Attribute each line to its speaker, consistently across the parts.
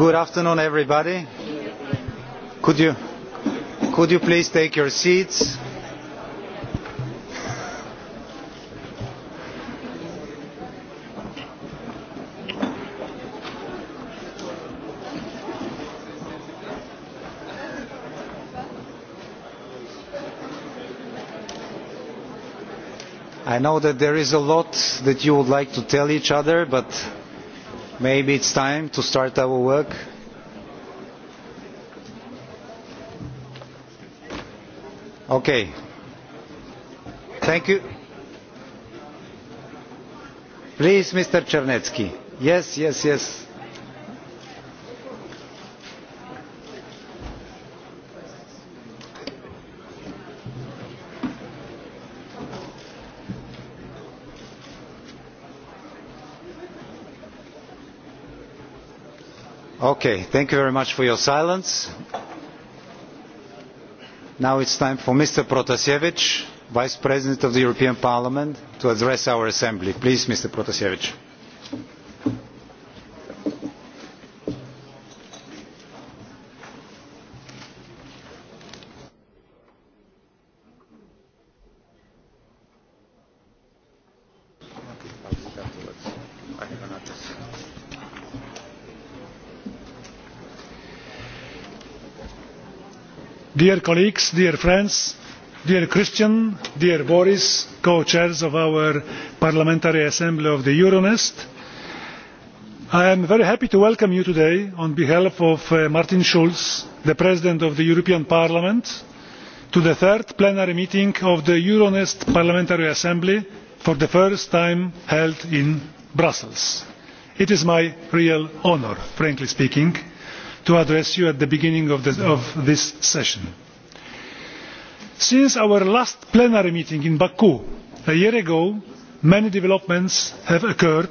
Speaker 1: Good afternoon, everybody. Could you, could you please take your seats? I know that there is a lot that you would like to tell each other, but Maybe it's time to start our work. Okay. Thank you. Please, Mr. Czernetsky. Yes, yes, yes. Okay, thank you very much for your silence. Now it's time for Mr. Protasevich, Vice President of the European Parliament, to address our Assembly. Please, Mr. Protasevich.
Speaker 2: dear colleagues dear friends dear christian dear boris co chairs of our parliamentary assembly of the euronest i am very happy to welcome you today on behalf of uh, martin schulz the president of the european parliament to the third plenary meeting of the euronest parliamentary assembly for the first time held in brussels. it is my real honour frankly speaking to address you at the beginning of, the, of this session. Since our last plenary meeting in Baku a year ago, many developments have occurred,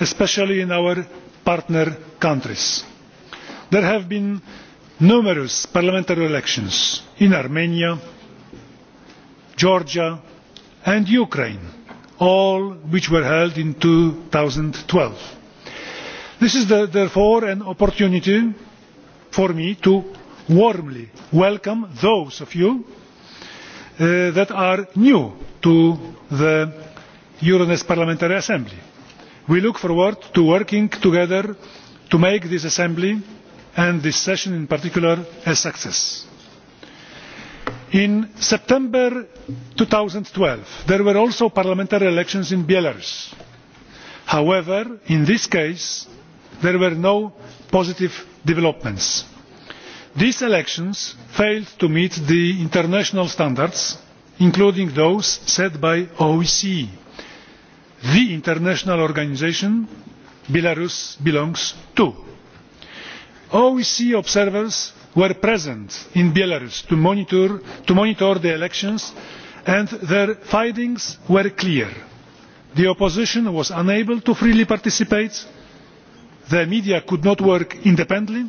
Speaker 2: especially in our partner countries. There have been numerous parliamentary elections in Armenia, Georgia and Ukraine, all which were held in 2012. This is the, therefore an opportunity for me to warmly welcome those of you uh, that are new to the euronest parliamentary assembly. we look forward to working together to make this assembly and this session in particular a success. in september two thousand and twelve there were also parliamentary elections in belarus. however in this case there were no positive developments. these elections failed to meet the international standards including those set by the osce the international organisation belarus belongs to. osce observers were present in belarus to monitor, to monitor the elections and their findings were clear. the opposition was unable to freely participate the media could not work independently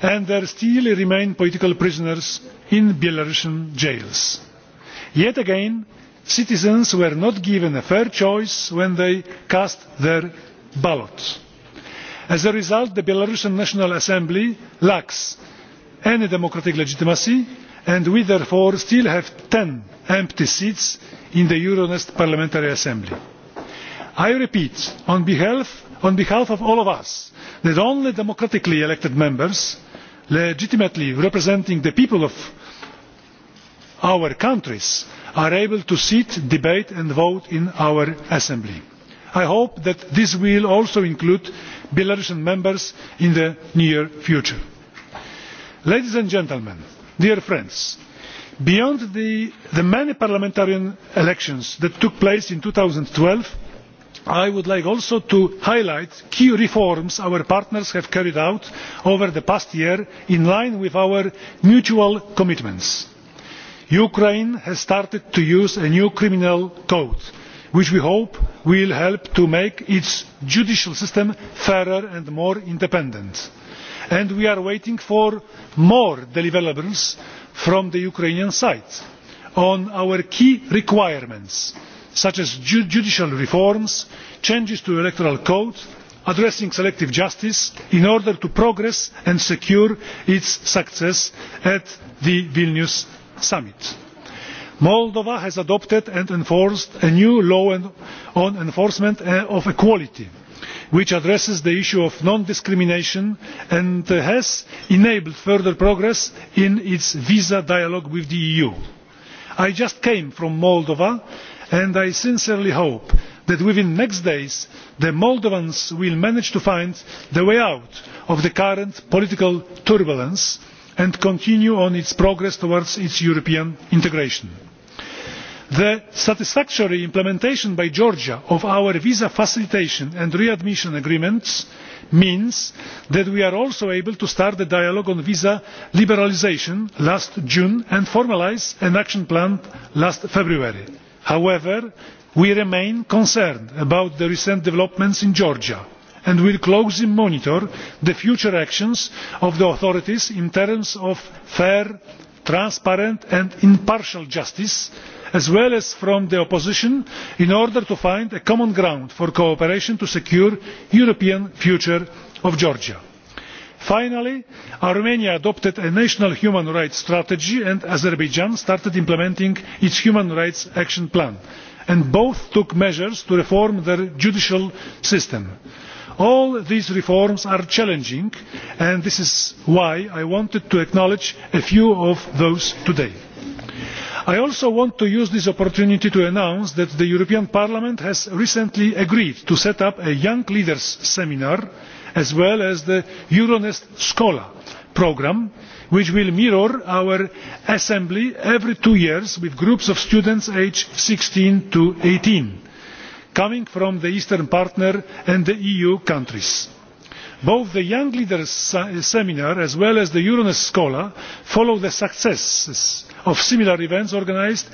Speaker 2: and there still remain political prisoners in belarusian jails. yet again citizens were not given a fair choice when they cast their ballot. as a result the belarusian national assembly lacks any democratic legitimacy and we therefore still have ten empty seats in the euronest parliamentary assembly. i repeat on behalf on behalf of all of us that only democratically elected members legitimately representing the people of our countries are able to sit debate and vote in our assembly. i hope that this will also include belarusian members in the near future. ladies and gentlemen dear friends beyond the many parliamentary elections that took place in two thousand and twelve i would like also to highlight key reforms our partners have carried out over the past year in line with our mutual commitments. ukraine has started to use a new criminal code which we hope will help to make its judicial system fairer and more independent and we are waiting for more deliverables from the ukrainian side on our key requirements such as judicial reforms changes to the electoral code addressing selective justice in order to progress and secure its success at the vilnius summit. moldova has adopted and enforced a new law on enforcement eh, of equality which addresses the issue of non discrimination and has enabled further progress in its visa dialogue with the eu. i just came from moldova and i sincerely hope that within the next days the moldovans will manage to find a way out of the current political turbulence and continue on its progress towards its european integration. the satisfactory implementation by georgia of our visa facilitation and readmission agreements means that we are also able to start a dialogue on visa liberalisation last june and formalise an action plan last february however we remain concerned about the recent developments in georgia and will closely monitor the future actions of the authorities in terms of fair transparent and impartial justice as well as from the opposition in order to find common ground for cooperation to secure the european future of georgia finally armenia adopted a national human rights strategy and azerbaijan started implementing its human rights action plan and both took measures to reform their judicial system. all these reforms are challenging and this is why i wanted to acknowledge a few of those today. i also want to use this opportunity to announce that the european parliament has recently agreed to set up a young leaders seminar as well as the euronest scola programme which will mirror our assembly every two years with groups of students aged sixteen to eighteen coming from the eastern partner and the eu countries. both the young leaders seminar as well as the euronest scola follow the successes of similar events organised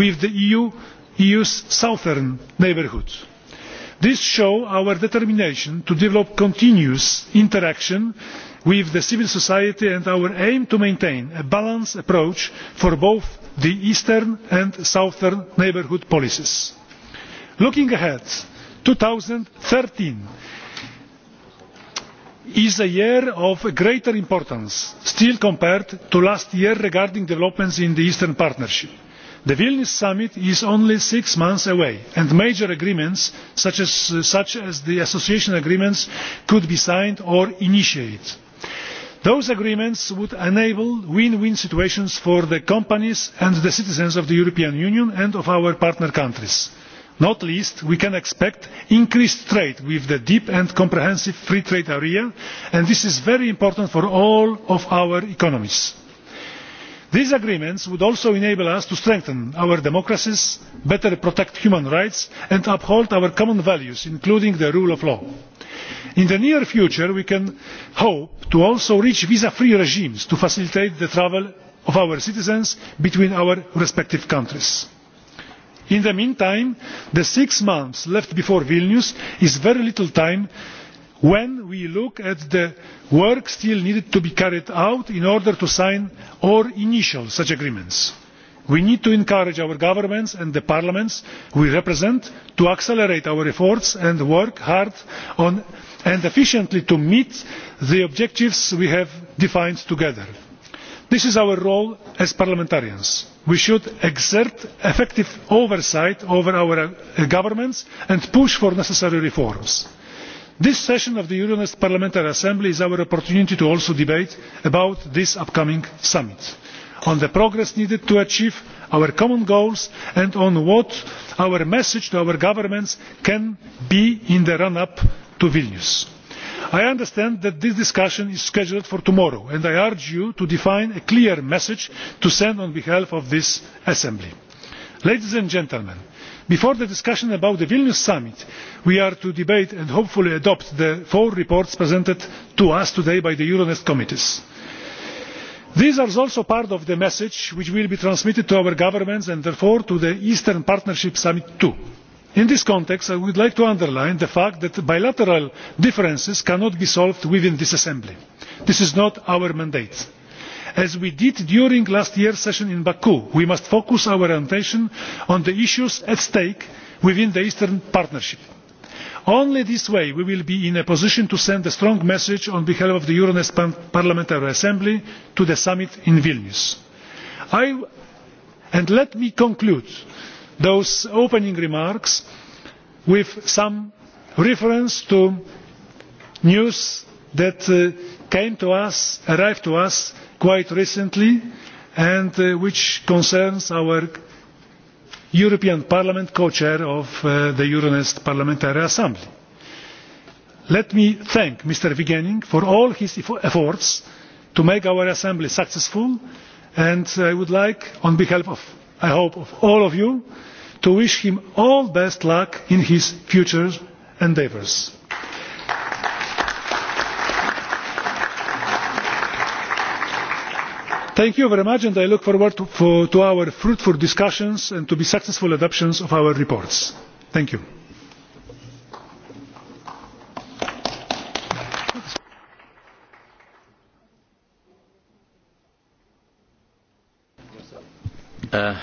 Speaker 2: with the eu's e southern neighbourhood these show our determination to develop continuous interaction with civil society and our aim to maintain a balanced approach for both the eastern and southern neighbourhood policies. looking ahead two thousand and thirteen is a year of greater importance still compared to last year regarding developments in the eastern partnership the vilnius summit is only six months away and major agreements such as, such as the association agreements could be signed or initiated. those agreements would enable win win situations for the companies and the citizens of the european union and of our partner countries. not least we can expect increased trade with the deep and comprehensive free trade area and this is very important for all of our economies these agreements would also enable us to strengthen our democracies better protect human rights and uphold our common values including the rule of law. in the near future we can hope to also reach visa free regimes to facilitate the travel of our citizens between our respective countries. in the meantime the six months left before vilnius is very little time when we look at the work still needed to be carried out in order to sign or initial such agreements. we need to encourage our governments and the parliaments we represent to accelerate our efforts and work hard on and efficiently to meet the objectives we have defined together. this is our role as parliamentarians. we should exert effective oversight over our uh, governments and push for necessary reforms this session of the euronest parliamentary assembly is our opportunity to also debate about this upcoming summit on the progress needed to achieve our common goals and on what our message to our governments can be in the run up to vilnius. i understand that this discussion is scheduled for tomorrow and i urge you to define a clear message to send on behalf of this assembly. ladies and gentlemen before the discussion about the vilnius summit we are to debate and hopefully adopt the four reports presented to us today by the euronest committees. these are also part of the message which will be transmitted to our governments and therefore to the eastern partnership summit too. in this context i would like to underline the fact that bilateral differences cannot be solved within this assembly. this is not our mandate as we did during last year's session in baku we must focus our attention on the issues at stake within the eastern partnership. only in this way will we be in a position to send a strong message on behalf of the euronest parliamentary assembly to the summit in vilnius. I, and let me conclude those opening remarks with some reference to news that uh, came to us arrived to us quite recently and uh, which concerns our european parliament co chair of uh, the euronest parliamentary assembly. let me thank mr vigenin for all his efforts to make our assembly successful and i would like on behalf of i hope of all of you to wish him all the best luck in his future endeavours. thank you very much and i look forward to, for, to our fruitful discussions and to the successful adoption of our reports. thank you.
Speaker 3: Uh,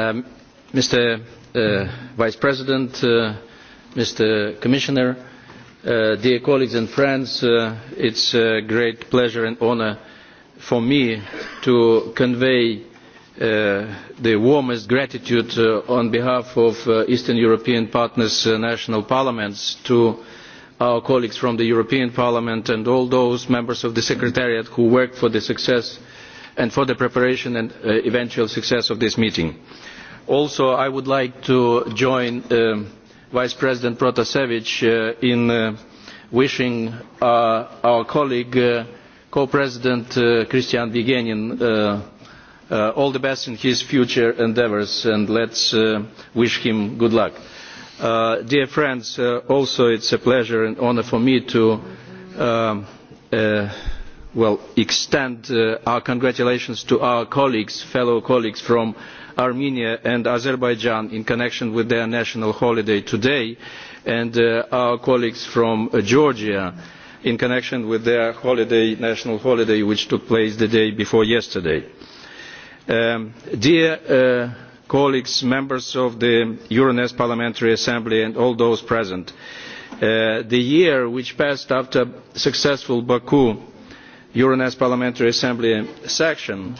Speaker 3: um, mr uh, vice president uh, mr commissioner uh, dear colleagues and friends uh, it is a great pleasure and honour for me to convey uh, the warmest gratitude uh, on behalf of uh, Eastern European partners' uh, national parliaments to our colleagues from the European Parliament and all those members of the Secretariat who worked for the success and for the preparation and uh, eventual success of this meeting. Also, I would like to join uh, Vice President Protasevich uh, in uh, wishing uh, our colleague uh, co-president uh, Christian Vigenin uh, uh, all the best in his future endeavors and let's uh, wish him good luck. Uh, dear friends, uh, also it's a pleasure and honor for me to um, uh, well, extend uh, our congratulations to our colleagues, fellow colleagues from Armenia and Azerbaijan in connection with their national holiday today and uh, our colleagues from uh, Georgia. Mm -hmm in connection with their holiday, national holiday which took place the day before yesterday. Um, dear uh, colleagues, members of the Euronest Parliamentary Assembly and all those present, uh, the year which passed after successful Baku Euronest Parliamentary Assembly section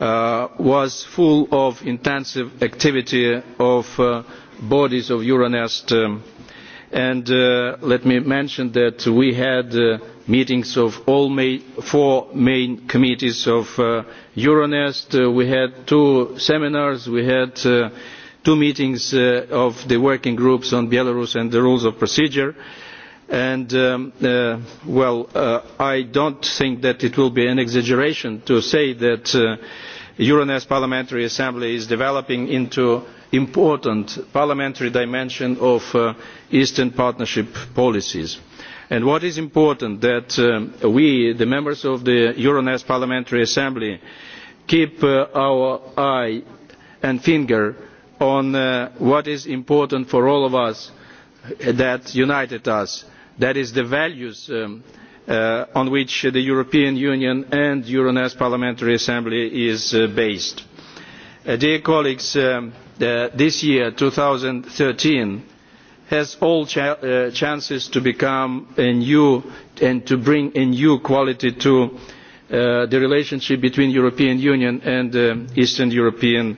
Speaker 3: uh, was full of intensive activity of uh, bodies of Euronest um, and uh, let me mention that we had uh, meetings of all main, four main committees of uh, euronest uh, we had two seminars we had uh, two meetings uh, of the working groups on belarus and the rules of procedure and um, uh, well uh, i don't think that it will be an exaggeration to say that uh, euronest parliamentary assembly is developing into an important parliamentary dimension of uh, eastern partnership policies. And what is important is that um, we the members of the euronest parliamentary assembly keep uh, our eye and finger on uh, what is important for all of us that united us that is the values um, uh, on which the European Union and Euronest Parliamentary Assembly is uh, based. Uh, dear colleagues, um, uh, this year, 2013, has all cha uh, chances to become a new and to bring a new quality to uh, the relationship between European Union and uh, Eastern European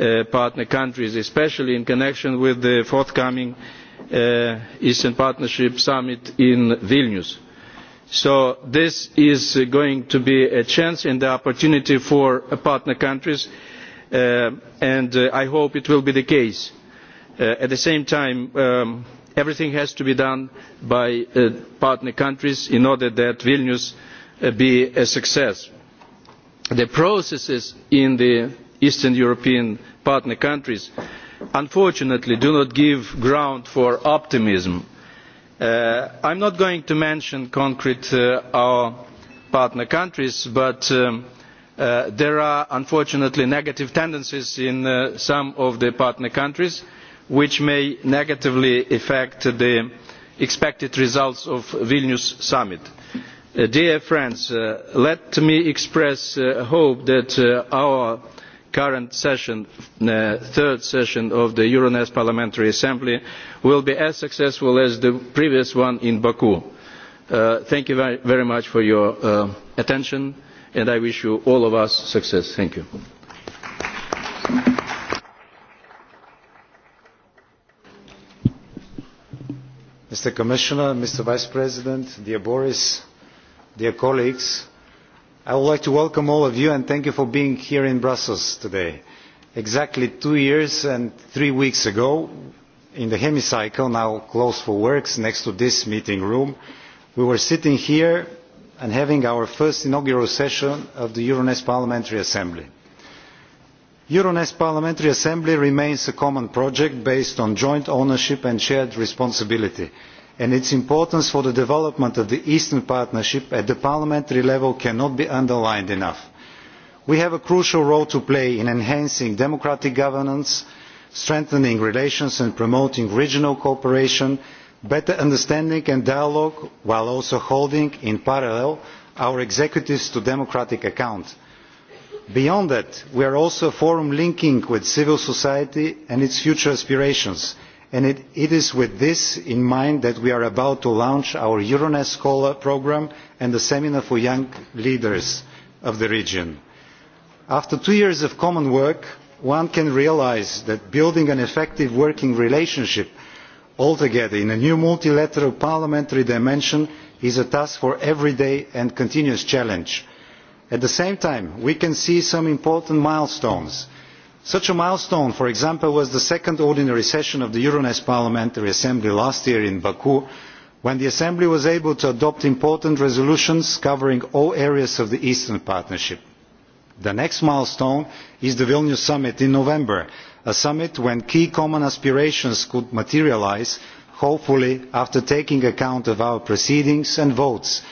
Speaker 3: uh, partner countries, especially in connection with the forthcoming uh, Eastern Partnership Summit in Vilnius so this is going to be a chance and an opportunity for partner countries uh, and uh, i hope it will be the case. Uh, at the same time um, everything has to be done by uh, partner countries in order that vilnius uh, be a success. the processes in the eastern european partner countries unfortunately do not give ground for optimism Uh, i am not going to mention concretely uh, our partner countries but um, uh, there are unfortunately negative tendencies in uh, some of the partner countries which may negatively affect the expected results of the vilnius summit. Uh, dear friends uh, let me express hope that our current session, uh, third session of the Euronest Parliamentary Assembly will be as successful as the previous one in Baku. Uh, thank you very, very much for your uh, attention and I wish you all of us success. Thank you.
Speaker 1: Mr. Commissioner, Mr. Vice President, dear Boris, dear colleagues, I would like to welcome all of you and thank you for being here in Brussels today. Exactly two years and three weeks ago, in the hemicycle, now closed for works, next to this meeting room, we were sitting here and having our first inaugural session of the Euronest Parliamentary Assembly euronest parliamentary assembly remains a common project based on joint ownership and shared responsibility and its importance for the development of the eastern partnership at the parliamentary level cannot be underlined enough. we have a crucial role to play in enhancing democratic governance strengthening relations and promoting regional cooperation better understanding and dialogue while also holding in parallel our executives to democratic account. beyond that we are also a forum linking with civil society and its future aspirations and it, it is with this in mind that we are about to launch our euronest scholar programme and the seminar for young leaders of the region. after two years of common work one can realise that building an effective working relationship altogether in a new multilateral parliamentary dimension is a task for every day and continuous challenge. at the same time we can see some important milestones such a milestone for example was the second ordinary session of the euronest parliamentary assembly last year in baku when the assembly was able to adopt important resolutions covering all areas of the eastern partnership. the next milestone is the vilnius summit in november a summit when key common aspirations could materialise hopefully after taking account of our proceedings and votes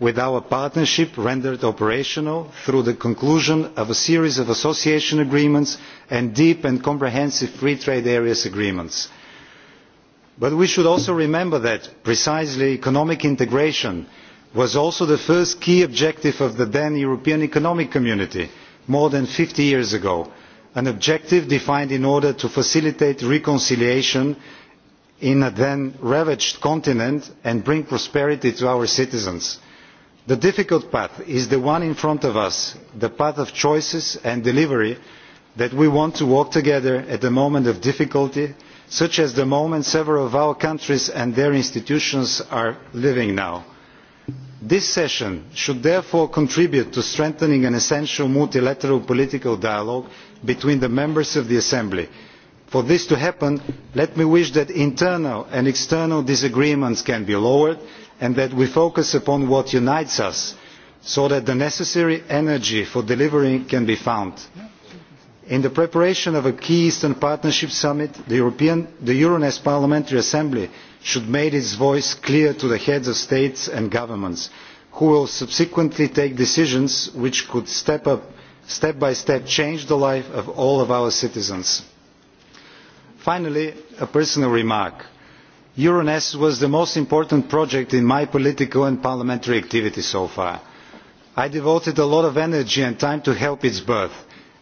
Speaker 1: with our partnership rendered operational through the conclusion of a series of association agreements and deep and comprehensive free trade areas agreements. But we should also remember that precisely economic integration was also the first key objective of the then European Economic Community more than 50 years ago, an objective defined in order to facilitate reconciliation in a then ravaged continent and bring prosperity to our citizens the difficult path is the one in front of us the path of choices and delivery that we want to walk together at a moment of difficulty such as the moment several of our countries and their institutions are living now. this session should therefore contribute to strengthening an essential multilateral political dialogue between the members of the assembly. for this to happen let me wish that internal and external disagreements can be lowered and that we focus upon what unites us so that the necessary energy for delivery can be found. in the preparation of a key eastern partnership summit the, European, the euronest parliamentary assembly should make its voice clear to the heads of states and governments who will subsequently take decisions which could step, up, step by step change the life of all of our citizens. finally a personal remark euronest was the most important project in my political and parliamentary activity so far. i devoted a lot of energy and time to help its birth.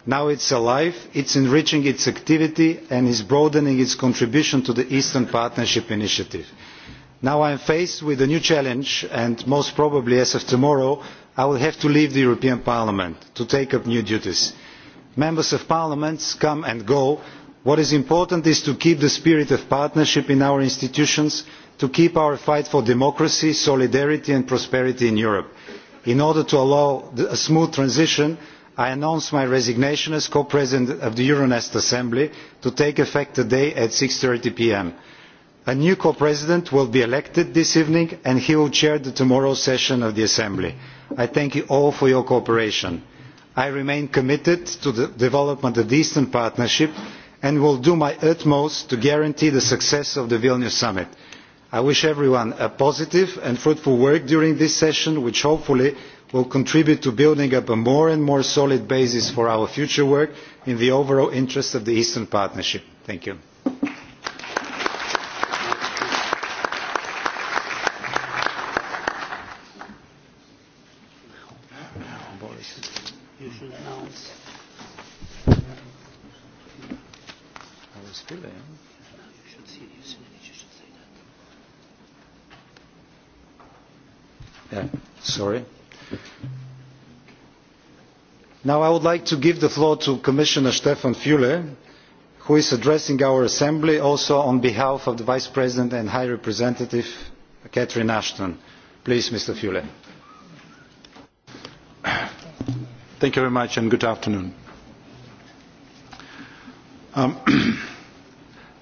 Speaker 1: now it is alive it is enriching its activity and is broadening its contribution to the eastern partnership initiative. now i am faced with a new challenge and most probably as of tomorrow i will have to leave the european parliament to take up new duties. members of parliament come and go what is important is to keep the spirit of partnership in our institutions to keep our fight for democracy solidarity and prosperity in europe. in order to allow a smooth transition i announce my resignation as co president of the euronest assembly to take effect today at. six thirty pm a new co president will be elected this evening and he will chair tomorrow's session of the assembly. i thank you all for your cooperation. i remain committed to the development of the eastern partnership and will do my utmost to guarantee the success of the vilnius summit. i wish everyone positive and fruitful work during this session which hopefully will contribute to building up a more and more solid basis for our future work in the overall interest of the eastern partnership. thank you. Stille, ja. Yeah, sorry. Now I would like to give the floor to Commissioner Stefan Fule, who is addressing our Assembly also on behalf of the Vice President and High Representative Catherine Ashton. Please, Mr. Fule.
Speaker 4: Thank you very much and good afternoon. Um,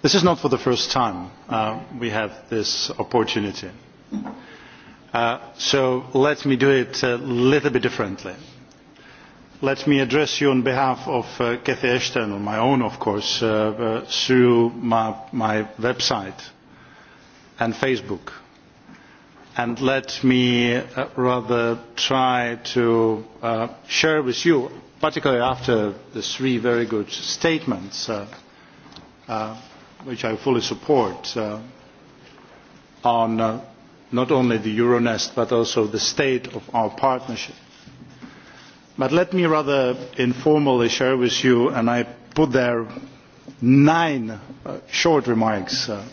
Speaker 4: this is not the first time uh, we have this opportunity uh, so let me do it a little bit differently. let me address you on behalf of uh, cathy ashton on my own of course uh, uh, through my, my website and facebook and let me uh, rather try to share with you particularly after the three very good statements which I fully support, uh, on uh, not only the Euronest but also the state of our partnership. But let me rather informally share with you, and I put there nine uh, short remarks, uh,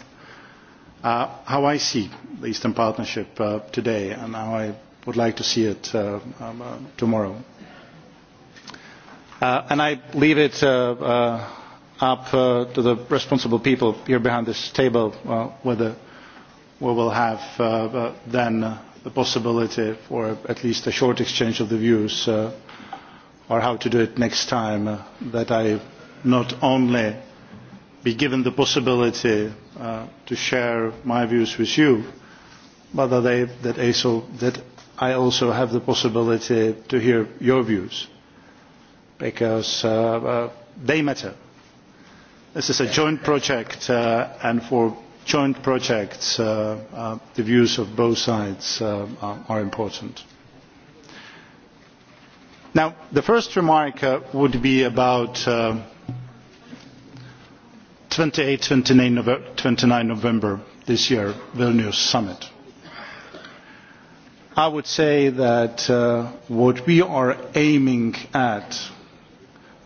Speaker 4: uh, how I see the Eastern Partnership uh, today and how I would like to see it uh, um, uh, tomorrow. Uh, and I leave it uh, uh, up uh, to the responsible people here behind this table uh, whether we will have uh, uh, then uh, the possibility for at least a short exchange of the views uh, or how to do it next time uh, that I not only be given the possibility uh, to share my views with you, but that I, that, I so, that I also have the possibility to hear your views because uh, uh, they matter this is a joint project uh, and for joint projects uh, uh, the views of both sides uh, are important. Now, the first remark uh, would be about uh, 28 29 November, 29 November this year, Vilnius summit. I would say that uh, what we are aiming at,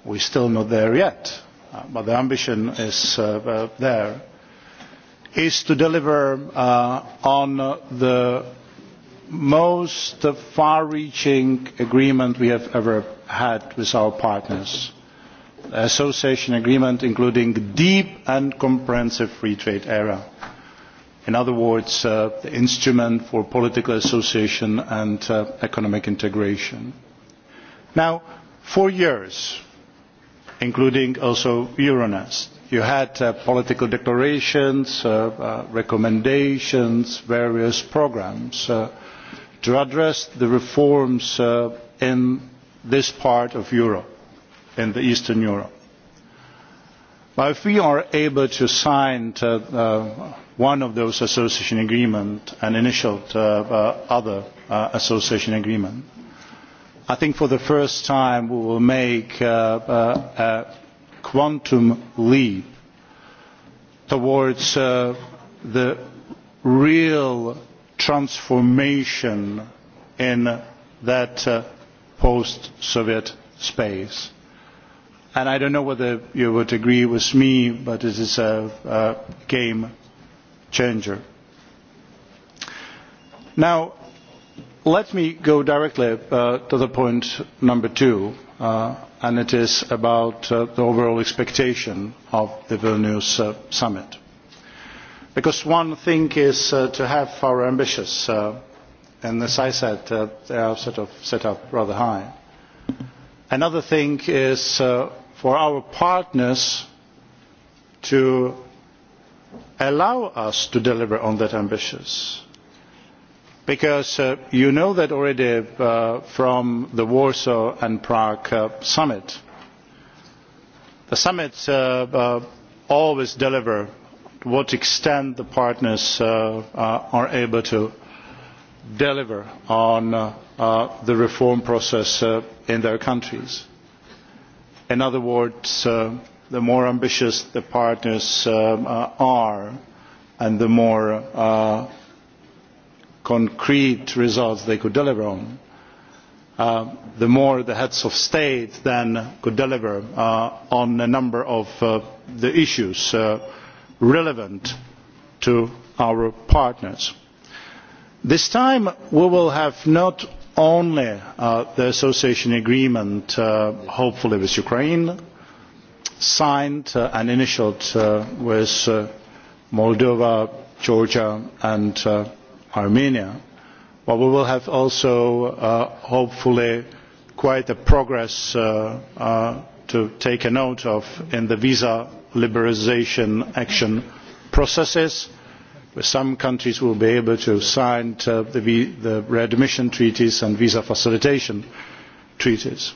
Speaker 4: we're still not there yet Uh, but the ambition is uh, uh, there is to deliver on the most far reaching agreement we have ever had with our partners the association agreement including deep and comprehensive free trade area in other words uh, the instrument for political association and uh, economic integration. now for years including also euronest. you had uh, political declarations uh, uh, recommendations various programmes uh, to address the reforms in this part of europe in eastern europe. Now, if we are able to sign to, uh, one of those association agreements and initial to, uh, other uh, association agreements i think for the first time we will make a, a, a quantum leap towards uh, the real transformation in that uh, post soviet space. And i do not know whether you would agree with me but it is a, a game changer. now let me go directly uh, to the point number two uh, and it is about uh, the overall expectation of the vilnius uh, summit because one thing is uh, to have our ambitions uh, and as i said they are sort of set up rather high another thing is for our partners to allow us to deliver on those ambitions because uh, you know that already uh, from the warsaw and prague uh, summit the summits uh, uh, always deliver to what extent the partners uh, are able to deliver on the reform process in their countries. in other words the more ambitious the partners are and the more concrete results they could deliver on, uh, the more the heads of state then could deliver uh, on a number of uh, the issues uh, relevant to our partners. This time we will have not only uh, the association agreement, uh, hopefully with Ukraine, signed uh, and initialed uh, with uh, Moldova, Georgia and uh, armenia but we will have also uh, hopefully quite a progress uh, uh, to take a note of in the visa liberalisation action processes where some countries will be able to sign to uh, the, the readmission treaties and visa facilitation treaties.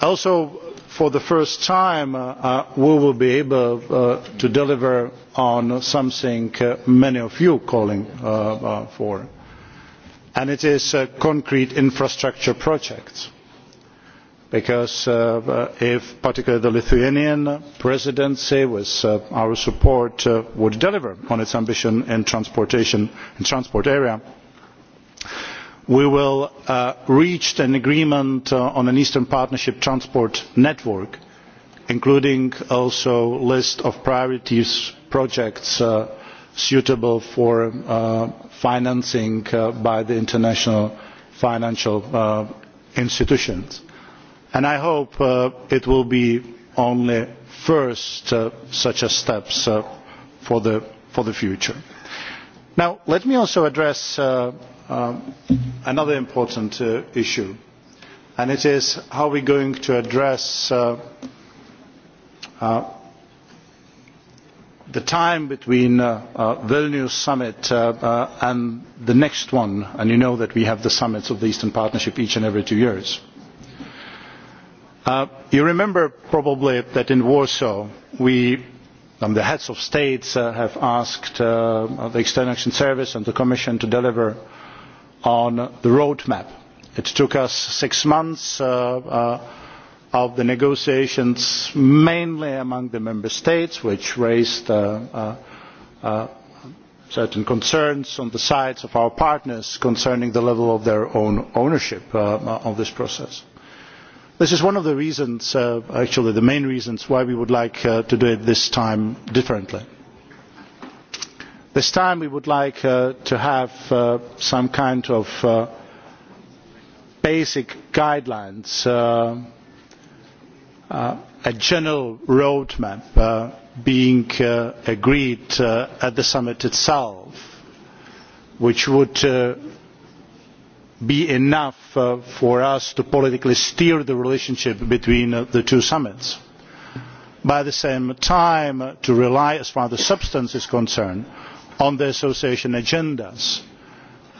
Speaker 4: also for the first time uh, uh, we will be able uh, to deliver on something uh, many of you are calling uh, uh, for and it is concrete infrastructure projects because if particularly the lithuanian presidency with our support were to deliver on its ambition in the transport area we will uh, reach an agreement uh, on an eastern partnership transport network including also a list of priority projects uh, suitable for uh, financing uh, by the international financial uh, institutions. And i hope it will be only the first of such steps for the, for the future. Now, let me also address uh, um, another important uh, issue, and it is how we're going to address uh, uh, the time between uh, uh, Vilnius summit uh, uh, and the next one, and you know that we have the summits of the Eastern Partnership each and every two years. Uh, you remember probably that in Warsaw we um, the heads of states uh, have asked uh, the External Action Service and the Commission to deliver on the roadmap. It took us six months uh, uh, of the negotiations, mainly among the Member States, which raised uh, uh, uh, certain concerns on the sides of our partners concerning the level of their own ownership uh, of this process this is one of the reasons uh, actually the main reasons why we would like uh, to do it this time differently. this time we would like uh, to have uh, some kind of uh, basic guidelines uh, a general roadmap being agreed at the summit itself which would be enough uh, for us to politically steer the relationship between uh, the two summits. But at the same time, uh, to rely, as far as the substance is concerned, on the association agendas.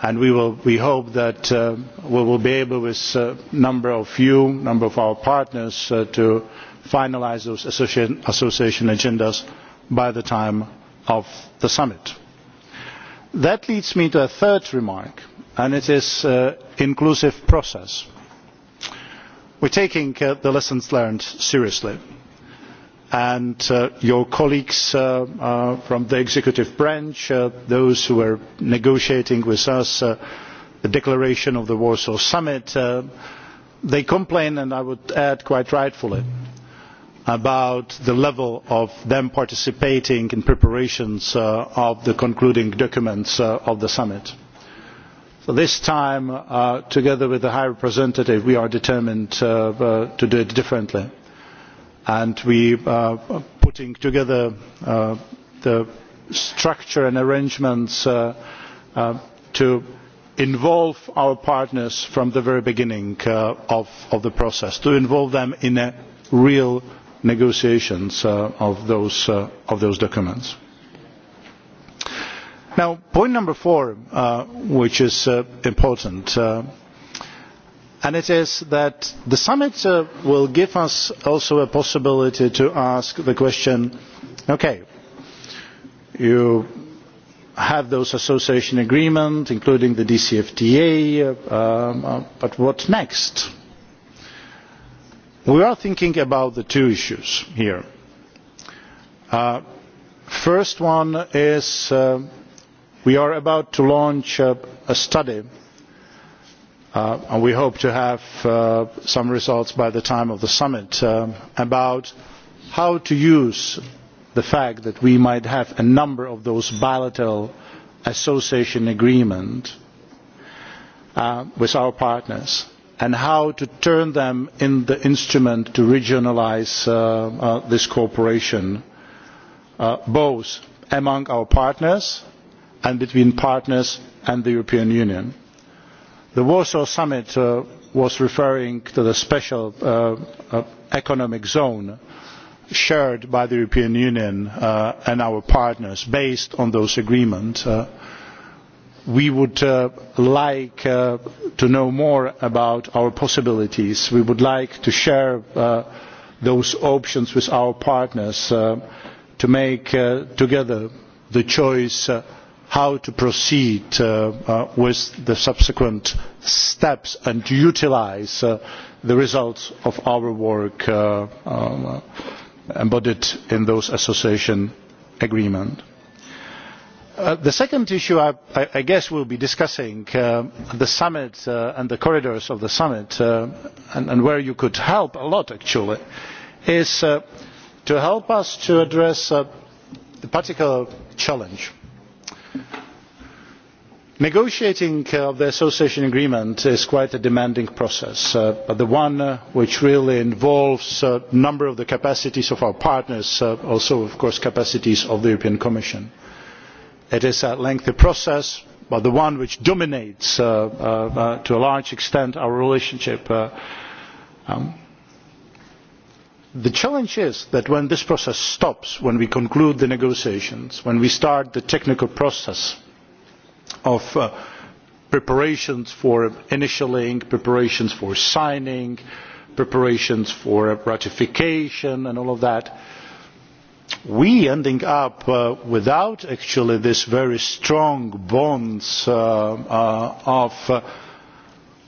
Speaker 4: And we, will, we hope that uh, we will be able, with a uh, number of you, number of our partners, uh, to finalise those association, association agendas by the time of the summit. That leads me to a third remark. Uh, and it is an uh, inclusive process. we are taking uh, the lessons learned seriously and uh, your colleagues uh, uh, from the executive branch uh, those who were negotiating with us the declaration of the warsaw summit they complain and i would add quite rightfully about the level of them participating in preparations of the concluding documents of the summit this time uh, together with the high representative we are determined uh, uh, to do it differently and we are uh, putting together uh, the structure and arrangements uh, to involve our partners from the very beginning of, of the process to involve them in real negotiations of those, of those documents Now, point number four, uh, which is uh, important, uh, and it is that the summit uh, will give us also a possibility to ask the question, okay, you have those association agreements, including the DCFTA, uh, um, uh, but what next? We are thinking about the two issues here. Uh, first one is uh, we are about to launch a, a study uh, and we hope to have uh, some results by the time of the summit uh, about how to use the fact that we might have a number of those bilateral association agreements uh, with our partners and how to turn them into the instrument to regionalise uh, uh, this cooperation uh, both among our partners and between partners and the european union. the warsaw summit uh, was referring to the special uh, uh economic zone shared by the european union uh, and our partners based on those agreements. Uh, we would uh, like to know more about our possibilities. we would like to share those options with our partners to make together the choice how to proceed uh, uh, with the subsequent steps and to utilise uh, the results of our work embodied in those association agreements. Uh, the second issue I, i guess we will be discussing uh, at the summit uh, and the corridors of the summit and, and where you could help a lot actually is to help us to address a particular challenge negotiating uh, the association agreement is quite a demanding process uh, but the one uh, which really involves a uh, number of the capacities of our partners uh, also of course capacities of the european commission. it is a lengthy process but the one which dominates uh, to a large extent our relationship. Um, the challenge is that when this process stops when we conclude the negotiations when we start the technical process of uh, preparations for initialling preparations for signing preparations for ratification and all of that we end up uh, without actually these very strong bonds uh, uh of uh,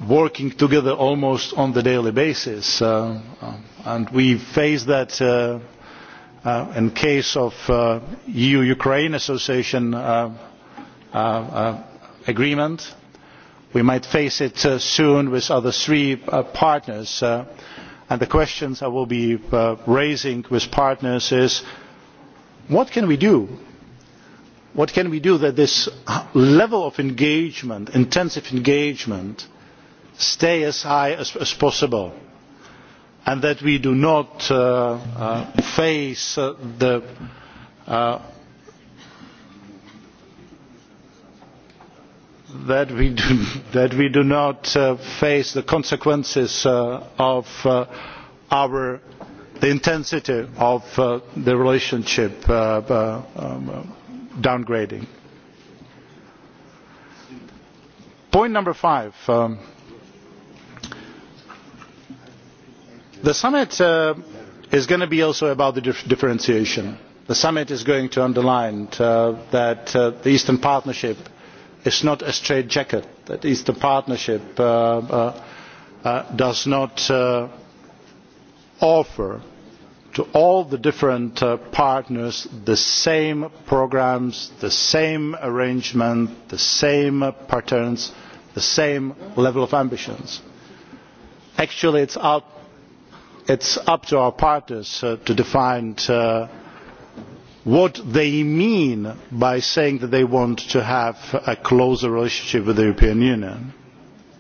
Speaker 4: working together almost on a daily basis uh, uh, and we face that uh, uh, in the case of the uh, eu ukraine association uh, agreement. we might face it soon with the other three partners and the questions i will be raising with partners is what can we do? what can we do that this level of engagement intensive engagement stay as high as, as possible and that we do not uh, uh, face uh, the uh, that we do, that we do not uh, face the consequences uh, of uh, our the intensity of uh, the relationship uh, uh, um, downgrading. Point number five. Um, the summit uh, is going to be also about the dif differentiation. the summit is going to underline uh, that uh, the eastern partnership is not a straitjacket that the eastern partnership uh, uh, uh, does not offer to all the different partners the same programmes the same arrangements the same patterns the same level of ambitions. actually it is it is up to our partners uh, to define uh, what they mean by saying that they want to have a closer relationship with the european union.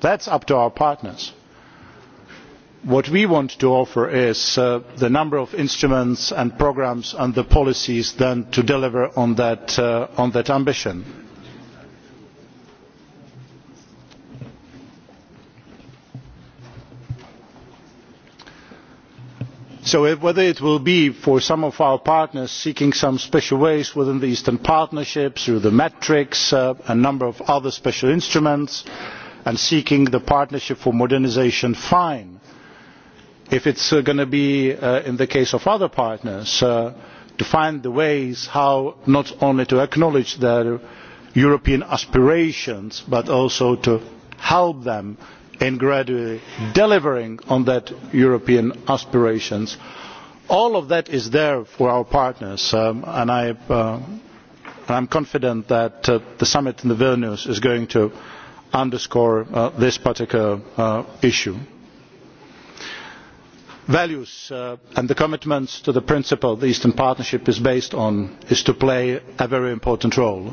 Speaker 4: that is up to our partners. what we want to offer is uh, the number of instruments and programmes and the policies then to deliver on that, uh, on that ambition so whether it will be for some of our partners seeking some special ways within the eastern partnership through the metrics uh, a number of other special instruments and seeking the partnership for modernisation fine if it is uh, going to be uh, in the case of other partners uh, to find the ways how not only to acknowledge their european aspirations but also to help them in gradually delivering on that european aspirations all of that is there for our partners um, and i uh, am confident that uh, the summit in vilnius is going to underscore uh, this particular uh, issue. values uh, and the commitments to the principle the eastern partnership is based on is to play a very important role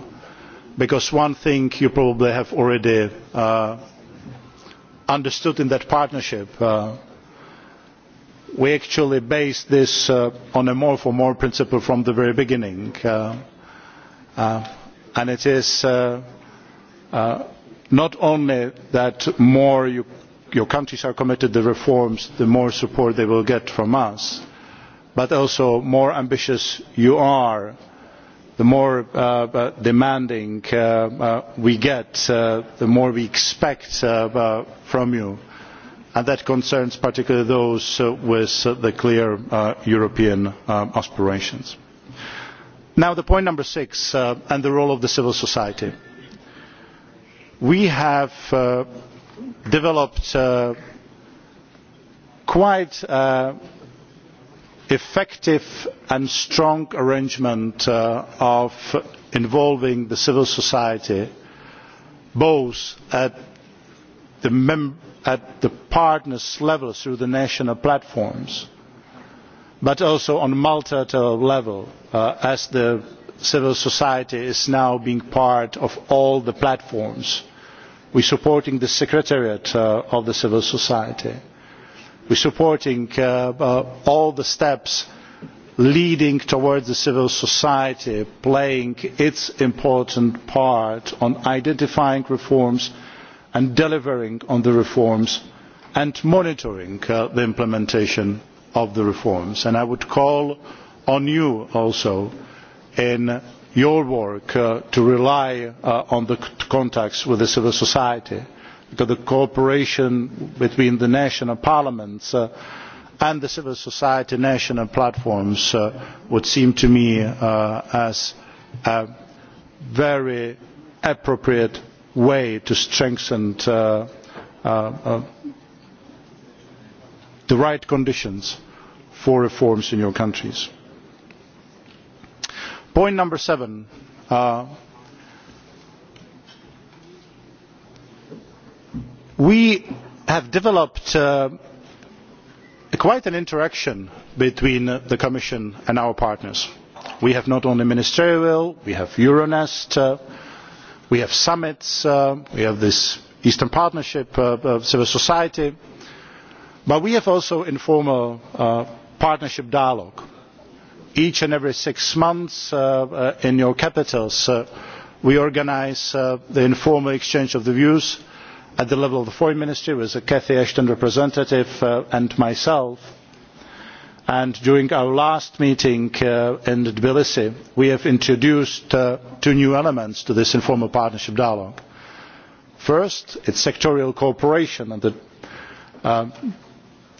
Speaker 4: because one thing you probably have already uh, understood in that partnership uh, we actually based this uh, on a more for more principle from the very beginning uh, and it is not only that the more you, your countries are committed to reforms the more support they will get from us but also the more ambitious you are the more uh, uh, demanding uh, uh, we get uh, the more we expect uh, from you and that concerns particularly those with clear european aspirations. now to point number six and the role of civil society. we have developed quite effective and strong arrangement uh, involving civil society both at the, at the partners' level through the national platforms but also on a multilateral level uh, as civil society is now being part of all the platforms. we are supporting the secretariat uh, of the civil society we are supporting uh, uh, all the steps leading towards civil society playing its important part in identifying reforms and delivering on the reforms and monitoring uh, the implementation of the reforms. And i would call on you also in your work to rely on the contacts with civil society the cooperation between the national parliaments uh, and the civil society national platforms uh, would seem to me uh, as a very appropriate way to strengthen uh, uh, uh, the right conditions for reforms in your countries. Point number seven, uh, we have developed uh, quite an interaction between the commission and our partners. we have not only ministerial we have euronest uh, we have summits uh, we have this eastern partnership uh, of civil society but we have also informal uh, partnership dialogue each and every six months uh, in your capitals we organise the informal exchange of views at the level of the foreign ministry with the cathy ashton representative uh, and myself and during our last meeting uh, in tbilisi we have introduced uh, two new elements to this informal partnership dialogue. first it is sectoral cooperation and the, um,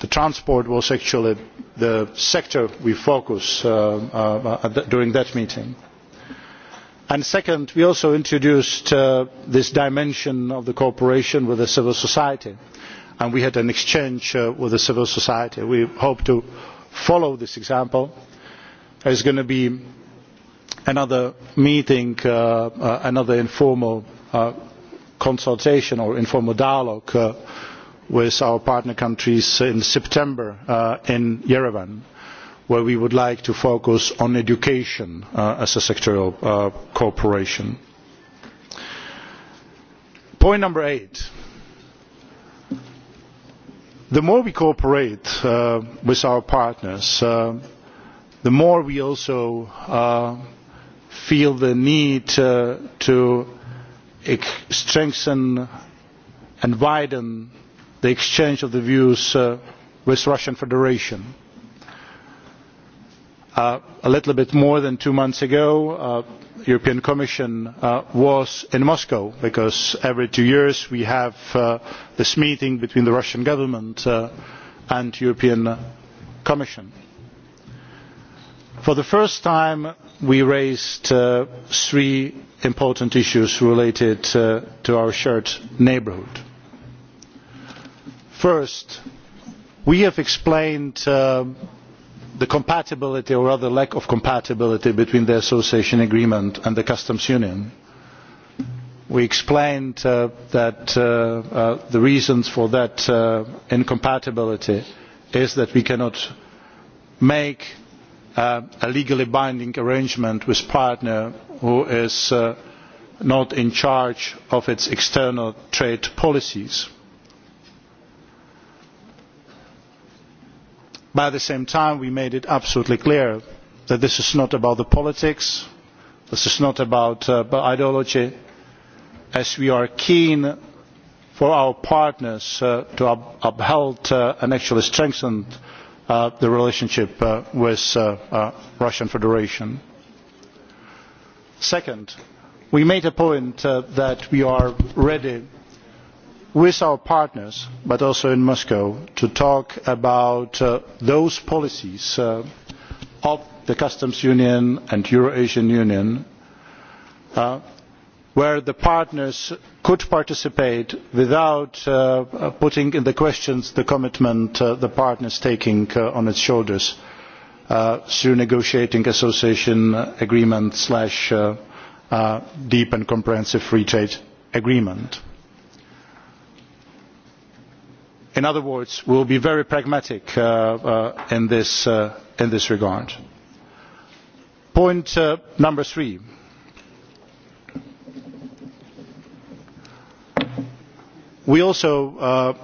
Speaker 4: the transport was actually the sector we focused on uh, uh, uh, during that meeting. And second we also introduced uh, this dimension of the cooperation with civil society and we had an exchange uh, with civil society. we hope to follow this example. there is going to be another meeting uh, uh another informal uh, consultation or informal dialogue uh, with our partner countries in september in yerevan where we would like to focus on education uh, as a sectoral uh, cooperation. Point number eight. The more we cooperate uh, with our partners, uh, the more we also uh, feel the need uh, to strengthen and widen the exchange of the views uh, with Russian Federation Uh, a little bit more than two months ago the uh, european commission uh, was in moscow because every two years we have uh, this meeting between the russian government uh, and the european commission. for the first time we raised uh, three important issues related to our shared neighbourhood. first we have explained the compatibility or rather lack of compatibility between the association agreement and the customs union. We explained uh, that uh, uh, the reasons for that uh, incompatibility is that we cannot make uh, a legally binding arrangement with partner who is uh, not in charge of its external trade policies. Uh, but at the same time we made it absolutely clear that this is not about politics this is not about uh, ideology as we are keen for our partners uh, to up uphold uh, and actually strengthen uh, the relationship uh, with the uh, russian federation. second we made a point that we are ready with our partners but also in moscow to talk about uh, those policies uh, of the customs union and eurasian union uh, where the partners could participate without calling uh, into question the commitment uh, the partner is taking uh, on its shoulders through negotiating association agreement deep and comprehensive free trade agreement in other words we will be very pragmatic uh, uh, in, this, uh, in this regard. point uh, number three we also uh,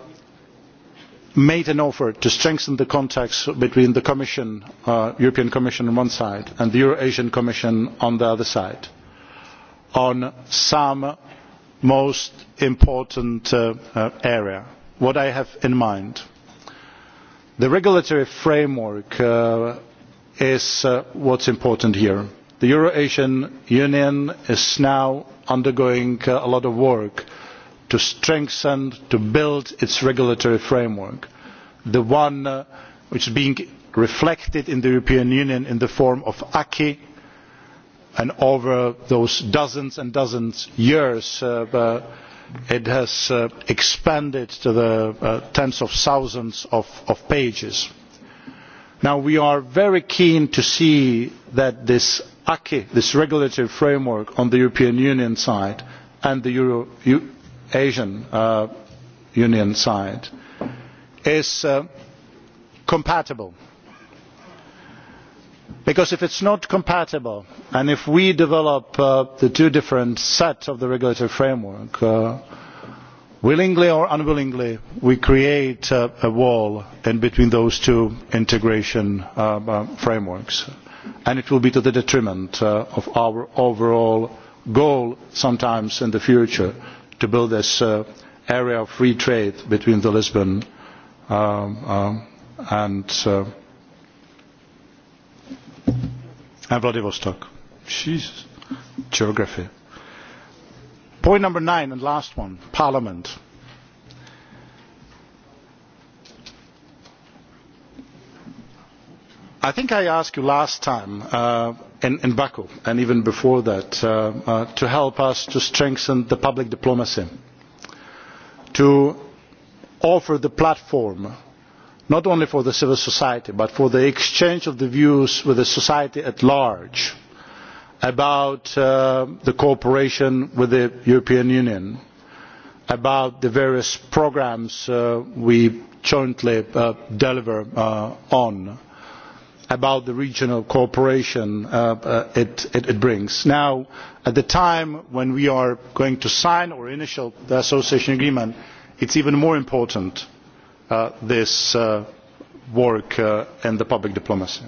Speaker 4: made an offer to strengthen the contacts between the commission, uh, european commission on one side and the euro asian commission on the other side on some most important areas what i have in mind. the regulatory framework uh, is uh, what is important here. the eurasian union is now undergoing uh, a lot of work to strengthen to build its regulatory framework the one uh, which is being reflected in the european union in the form of acquis and over those dozens and dozens of years uh, uh it has uh, expanded to the uh, tens of thousands of, of pages. Now, we are very keen to see that this acquis this regulatory framework on the european union side and the Euro, U, asian uh, union side is uh, compatible because if it is not compatible and if we develop uh, the two different sets of the regulatory framework uh, willingly or unwillingly we create uh, a wall in between those two integration uh, uh, frameworks and it will be to the detriment uh, of our overall goal sometimes in the future to build this area of free trade between lisbon um, um, and and Vladivostok. Jesus, geography. Point number nine and last one, Parliament. I think I asked you last time uh, in, in Baku and even before that uh, uh, to help us to strengthen the public diplomacy, to offer the platform not only for civil society but for the exchange of views with society at large about uh, cooperation with the european union about the various programmes uh, we jointly uh, deliver uh, on about the regional cooperation uh, uh, it, it, it brings. now at the time when we are going to sign our initial association agreement it is even more important Uh, this uh, work uh, and the public diplomacy.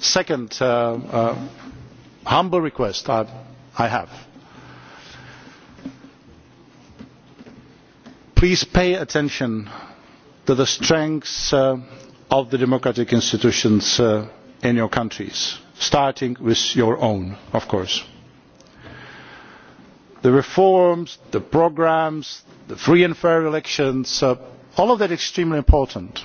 Speaker 4: second humble request i, I have please pay attention to the strengths of the democratic institutions in your countries starting with your own of course. the reforms the programmes the free and fair elections all of that is extremely important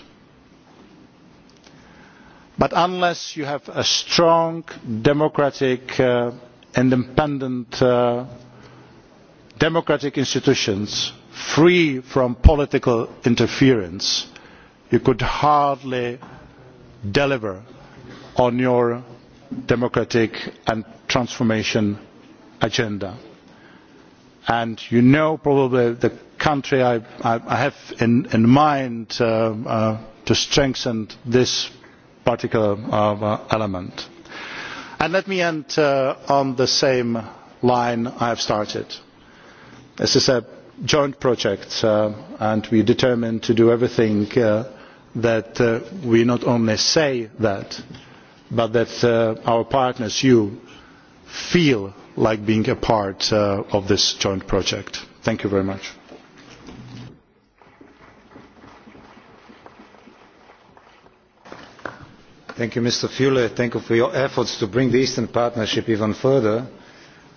Speaker 4: but unless you have a strong democratic uh, independent uh, democratic institutions free from political interference you could hardly deliver on your democratic and transformation agenda. And you know probably the country i, I have in, in mind uh, uh, to strengthen this particular uh, uh element. And let me end uh, on the same line i have started. this is a joint project uh, and we are determined to do everything that we not only say that but that our partners you feel like being a part of this joint project. thank you very much. Thank you, Mr.
Speaker 1: Fuller. Thank you for your efforts to bring the Eastern Partnership even further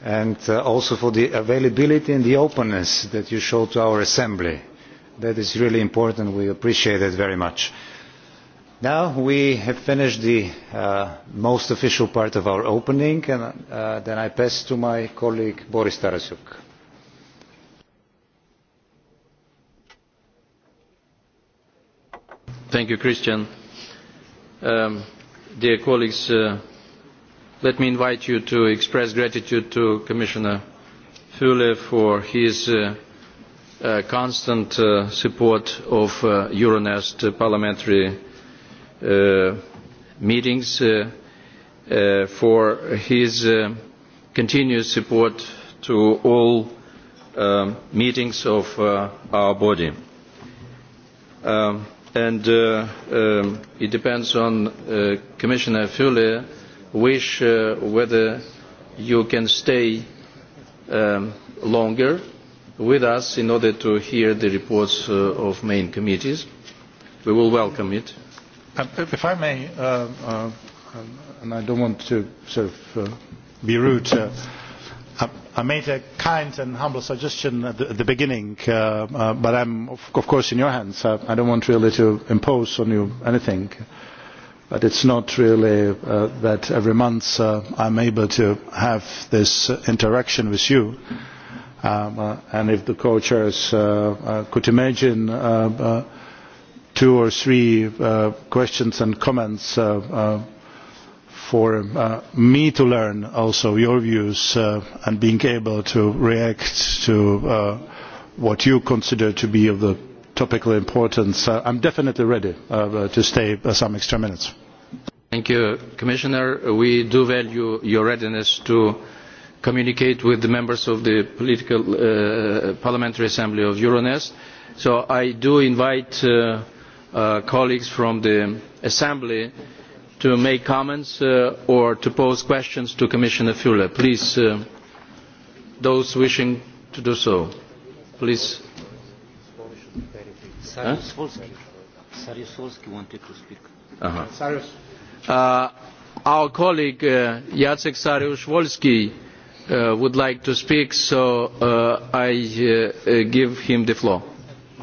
Speaker 1: and uh, also for the availability and the openness that you show to our Assembly. That is really important. We appreciate it very much. Now we have finished the uh, most official part of our opening and uh, then I pass to my colleague Boris Tarasuk.
Speaker 3: Thank you, Christian um, dear colleagues, uh, let me invite you to express gratitude to Commissioner Fule for his uh, uh, constant uh, support of uh, Euronest parliamentary uh, meetings, uh, uh, for his uh, continuous support to all um, meetings of uh, our body. Um, and uh, um, it depends on uh, Commissioner Fuller wish uh, whether you can stay um, longer with us in order to hear the reports uh, of main committees. We will welcome it.
Speaker 4: Um, if I may, um, uh, uh, and I don't want to sort of uh, be rude, uh, I made a kind and humble suggestion at the, at the beginning, uh, uh, but I'm, of, of course, in your hands. I, I don't want really to impose on you anything. But it's not really uh, that every month uh, I'm able to have this uh, interaction with you. Um, uh, and if the co-chairs uh, uh, could imagine uh, uh, two or three uh, questions and comments uh, uh, for uh, me to learn also your views uh, and being able to react to uh, what you consider to be of the topical importance. Uh, I'm definitely ready uh, to stay uh, some extra minutes.
Speaker 3: Thank you, Commissioner. We do value your readiness to communicate with the members of the political uh, parliamentary assembly of Euronest. So I do invite uh, uh, colleagues from the assembly uh, to make comments uh, or to pose questions to Commissioner Fuller. Please, uh, those wishing to do so, please.
Speaker 5: Sarius Volsky. Sarius Volsky wanted to speak. Uh-huh. Sarius.
Speaker 3: Uh, our colleague uh, Jacek Sariusz-Wolski uh, would like to speak, so uh, I uh, give him the floor.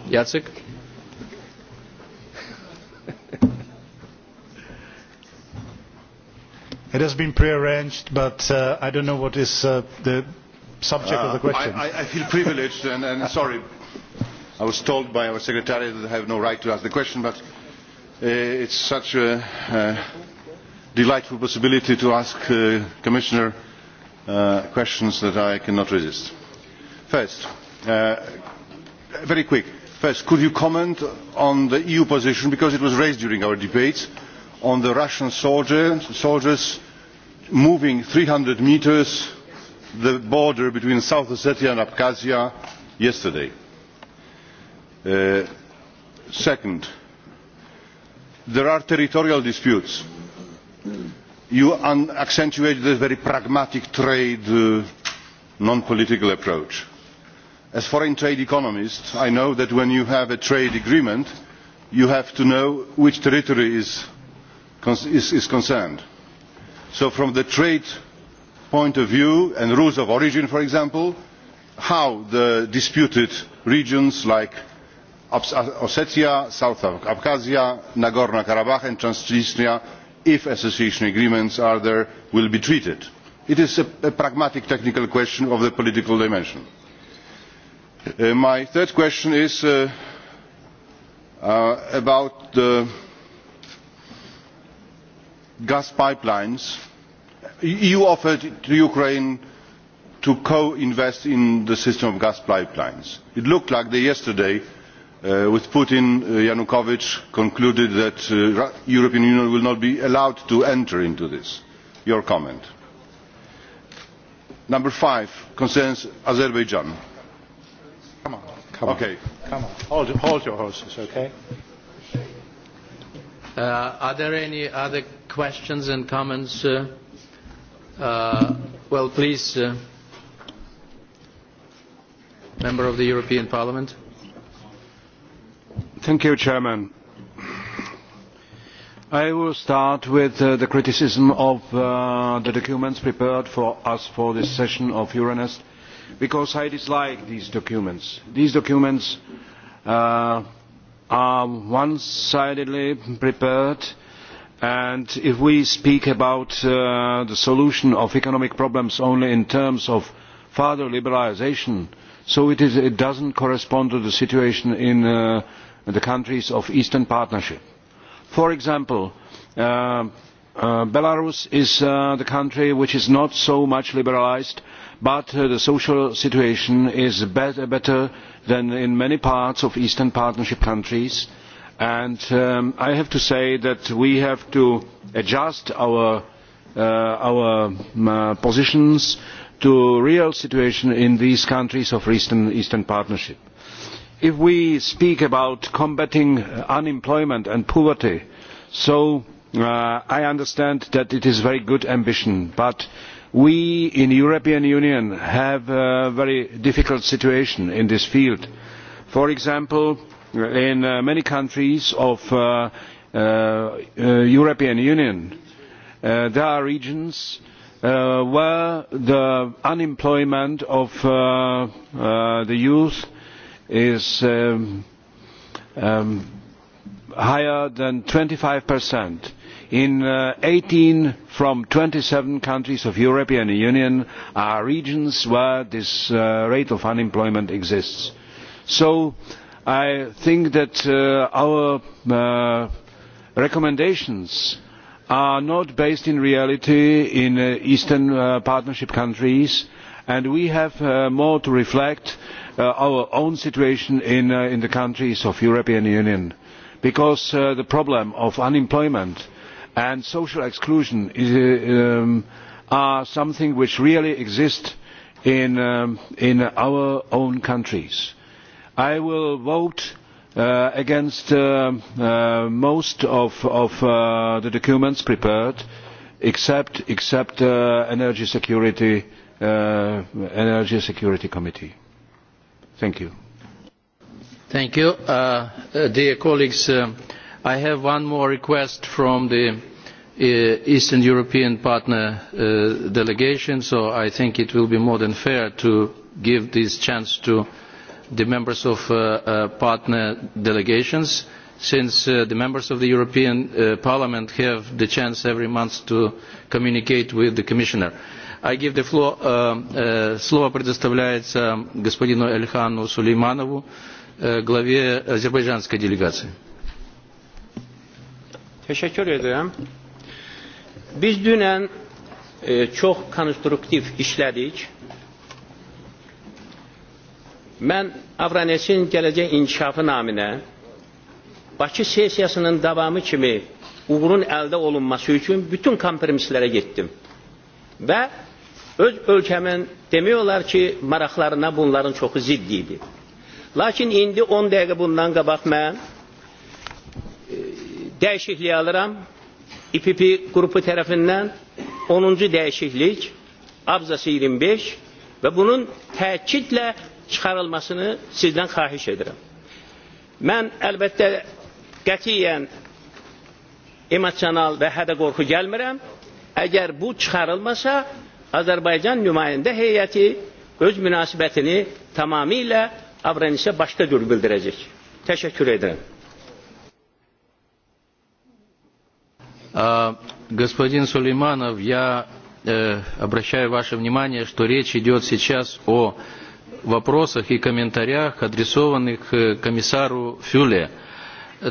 Speaker 3: Jacek.
Speaker 4: It has been prearranged, but uh, I don't know what is uh, the
Speaker 6: subject uh, of the uh, question. I, I, I feel privileged and, and sorry. I was told by our secretary that I have no right to ask the question, but uh, it's such a uh, delightful possibility to ask uh, Commissioner uh, questions that I cannot resist. First, uh, very quick. First, could you comment on the EU position, because it was raised during our debates, uh, on the Russian soldier, soldiers moving 300 meters the border between South Ossetia and Abkhazia yesterday. Uh, second, there are territorial disputes. You un- accentuate this very pragmatic trade, uh, non-political approach. As foreign trade economist, I know that when you have a trade agreement, you have to know which territory is is, is concerned. so from the trade point of view and rules of origin for example how the disputed regions like ossetia south abkhazia nagorno karabakh and transnistria if association agreements are there will be treated. it is a, a pragmatic technical question of the political dimension. Uh, my third question is uh, uh, about the gas pipelines the eu offered to ukraine to co invest in the system of gas pipelines. it looked like yesterday uh, with putin uh, yanukovych concluded that the uh, european union will not be allowed to enter into this. your comment. number five concerns azerbaijan. Come on, come on. Okay.
Speaker 4: Come on. Hold, hold your horses,
Speaker 3: okay? Uh, are there any other questions and comments? Uh, uh, well, please, uh, member of the European Parliament.
Speaker 7: Thank you, Chairman. I will start with uh, the criticism of uh, the documents prepared for us for this session of Euronest, because I dislike these documents. These documents uh, are one sidedly prepared and if we speak about uh, the solution of economic problems only in terms of further liberalisation so it, is, it does not correspond to the situation in uh, the countries of the eastern partnership. for example uh, uh belarus is uh, the country which is not so much liberalised but uh, the social situation is better, better than in many parts of eastern partnership countries and um, i have to say that we have to adjust our, uh, our um, uh, positions to the real situation in these countries of the eastern, eastern partnership. if we speak about combating unemployment and poverty so, uh, i understand that it is a very good ambition but we in the european union have a very difficult situation in this field. for example in uh, many countries of the uh, uh, european union there are regions where the unemployment of the youth is um, um, higher than twenty five percent in uh, 18 from 27 countries of European Union are regions where this uh, rate of unemployment exists. So I think that uh, our uh, recommendations are not based in reality in uh, Eastern uh, Partnership countries and we have uh, more to reflect uh, our own situation in, uh, in the countries of the European Union because uh, the problem of unemployment and social exclusion um, are something which really exist in, um, in our own countries. I will vote uh, against uh, uh, most of, of uh, the documents prepared except, except uh, energy security uh, energy security committee. Thank you.
Speaker 3: Thank you. Uh, uh dear colleagues, uh, I have one more request from the uh, Eastern European partner uh, delegation, so I think it will be more than fair to give this chance to the members of uh, uh, partner delegations, since uh, the members of the European uh, Parliament have the chance every month to communicate with the Commissioner. I give the floor, uh, uh, слово предоставляется господину Эльхану Сулейманову, uh, главе азербайджанской делегации.
Speaker 8: Teşekkür ederim. Biz dünən e, çox konstruktiv işlədik. Mən Avranesin gələcək inkişafı naminə Bakı sessiyasının davamı kimi uğurun əldə olunması üçün bütün kompromislərə getdim. Və öz ölkəmin demək olar ki, maraqlarına bunların çoxu zidd idi. Lakin indi 10 dəqiqə bundan qabaq mən Dəyişikliyi alıram. İPP qrupu tərəfindən 10-cu dəyişiklik abzası 25 və bunun təkidlə çıxarılmasını sizdən xahiş edirəm. Mən əlbəttə qətiyyən emosional və hədə qorxu gəlmirəm. Əgər bu çıxarılmasa, Azərbaycan nümayəndə heyəti öz münasibətini tamamilə Avranis'e başqa cür bildirəcək. Təşəkkür edirəm.
Speaker 3: Господин Сулейманов, я э, обращаю ваше внимание, что речь идет сейчас о вопросах и комментариях, адресованных э, комиссару Фюле.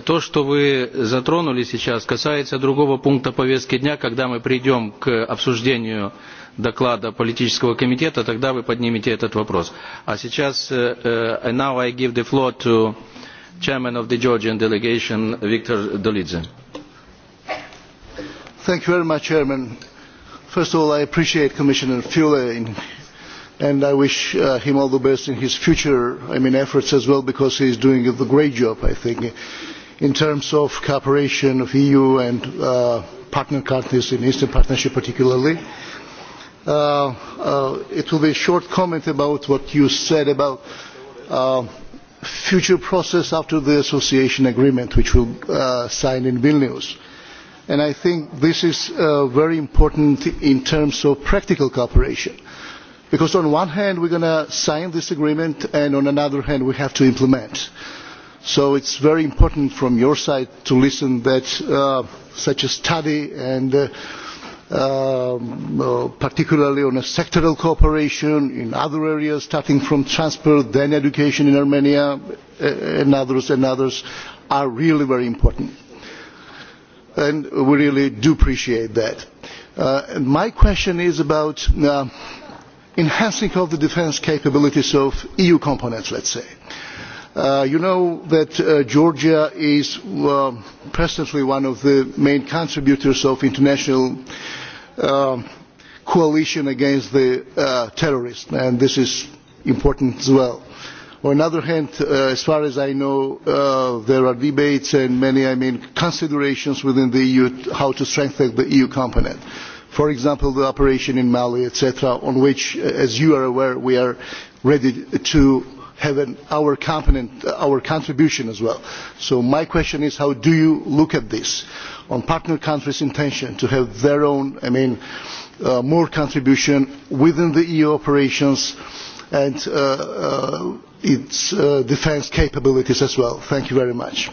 Speaker 3: То, что вы затронули сейчас, касается другого пункта повестки дня, когда мы придем к обсуждению доклада политического комитета, тогда вы поднимете этот вопрос. А сейчас, uh, now I give the floor to chairman of the Georgian delegation, Виктор Долидзе.
Speaker 9: Thank you very much, Chairman. First of all, I appreciate Commissioner Fule in, and I wish uh, him all the best in his future I mean, efforts as well because he is doing a great job, I think, in terms of cooperation of EU and uh, partner countries in Eastern Partnership particularly. Uh, uh, it will be a short comment about what you said about uh, future process after the association agreement which will uh, sign in Vilnius. Uh, and i think this is uh, very important in terms of practical cooperation because on one hand we are going to sign this agreement and on the other hand we have to implement so it is very important from your side to listen that uh, such a study and uh, um, uh, particularly on sectoral cooperation in other areas starting from transport then education in armenia and others and others are really very important and we really do appreciate that. Uh, my question is about uh, enhancing of the defence capabilities of EU components, let's say. Uh, you know that uh, Georgia is uh, presently one of the main contributors of international uh, coalition against the uh, terrorists, and this is important as well on the other hand uh, as far as i know uh, there are debates and many I mean, considerations within the eu on how to strengthen the eu component for example the operation in mali etc on which uh, as you are aware we are ready to have an, our component our contribution as well. so my question is how do you look at this on partner countries' intention to have their own i mean uh, more contribution within the eu operations and uh, uh, its uh, defence capabilities as well. Thank you very much.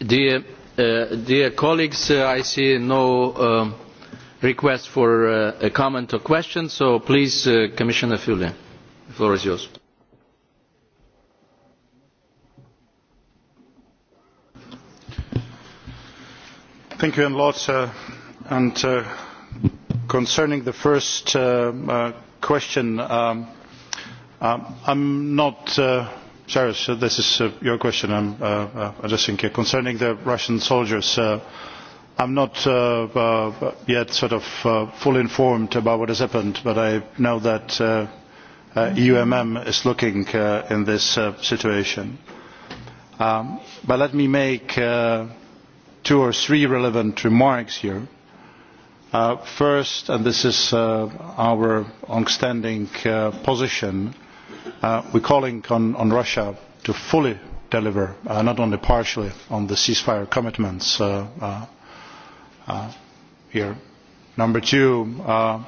Speaker 3: Dear, uh, dear colleagues, uh, I see no um, request for uh, a comment or question, so please, uh, Commissioner Fule, the floor is yours.
Speaker 4: Thank you a lot, uh, and uh, concerning the first uh, uh, question um, i am um, not Cherish, uh, this is uh, your question I'm uh, uh, addressing here. Concerning the Russian soldiers, uh, I'm not uh, uh, yet sort of uh, fully informed about what has happened, but I know that uh, uh, EUMM is looking uh, in this uh, situation. Um, but let me make uh, two or three relevant remarks here. Uh, first, and this is uh, our long-standing uh, position, uh, we're calling on, on Russia to fully deliver, uh, not only partially, on the ceasefire commitments uh, uh, uh, here. Number two, uh,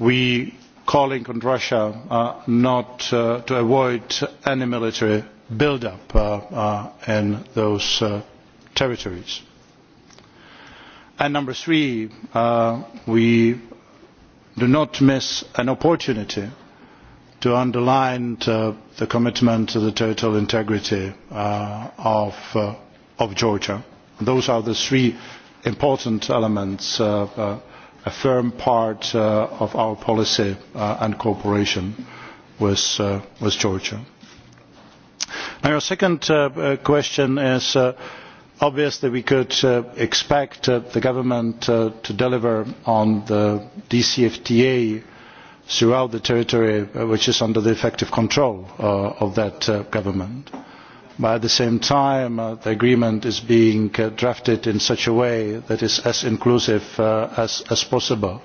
Speaker 4: we calling on Russia uh, not uh, to avoid any military build-up uh, uh, in those uh, territories and number three uh, we do not miss an opportunity to underline to uh, the commitment to the territorial integrity uh, of, uh, of Georgia. Those are the three important elements, uh, uh, a firm part uh, of our policy uh, and cooperation with, uh, with Georgia. Now your second uh, uh, question is uh, obviously we could uh, expect uh, the government uh, to deliver on the dcfta throughout the territory uh, which is under the effective control uh, of that uh, government but at the same time the agreement is being drafted in such a way that is as inclusive as, as possible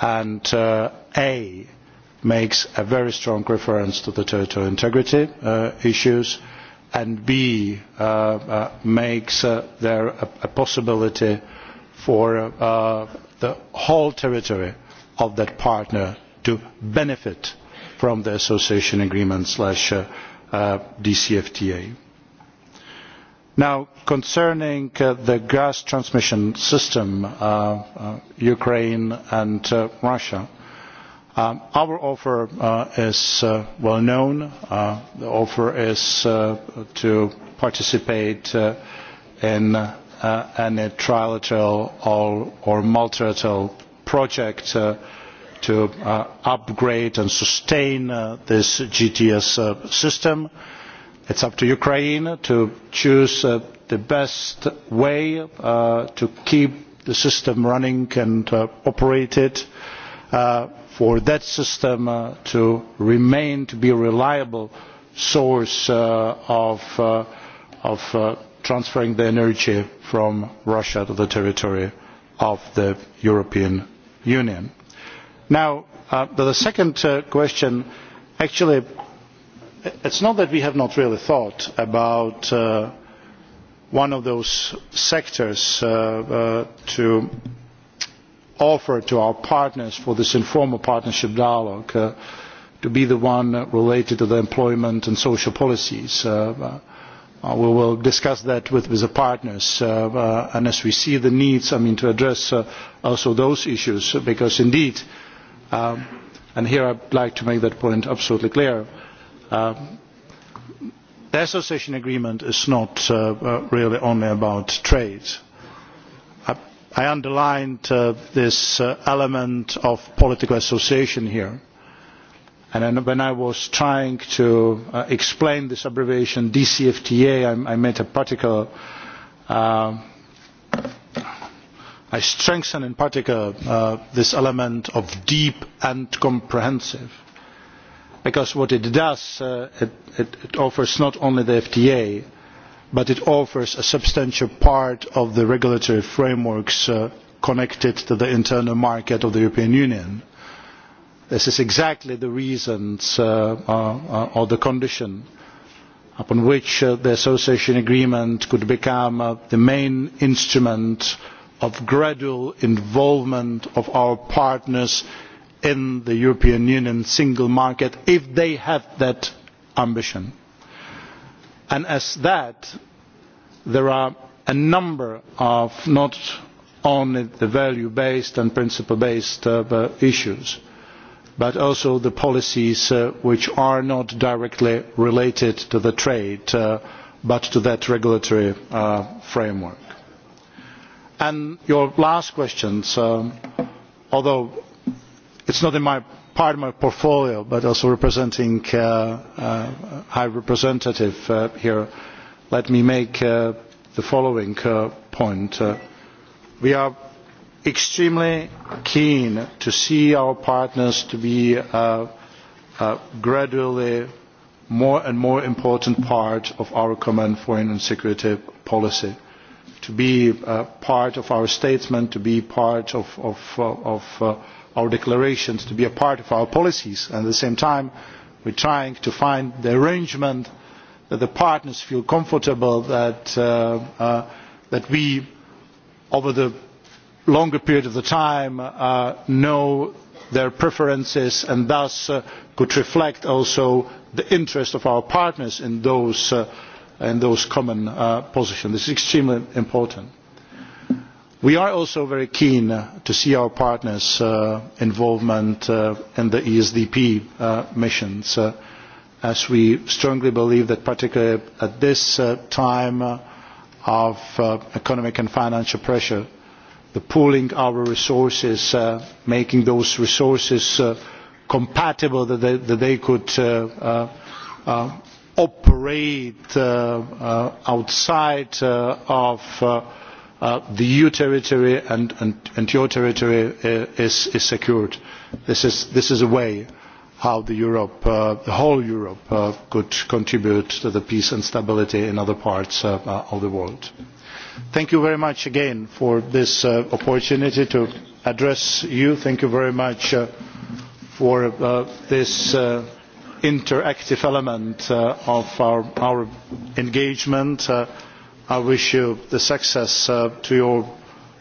Speaker 4: and a makes a very strong reference to the territorial integrity issues and and b uh, uh, makes uh, there a, a possibility for uh, the whole territory of that partner to benefit from the association agreement slash uh, uh, DCFTA. Now, concerning uh, the gas transmission system, uh, uh, Ukraine and uh, Russia, uh, Um, our offer uh, is uh, well known. Uh, the offer is uh, to participate uh, in uh, any trilateral or, or multilateral project uh, to uh, upgrade and sustain uh, this GTS uh, system. It's up to Ukraine to choose uh, the best way uh, to keep the system running and uh, operated. Uh, for that system uh, to remain to be a reliable source uh, of, uh, of uh, transferring the energy from Russia to the territory of the European Union. Now, uh, the, the second uh, question, actually, it's not that we have not really thought about uh, one of those sectors uh, uh, to offer to our partners for this informal partnership dialogue uh, to be the one related to the employment and social policies. Uh, uh, we will discuss that with, with the partners uh, uh, and as we see the needs I mean, to address uh, also those issues because indeed, um, and here I'd like to make that point absolutely clear, um, the association agreement is not uh, uh, really only about trade. Uh, i underlined uh, this uh, element of political association here and when i was trying to uh, explain this abbreviation dcfta i, I made a particular uh, i strengthened in particular uh, this element of deep and comprehensive because what it does is uh, it, it, it offers not only the fta but it offers a substantial part of the regulatory frameworks uh, connected to the internal market of the European Union. This is exactly the reason uh, uh, uh, or the condition upon which uh, the association agreement could become uh, the main instrument of gradual involvement of our partners in the European Union single market if they have that ambition and as that there are a number of not only the value based and principle based uh, uh, issues but also the policies uh, which are not directly related to the trade uh, but to that regulatory uh, framework. And your last question although it is not in my part of my portfolio, but also representing uh, uh, High Representative uh, here, let me make uh, the following uh, point. Uh, we are extremely keen to see our partners to be uh, uh, gradually more and more important part of our common foreign and security policy, to be uh, part of our statement, to be part of, of, uh, of uh, our declarations to be a part of our policies and at the same time we are trying to find the arrangement that the partners feel comfortable that, uh, uh, that we over the longer period of time uh, know their preferences and thus uh, could reflect also the interests of our partners in those, uh, in those common uh, positions. this is extremely important we are also very keen uh, to see our partners' uh, involvement uh, in the esdp missions as we strongly believe that particularly at this time of economic and financial pressure pooling our resources making those resources compatible that they, that they could operate outside of uh, the eu territory and, and, and your territory uh, is, is secured. This is, this is a way how the, Europe, uh, the whole Europe uh, could contribute to the peace and stability in other parts uh, uh, of the world. Thank you very much again for this uh, opportunity to address you. Thank you very much uh, for uh, this uh, interactive element uh, of our, our engagement. Uh, I wish you the success uh, to your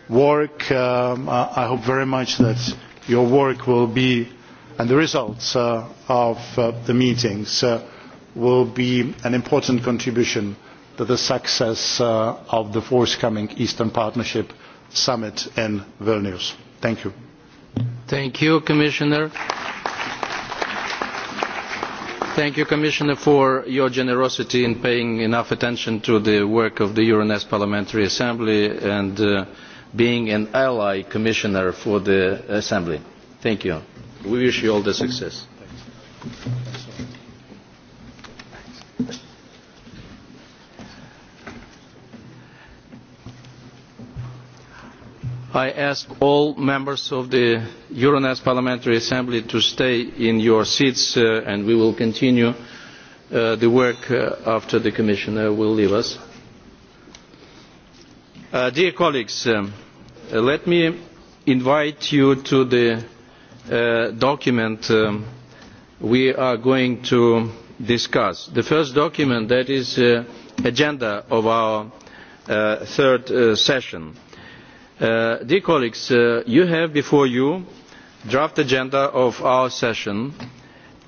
Speaker 4: work. Um, I hope very much that your work will be, and the results uh, of uh, the meetings uh, will be an important contribution to the success uh, of the forthcoming Eastern Partnership Summit in Vilnius. Thank you.
Speaker 3: Thank you, Commissioner thank you commissioner for your generosity in paying enough attention to the work of the euronest parliamentary assembly and uh, being an ally commissioner for the assembly. thank you. we wish you all the success. Thanks. I ask all members of the Euronest Parliamentary Assembly to stay in your seats uh, and we will continue uh, the work uh, after the Commissioner will leave us. Uh, dear colleagues, um, uh, let me invite you to the uh, document um, we are going to discuss. The first document that is uh, agenda of our uh, third uh, session Uh, dear colleagues, uh, you have before you draft agenda of our session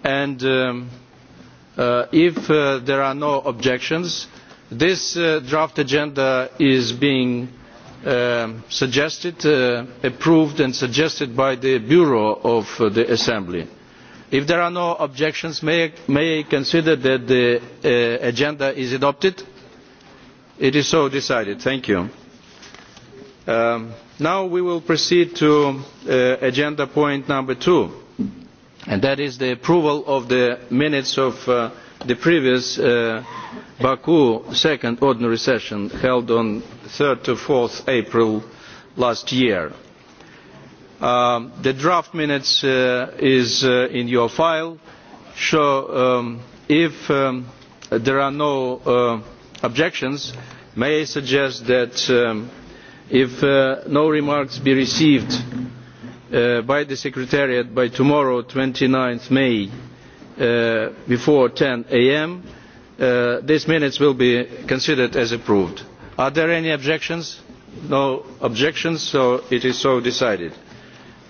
Speaker 3: and um, uh, if uh, there are no objections, this uh, draft agenda is being uh, suggested, uh, approved and suggested by the Bureau of uh, the Assembly. If there are no objections, may I, may I consider that the uh, agenda is adopted? It is so decided. Thank you. Um, now we will proceed to uh, agenda point number two, and that is the approval of the minutes of uh, the previous uh, Baku second ordinary session held on 3rd to 4th April last year. Um, the draft minutes uh, is uh, in your file, so um, if um, there are no uh, objections, may I suggest that um, if uh, no remarks be received uh, by the secretariat by tomorrow twenty nine may uh, before ten am uh, these minutes will be considered as approved. are there any objections? no objections so it is so decided.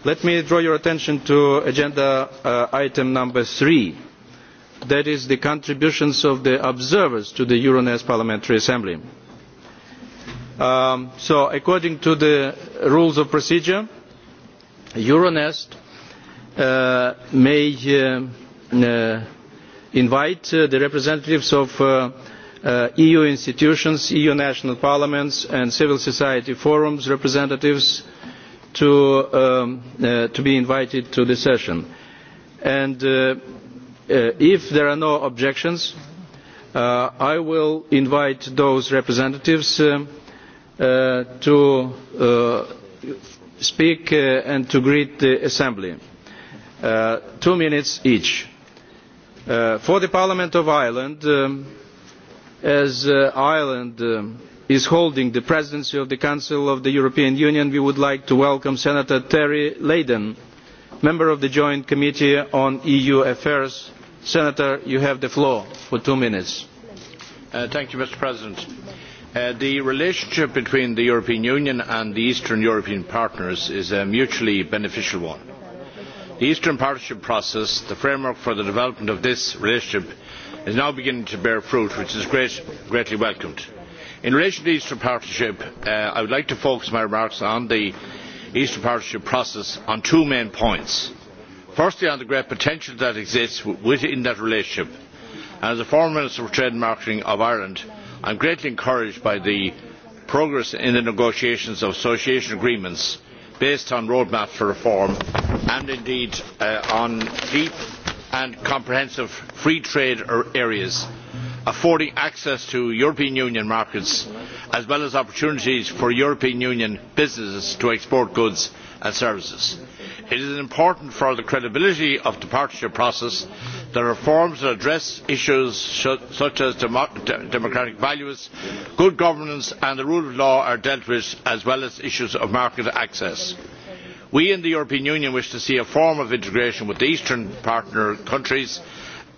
Speaker 3: let me draw your attention to agenda uh, item number three that is the contributions of the observers to the euronest parliamentary assembly. Um, so according to the rules of procedure euronest uh, may uh, uh, invite uh, the representatives of uh, uh, eu institutions eu national parliaments and civil society forums representatives to, um, to be invited to the session and if there are no objections i will invite those representatives uh, to uh, speak uh, and to greet the Assembly. Uh, two minutes each. Uh, for the Parliament of Ireland, um, as uh, Ireland um, is holding the presidency of the Council of the European Union, we would like to welcome Senator Terry Leyden, member of the Joint Committee on EU Affairs. Senator, you have the floor for two minutes. Uh, thank you, Mr. President Uh, the relationship
Speaker 10: between the European Union and the Eastern European partners is a mutually beneficial one. The Eastern Partnership process, the framework for the development of this relationship, is now beginning to bear fruit, which is great, greatly welcomed. In relation to the Eastern Partnership, uh, I would like to focus my remarks on the Eastern Partnership process on two main points. Firstly, on the great potential that exists within that relationship. And as the former Minister for Trade and Marketing of Ireland, i am greatly encouraged by the progress in the negotiations of association agreements based on roadmaps for reform and indeed uh, on deep and comprehensive free trade areas affording access to european union markets as well as opportunities for european union businesses to export goods and services it is important for the credibility of the partnership process that reforms that address issues such as democratic values good governance and the rule of law are dealt with as well as issues of market access. we in the european union wish to see a form of integration with the eastern partner countries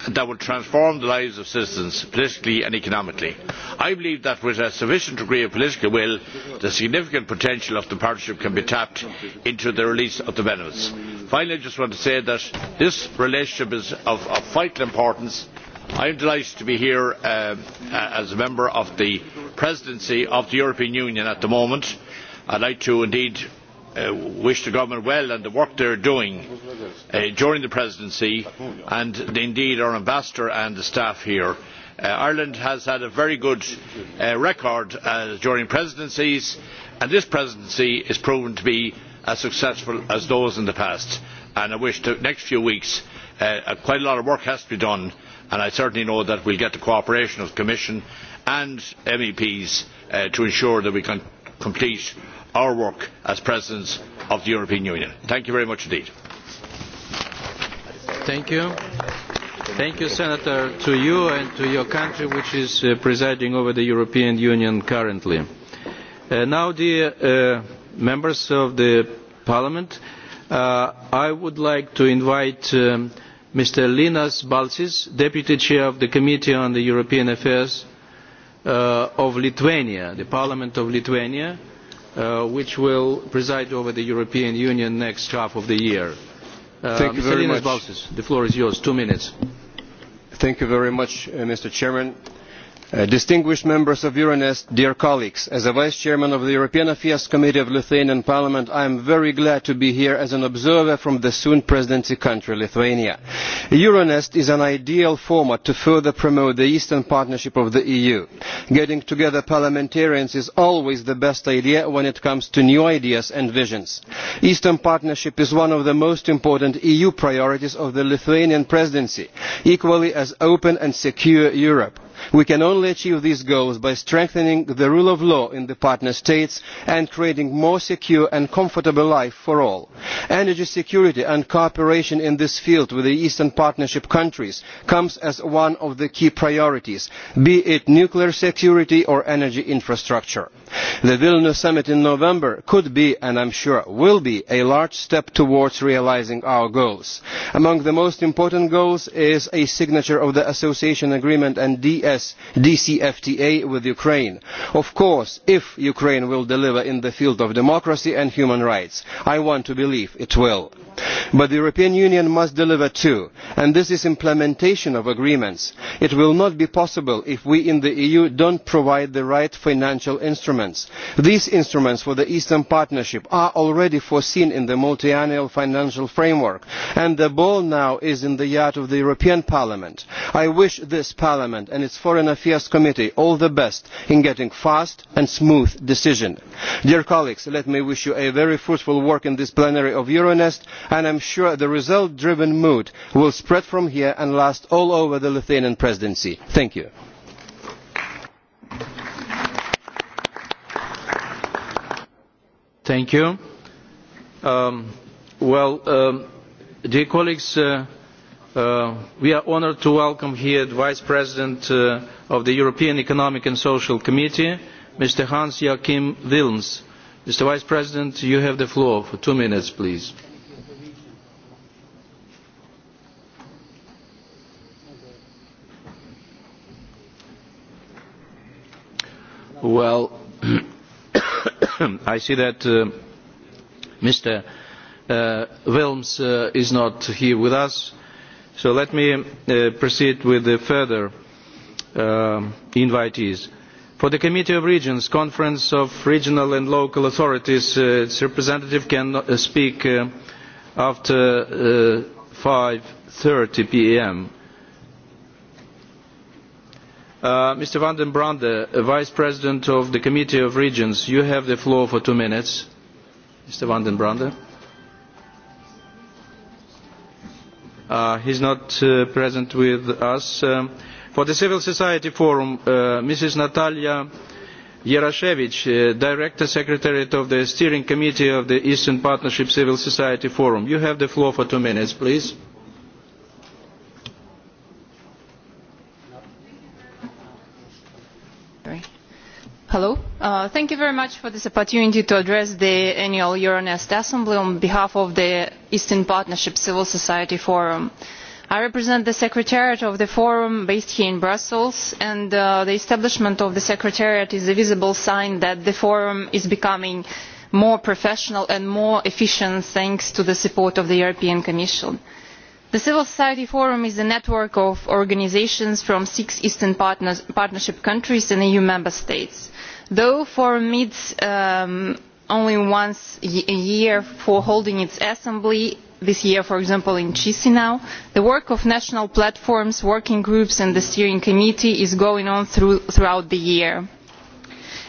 Speaker 10: that will transform the lives of citizens politically and economically. i believe that with a sufficient degree of political will the significant potential of the partnership can be tapped into the release of the benefits. finally i just want to say that this relationship is of, of vital importance. i am delighted to be here uh, uh as a member of the presidency of the european union at the moment. i would like to indeed uh, wish the government well and the work they are doing uh, during the presidency and indeed our ambassador and the staff here. Uh, Ireland has had a very good uh, record uh, during presidencies and this presidency is proven to be as successful as those in the past and I wish the next few weeks uh, quite a lot of work has to be done and I certainly know that we will get the cooperation of the Commission and MEPs uh, to ensure that we can complete our work as presidents of the european union. thank you very much indeed.
Speaker 3: thank you. thank you senator to you and to your country which is uh, presiding over the european union currently. Uh, now dear uh, members of the parliament uh, i would like to invite um, mr linas balcis deputy chair of the committee on the european affairs uh, of lithuania the parliament of lithuania uh, which will preside over the European Union next half of the year.
Speaker 11: Uh, Thank Mr. you very Linas much. Balsis, the floor is yours. Two minutes. Thank you very much, uh, Mr. Chairman. Uh, Uh, distinguished members of euronest dear colleagues as vice chair of the european affairs committee of the lithuanian parliament i am very glad to be here as an observer from the soon presidency country lithuania. euronest is an ideal format to further promote the eastern partnership of the eu. getting together parliamentarians is always the best idea when it comes to new ideas and visions. the eastern partnership is one of the most important eu priorities of the lithuanian presidency equally as open and secure europe we can only achieve these goals by strengthening the rule of law in the partner states and creating a more secure and comfortable life for all. energy security and cooperation in this field with the eastern partnership countries comes as one of the key priorities be it nuclear security or energy infrastructure. the vilnius summit in november could be and i am sure will be a large step towards realising our goals. among the most important goals is a signature of the association agreement and as DCFTA with Ukraine. Of course, if Ukraine will deliver in the field of democracy and human rights, I want to believe it will but the european union must deliver too and this is implementation of agreements. it will not be possible if we in the eu do not provide the right financial instruments. these instruments for the eastern partnership are already foreseen in the multiannual financial framework and the ball now is in the yard of the european parliament. i wish this parliament and its foreign affairs committee all the best in getting a fast and smooth decision. dear colleagues let me wish you very fruitful work in this plenary of euronest and i am sure the result driven mood will spread from here and last all over the lithuanian presidency. thank you.
Speaker 3: Thank you. Um, well, um, dear colleagues, uh, uh, we are honored to welcome here the Vice President uh, of the European Economic and Social Committee, Mr. Hans Joachim Wilms. Mr. Vice President, you have the floor for two minutes, please.
Speaker 12: Well,
Speaker 3: I see that uh, Mr. Uh, Wilms uh, is not here with us, so let me uh, proceed with the further uh, invitees. For the Committee of Regions, Conference of Regional and Local Authorities, uh, its representative can uh, speak uh, after uh, 5.30 p.m. Uh, Mr. Van den Brande, uh, Vice President of the Committee of Regions, you have the floor for two minutes. Mr. Van den Brande. Uh, he's not uh, present with us. Um, for the Civil Society Forum, uh, Mrs. Natalia Yerashevich, uh, Director Secretariat of the Steering Committee of the Eastern Partnership Civil Society Forum. You have the floor for two minutes, please.
Speaker 13: Uh, thank you very much for this opportunity to address the annual euronest assembly on behalf of the eastern partnership civil society forum. i represent the secretariat of the forum based here in brussels and uh, the establishment of the secretariat is a visible sign that the forum is becoming more professional and more efficient thanks to the support of the european commission. the civil society forum is a network of organisations from six eastern partners, partnership countries and eu member states though forum meets um, only once a year for holding its assembly this year for example in chiinu the work of national platforms working groups and the steering committee is going on through, throughout the year.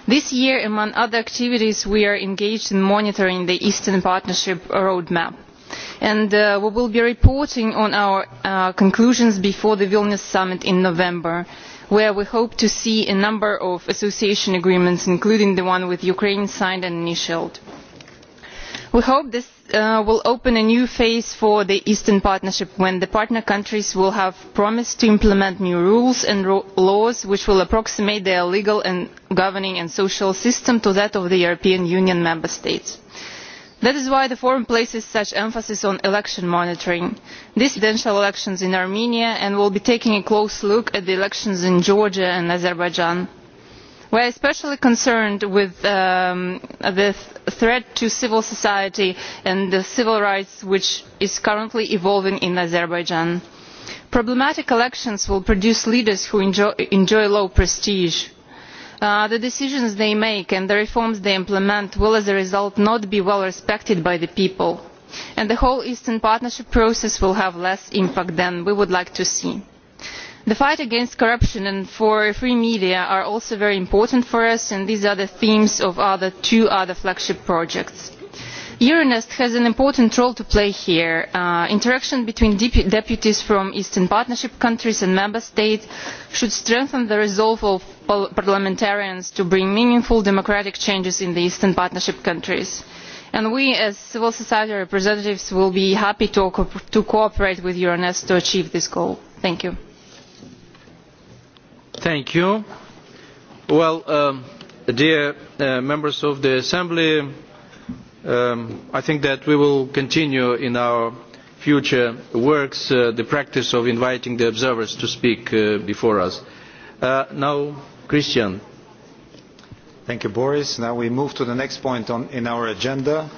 Speaker 13: this year among other activities we are engaged in monitoring the eastern partnership roadmap and uh, we will be reporting on our uh, conclusions before the vilnius summit in november where we hope to see a number of association agreements including the one with ukraine signed and initialled. we hope this uh, will open a new phase for the eastern partnership when the partner countries will have promised to implement new rules and laws which will approximate their legal and governing and social system to that of the european union member states that is why the forum places such emphasis on election monitoring these presidential elections in armenia and will be taking a close look at the elections in georgia and azerbaijan. we are especially concerned with um, the th threat to civil society and civil rights which is currently evolving in azerbaijan. problematic elections will produce leaders who enjoy, enjoy low prestige Uh, the decisions they make and the reforms they implement will as a result not be well respected by the people and the whole eastern partnership process will have less impact than we would like to see. the fight against corruption and for free media are also very important for us and these are the themes of the two other flagship projects euronest has an important role to play here. Uh, interaction between dep deputies from eastern partnership countries and member states should strengthen the resolve of parliamentarians to bring meaningful democratic changes in the eastern partnership countries and we as civil society representatives will be happy to, co to cooperate with euronest to achieve this goal. thank you.
Speaker 3: thank you. well um, dear uh, members of the assembly um, I think that we will continue in our future works uh, the practice of inviting the observers to speak uh, before us.
Speaker 1: Uh, now, Christian. Thank you, Boris. Now we move to the next point on, in our agenda.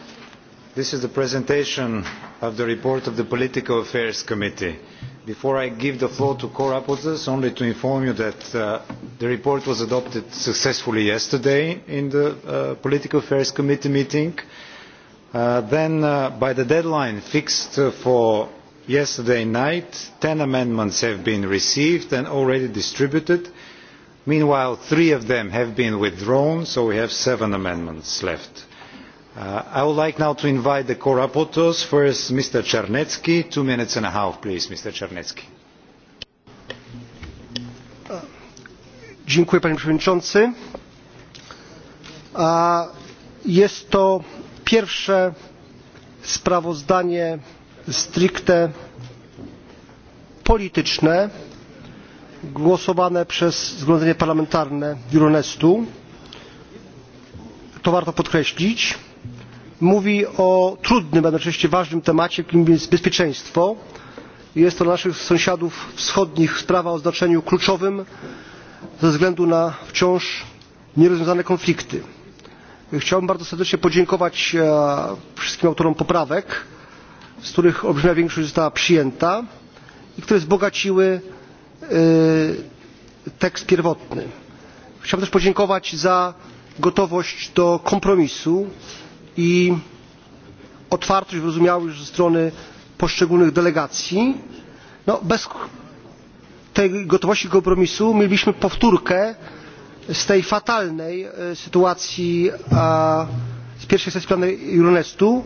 Speaker 1: This is the presentation of the report of the Political Affairs Committee. Before I give the floor to co-rapporteurs, only to inform you that uh, the report was adopted successfully yesterday in the uh, Political Affairs Committee meeting. Uh, Uh, then uh, by the deadline fixed uh, for yesterday night ten amendments have been received and already distributed. meanwhile three of them have been withdrawn so we have seven amendments left. Uh, i would like now to invite the co rapporteurs first mr czarnecki two minutes and a half please mr czarnecki.
Speaker 14: dziękuję panie przewodniczący. jest to pierwsze sprawozdanie stricte polityczne głosowane przez zgromadzenie parlamentarne euronestu to warto podkreślić mówi o trudnym a jednocześnie ważnym temacie jakim jest bezpieczeństwo. jest to dla naszych sąsiadów wschodnich sprawa o znaczeniu kluczowym ze względu na wciąż nierozwiązane konflikty. Chciałbym bardzo serdecznie podziękować e, wszystkim autorom poprawek, z których olbrzymia większość została przyjęta i które wzbogaciły e, tekst pierwotny. Chciałbym też podziękować za gotowość do kompromisu i otwartość wyrozumiałość ze strony poszczególnych delegacji. No, bez tej gotowości kompromisu mielibyśmy powtórkę z tej fatalnej e, sytuacji z pierwszej sesji plenarnej euronestu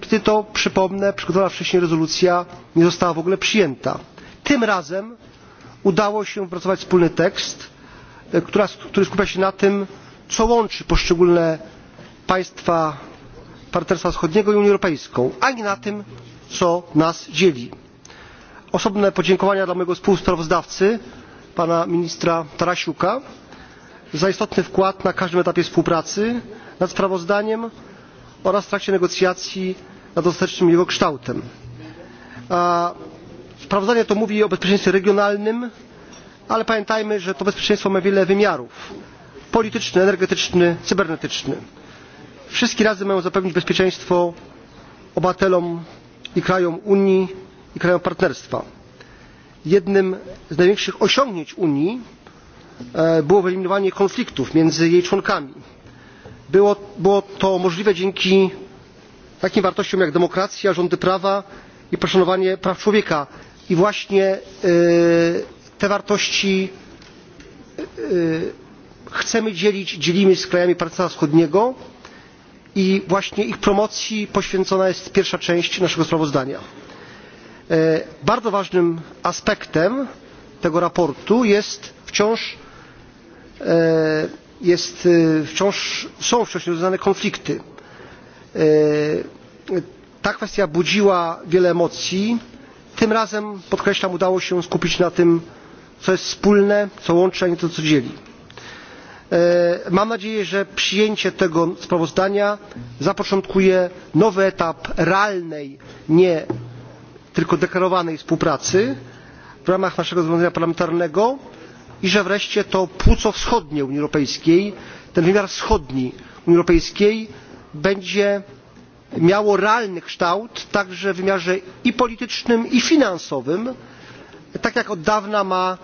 Speaker 14: kiedy to przypomnę przygotowana wcześniej rezolucja nie została w ogóle przyjęta. tym razem udało się wypracować wspólny tekst e, który skupia się na tym co łączy poszczególne państwa partnerstwa wschodniego i unię europejską a nie na tym co nas dzieli. osobne podziękowania dla mojego współsprawozdawcy pana ministra tarasiuka za istotny wkład na każdym etapie współpracy nad sprawozdaniem oraz w trakcie negocjacji nad ostatecznym jego kształtem. sprawozdanie to mówi o bezpieczeństwie regionalnym ale pamiętajmy że to bezpieczeństwo ma wiele wymiarów polityczny energetyczny cybernetyczny. wszystkie razem mają zapewnić bezpieczeństwo obywatelom i krajom unii i krajom partnerstwa. jednym z największych osiągnięć unii E, było wyeliminowanie konfliktów między jej członkami. było, było to możliwe dzięki takim wartościom jak demokracja rządy prawa i poszanowanie praw człowieka i właśnie e, te wartości e, chcemy dzielić dzielimy z krajami partnerstwa wschodniego i właśnie ich promocji poświęcona jest pierwsza część naszego sprawozdania. bardzo ważnym aspektem tego sprawozdania jest wciąż E, jest e, wciąż są wciąż nierozwiązane konflikty. E, ta kwestia budziła wiele emocji tym razem podkreślam udało się skupić na tym co jest wspólne co łączy a nie to co dzieli. mam nadzieję że przyjęcie tego sprawozdania zapoczątkuje nowy etap realnej nie tylko deklarowanej współpracy w ramach naszego zgromadzenia parlamentarnego i że wreszcie to płuco wschodnie unii europejskiej ten wymiar wschodni unii europejskiej będzie miało realny kształt także w wymiarze i politycznym i finansowym tak jak od dawna ma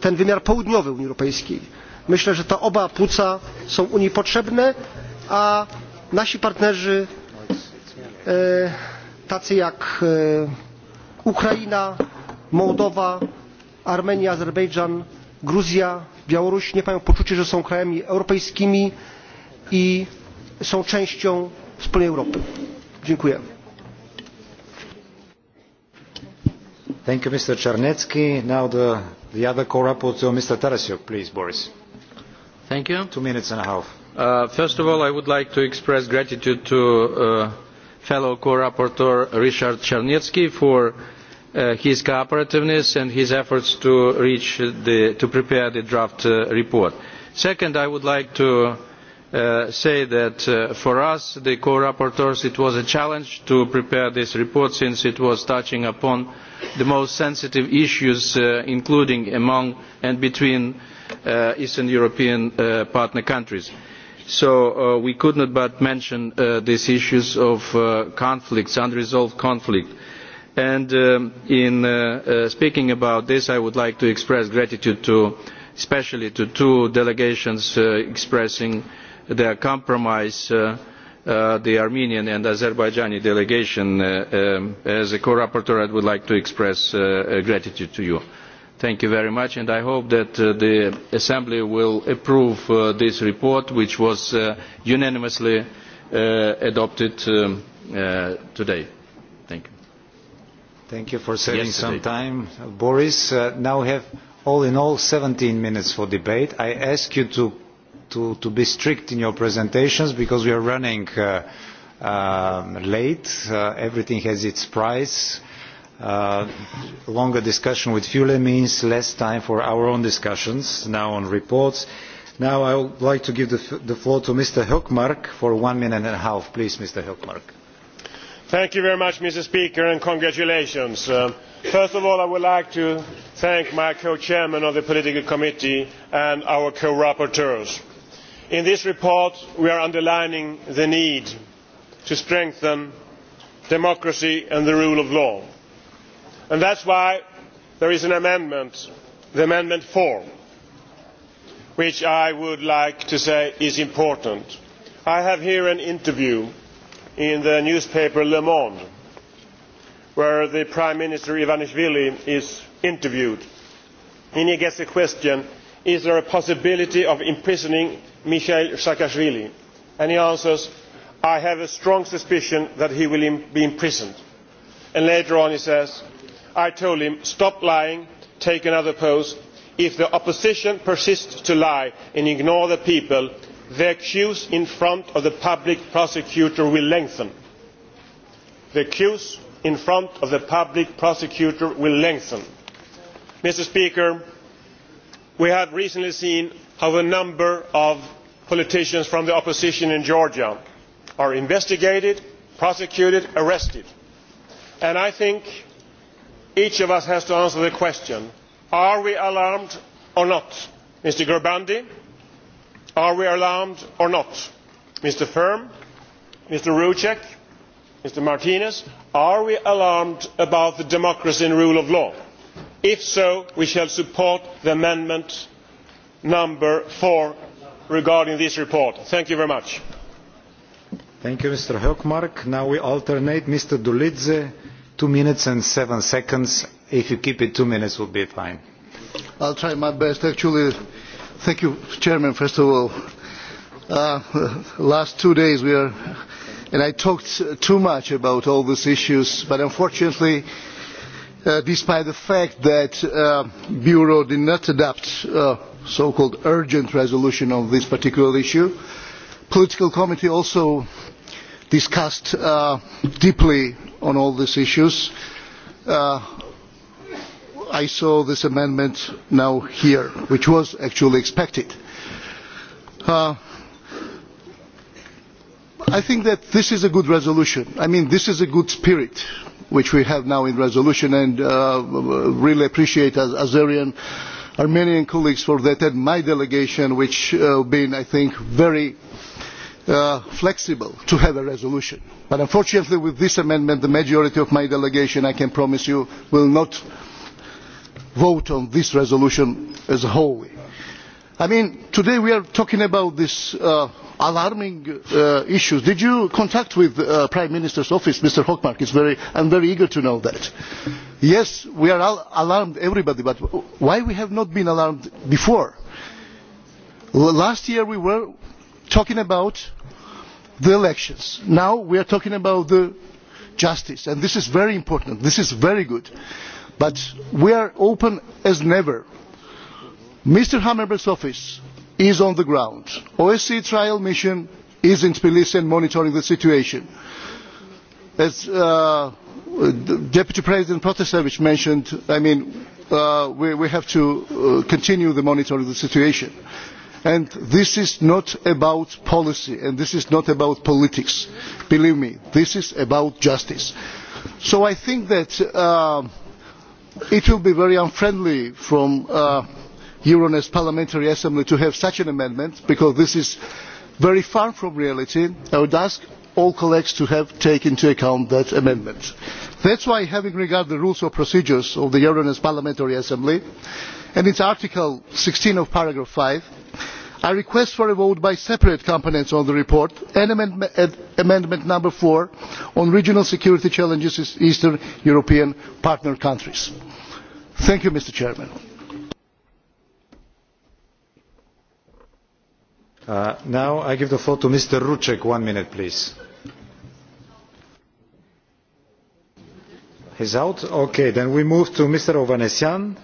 Speaker 14: ten wymiar południowy unii europejskiej. myślę że te oba płuca są unii potrzebne a nasi partnerzy tacy jak ukraina mołdowa armenia azerbejdżan gruzja białoruś nie mają poczucia że są krajami europejskimi i są częścią wspólnej europy. dziękuję.
Speaker 1: Thank you, Mr. Czarnecki. Now the, the other co-rapporteur, Mr. Tarasiuk, please, Boris. Thank you. Two minutes and a half. Uh,
Speaker 3: first of all, I would like to express gratitude to uh, fellow co-rapporteur Richard Czarnecki for uh, uh, his cooperativeness and his efforts to, reach the, to prepare the draft uh, report. Second, I would like to uh, say that uh, for us, the co-rapporteurs, it was a challenge to prepare this report since it was touching upon the most sensitive issues, uh, including among and between uh, Eastern European uh, partner countries so uh, we could not but mention uh, these issues of uh, conflicts unresolved conflict And um, in uh, uh, speaking about this, I would like to express gratitude to, especially to two delegations uh, expressing their compromise, uh, uh, the Armenian and Azerbaijani delegation. Uh, um, as a co-rapporteur, I would like to express uh, uh, gratitude to you. Thank you very much, and I hope that uh, the Assembly will approve uh, this report, which was uh, unanimously uh, adopted um, uh, today.
Speaker 15: Thank you. Thank you for
Speaker 1: saving yesterday. some time, Boris. Uh, now we have all in all 17 minutes for debate. I ask you to, to, to be strict in your presentations because we are running uh, uh, late. Uh, everything has its price. Uh, longer discussion with Fule means less time for our own discussions now on reports. Now I would like to give the, the floor to Mr. Hökmark for one minute and a half. Please, Mr. Hökmark
Speaker 16: thank you very much mrs speaker and congratulations. Uh, first of all i would like to thank my co chair of the political committee and our co rapporteurs. in this report we are underlining the need to strengthen democracy and the rule of law and that is why there is an amendment amendment four which i would like to say is important. i have here an interview in the newspaper le monde where the prime minister ivanishvili is interviewed and he gets the question is there a possibility of imprisoning mikhail saakashvili? and he answers i have a strong suspicion that he will be imprisoned. and later on he says i told him stop lying take another post if the opposition persists to lie and ignore the people the queues in front of the public prosecutor will lengthen. the queues in front of the public prosecutor will lengthen. we have recently seen how a number of politicians from the opposition in georgia are investigated prosecuted and arrested and i think each of us has to answer the question are we alarmed or not? mr gerbrandy are we alarmed or not? mr färm mr rouek mr martinez are we alarmed about democracy and the rule of law? if so we shall support amendment four regarding this report. thank you very much.
Speaker 1: thank you mr hkmark. now we alternate mr dolidze two minutes and seven seconds. if you keep it two minutes will be fine.
Speaker 9: i'll try my best. actually Thank you, Chairman, first of all. Uh, last two days we are, and I talked too much about all these issues, but unfortunately, uh, despite the fact that uh, Bureau did not adopt uh, so-called urgent resolution on this particular issue, political committee also discussed uh, deeply on all these issues. Uh, i saw this amendment now here which was actually expected. Uh, i think that this is a good resolution. i mean this is a good spirit which we have now in resolution and uh, really appreciate as azerian armenian colleagues for that and my delegation which has uh, been i think very Uh, flexible to have a resolution but unfortunately with this amendment the majority of my delegation i can promise you will not vote on this resolution as a whole. I mean, today we are talking about these uh, alarming uh, issues. Did you contact with the uh, Prime Minister's office, Mr. Hochmark? It's very, I'm very eager to know that. Yes, we are all alarmed, everybody, but why we have not been alarmed before? Last year we were talking about the elections. Now we are talking about the justice, and this is very important. This is very good. Uh, but we are open as never. mr hammerberg's office is on the ground. the osce trial mission is in tbilisi and monitoring the situation. as uh, deputy president protasevich mentioned I mean, uh, we, we have to uh, continue the monitoring of the situation. And this is not about policy and this is not about politics. believe me this is about justice. so i think that uh, it will be very unfriendly from uh, euronest parliamentary assembly to have such an amendment because this is very far from reality. i would ask all colleagues to have take into account that amendment. that is why having regard to the rules of procedure of the euronest parliamentary assembly and its article sixteen of paragraph five i request for a vote by separate components on the report and amendment number four on regional security challenges in eastern european partner countries. Thank you, Mr. Chairman. Uh, now I give the floor to
Speaker 1: Mr. Rucek. One minute, please. He's out? Okay, then we move to Mr. Ovanesyan.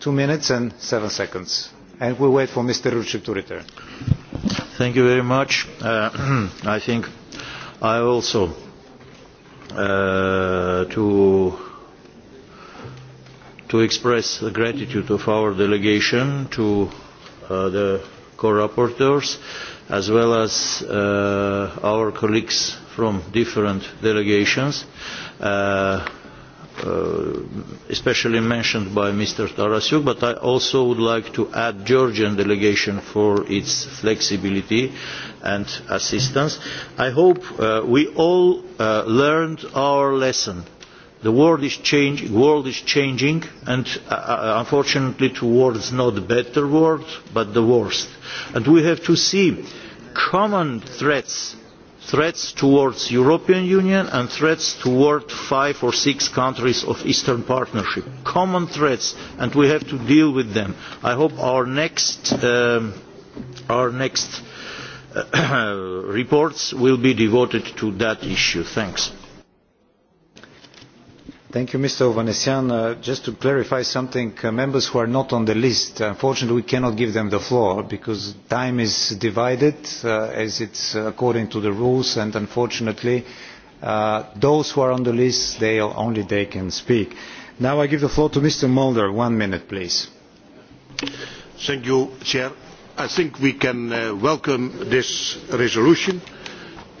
Speaker 1: Two minutes and seven seconds. And we wait for Mr. Rucek to return. Thank you very much.
Speaker 5: Uh, I think I also uh, to to express the gratitude of our delegation to uh, the co-rapporteurs as well as uh, our colleagues from different delegations, uh, uh, especially mentioned by Mr. Tarasuk, but I also would like to add Georgian delegation for its flexibility and assistance. I hope uh, we all uh, learned our lesson the world is, change, world is changing and uh, uh unfortunately towards not a better world but the worst and we have to see common threats threats towards the european union and threats towards five or six countries of the eastern partnership common threats and we have to deal with them. i hope our next, um, our next uh, reports will be devoted to that issue. thanks.
Speaker 1: Thank you, Mr. Ovanesyan. Uh, just to clarify something, uh, members who are not on the list, unfortunately, we cannot give them the floor because time is divided uh, as it's uh, according to the rules, and unfortunately, uh, those who are on the list, they only they can speak. Now I give the floor to Mr. Mulder. One minute, please. Thank you, Chair. I think we can uh, welcome this
Speaker 17: resolution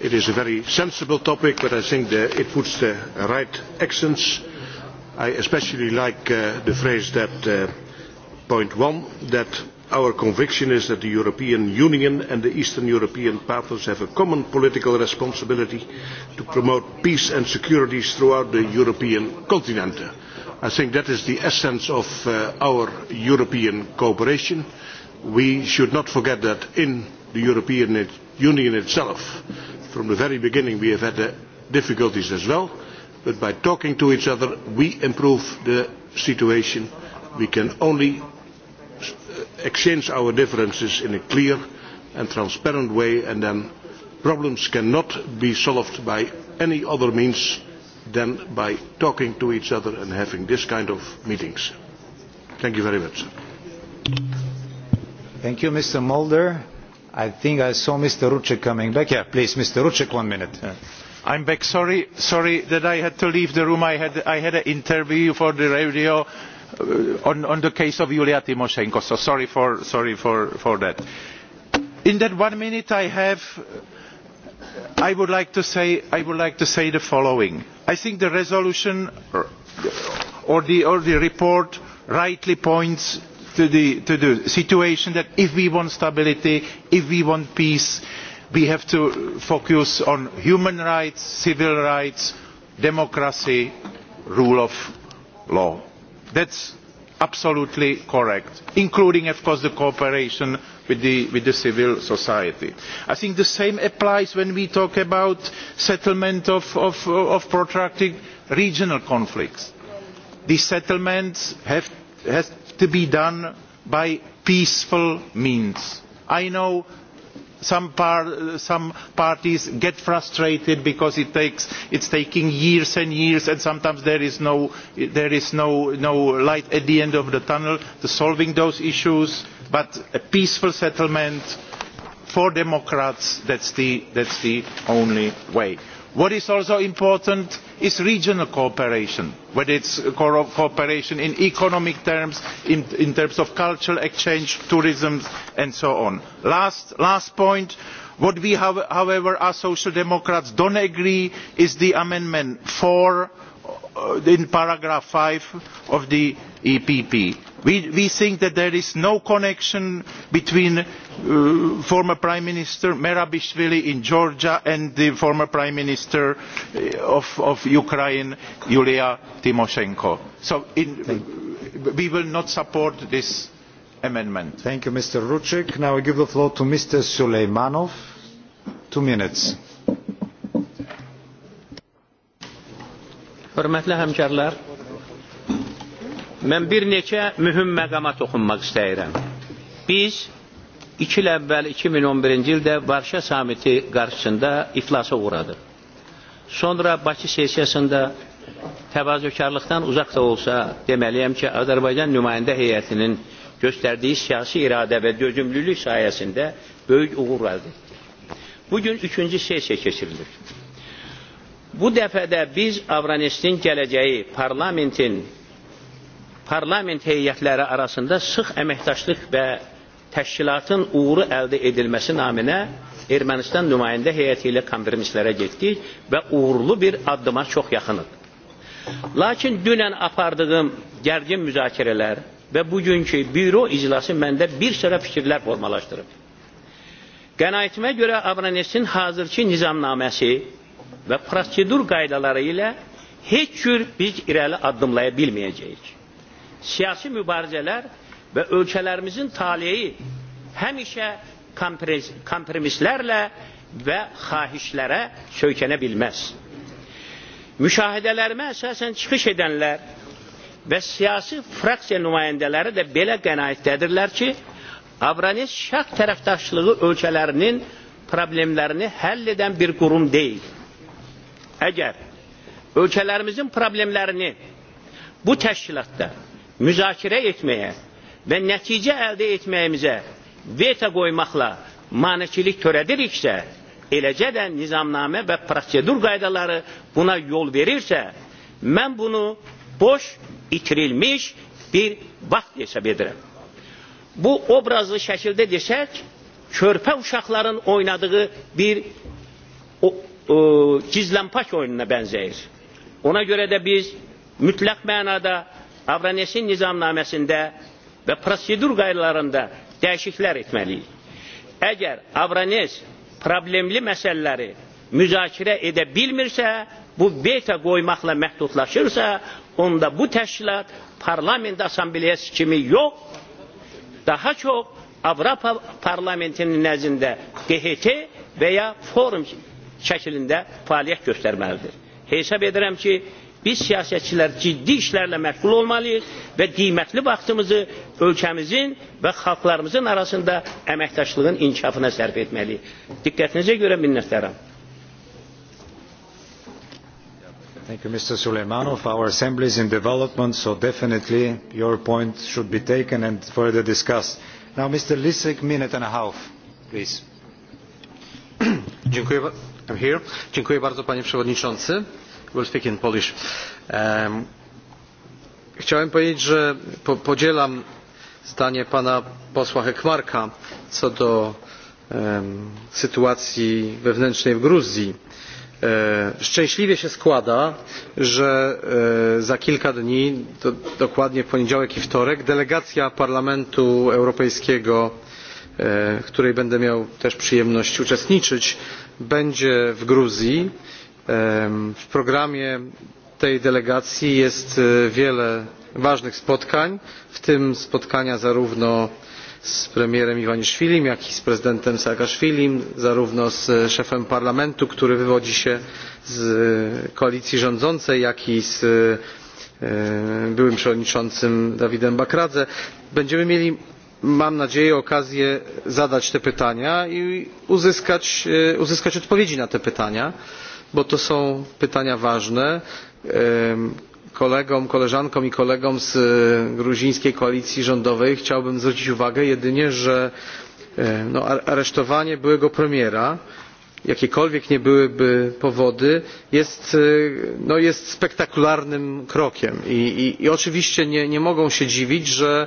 Speaker 17: It is a very sensible topic, but I think that it puts the right accents. I especially like uh, the phrase that uh, point one, that our conviction is that the European Union and the Eastern European partners have a common political responsibility to promote peace and security throughout the European continent. I think that is the essence of uh, our European cooperation. We should not forget that in the European Union itself From the very beginning, we have had the uh, difficulties as well, but by talking to each other, we improve the situation. We can only uh, exchange our differences in a clear and transparent way, and then problems cannot be solved by any other means than by talking to each other and having this kind of meetings. Thank you very much.
Speaker 1: Thank you, Mr. Mulder. I think I saw Mr. Rucek coming back. Yeah, please, Mr. Rucek, one minute. Yeah.
Speaker 18: I'm back. Sorry, sorry that I had to leave the room. I had, I had an interview for the radio uh, on, on the case of Yulia Tymoshenko, so sorry for, sorry for, for that. In that one minute I have, I would, like to say, I would like to say the following. I think the resolution or the, or the report rightly points to the, to the situation that if we want stability, if we want peace, we have to focus on human rights, civil rights, democracy, rule of law. That's absolutely correct, including, of course, the cooperation with the, with the civil society. I think the same applies when we talk about settlement of, of, of protracted regional conflicts. These settlements have, have to be done by peaceful means. i know some, par some parties get frustrated because it is taking years and years and sometimes there is, no, there is no, no light at the end of the tunnel to solving those issues but a peaceful settlement for democrats that is the, the only way what is also important is regional cooperation whether it is cooperation in economic terms in, in terms of cultural exchange tourism and so on. last, last point what we however as social democrats do not agree with is the amendment four which Uh, in paragraph five of the epp. We, we think that there is no connection between uh, former prime minister merabishvili in georgia and the former prime minister uh, of, of ukraine yulia tymoshenko. so in, we will not support this amendment. thank you mr rouek. now i give the floor to mr suleimanov.
Speaker 8: two minutes. Hörmətli həmkarlar, mən bir neçə mühüm məqama toxunmaq istəyirəm. Biz iki il əvvəl 2011-ci ildə Varşa samiti qarşısında iflasa uğradıq. Sonra Bakı sesiyasında təvazökarlıqdan uzaq da olsa deməliyəm ki, Azərbaycan nümayəndə heyətinin göstərdiyi siyasi iradə və dözümlülük sayəsində böyük uğur əldə etdik. Bugün üçüncü sesiya keçirilir. Bu dəfə də biz Avranistin gələcəyi parlamentin parlament heyətləri arasında sıx əməkdaşlıq və təşkilatın uğuru əldə edilməsi naminə Ermənistan nümayəndə heyəti ilə konferenslərə getdik və uğurlu bir addıma çox yaxınıq. Lakin dünən apardığım gərgin müzakirələr və bugünkü büro iclası məndə bir sıra fikirlər formalaşdırıb. Qənaətimə görə Avranistin hazırki nizamnaməsi ve prosedür qaydalarıyla heç cür biz irəli addımlayabilməyəcəyik. Siyasi mübarizələr və ölkələrimizin taleyi həmişə kompromislərlə və xahişlərə söykənə bilməz. Müşahidələrimə əsasən çıxış edənlər və siyasi fraksiya nümayəndələri də belə qənaətdədirlər ki, Avranes şərq tərəfdaşlığı ölkələrinin problemlərini həll edən bir qurum deyil əgər ölkələrimizin problemlərini bu təşkilatda müzakirə etməyə və nəticə əldə etməyimizə veto qoymaqla manikilik törədiriksə, eləcə də nizamnamə və prosedur qaydaları buna yol verirsə, mən bunu boş, itirilmiş bir vaxt hesab edirəm. Bu obrazlı şəkildə desək, körpə uşaqların oynadığı bir o, gizlenpaç e, oyununa bənzəyir. Ona görə də biz mütləq mənada Avranesin nizamnaməsində və prosedur qaydalarında dəyişikliklər etməliyik. Əgər Avranes problemli məsələləri müzakirə edə bilmirsə, bu veto qoymaqla məhdudlaşırsa, onda bu təşkilat parlament assambleyası kimi yox, daha çox Avropa parlamentinin nəzdində QHT və ya forum şəklində fəaliyyət göstərməlidir. Hesab edirəm ki, biz siyasətçilər ciddi işlərlə məşğul olmalıyıq və qiymətli vaxtımızı ölkəmizin və xalqlarımızın arasında əməkdaşlığın inkişafına sərf etməliyik. Diqqətinizə görə minnətdaram.
Speaker 1: Thank you, Mr. Suleimanov. Our assembly is in development, so definitely your point should be taken and further discussed. Now, Mr. Lisek, minute and a half, please.
Speaker 19: Dziękuję here. Dziękuję bardzo panie przewodniczący. We'll speak in Polish. Um, chciałem powiedzieć, że po, podzielam zdanie pana posła Hekmarka co do um, sytuacji wewnętrznej w Gruzji. E, szczęśliwie się składa, że e, za kilka dni, do, dokładnie w poniedziałek i wtorek, delegacja Parlamentu Europejskiego w e, której będę miał też przyjemność uczestniczyć będzie w gruzji. E, w programie tej delegacji jest e, wiele ważnych spotkań w tym spotkania zarówno z premierem iwaniszwilim jak i z prezydentem saakaszwilim zarówno z szefem parlamentu który wywodzi się z koalicji rządzącej jak i z byłym przewodniczącym davidem bakradze. będziemy mieli mam nadzieję okazję zadać te pytania i uzyskać, e, uzyskać odpowiedzi na te pytania bo to są pytania ważne. kolegom koleżankom i kolegom z e, gruzińskiej koalicji rządowej chciałbym zwrócić uwagę jedynie że e, no, aresztowanie byłego premiera jakiekolwiek nie byłyby powody jest, no, jest spektakularnym krokiem i, i, i oczywiście nie, nie mogą się dziwić że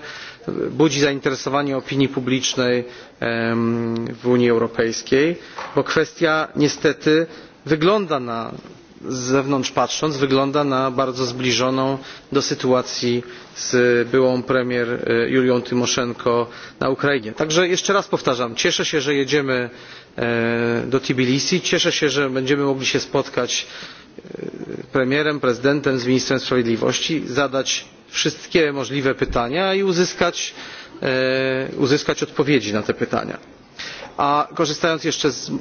Speaker 19: budzi zainteresowanie opinii publicznej w unii europejskiej bo kwestia niestety wygląda na z zewnątrz patrząc wygląda na bardzo zbliżoną do sytuacji z byłą premier e, julią tymoszenko na ukrainie. także jeszcze raz powtarzam cieszę się że jedziemy e, do tbilisi cieszę się że będziemy mogli się spotkać premierem prezydentem z ministrem sprawiedliwości zadać wszystkie możliwe pytania i uzyskać, e, uzyskać odpowiedzi na te pytania. a korzystając jeszcze z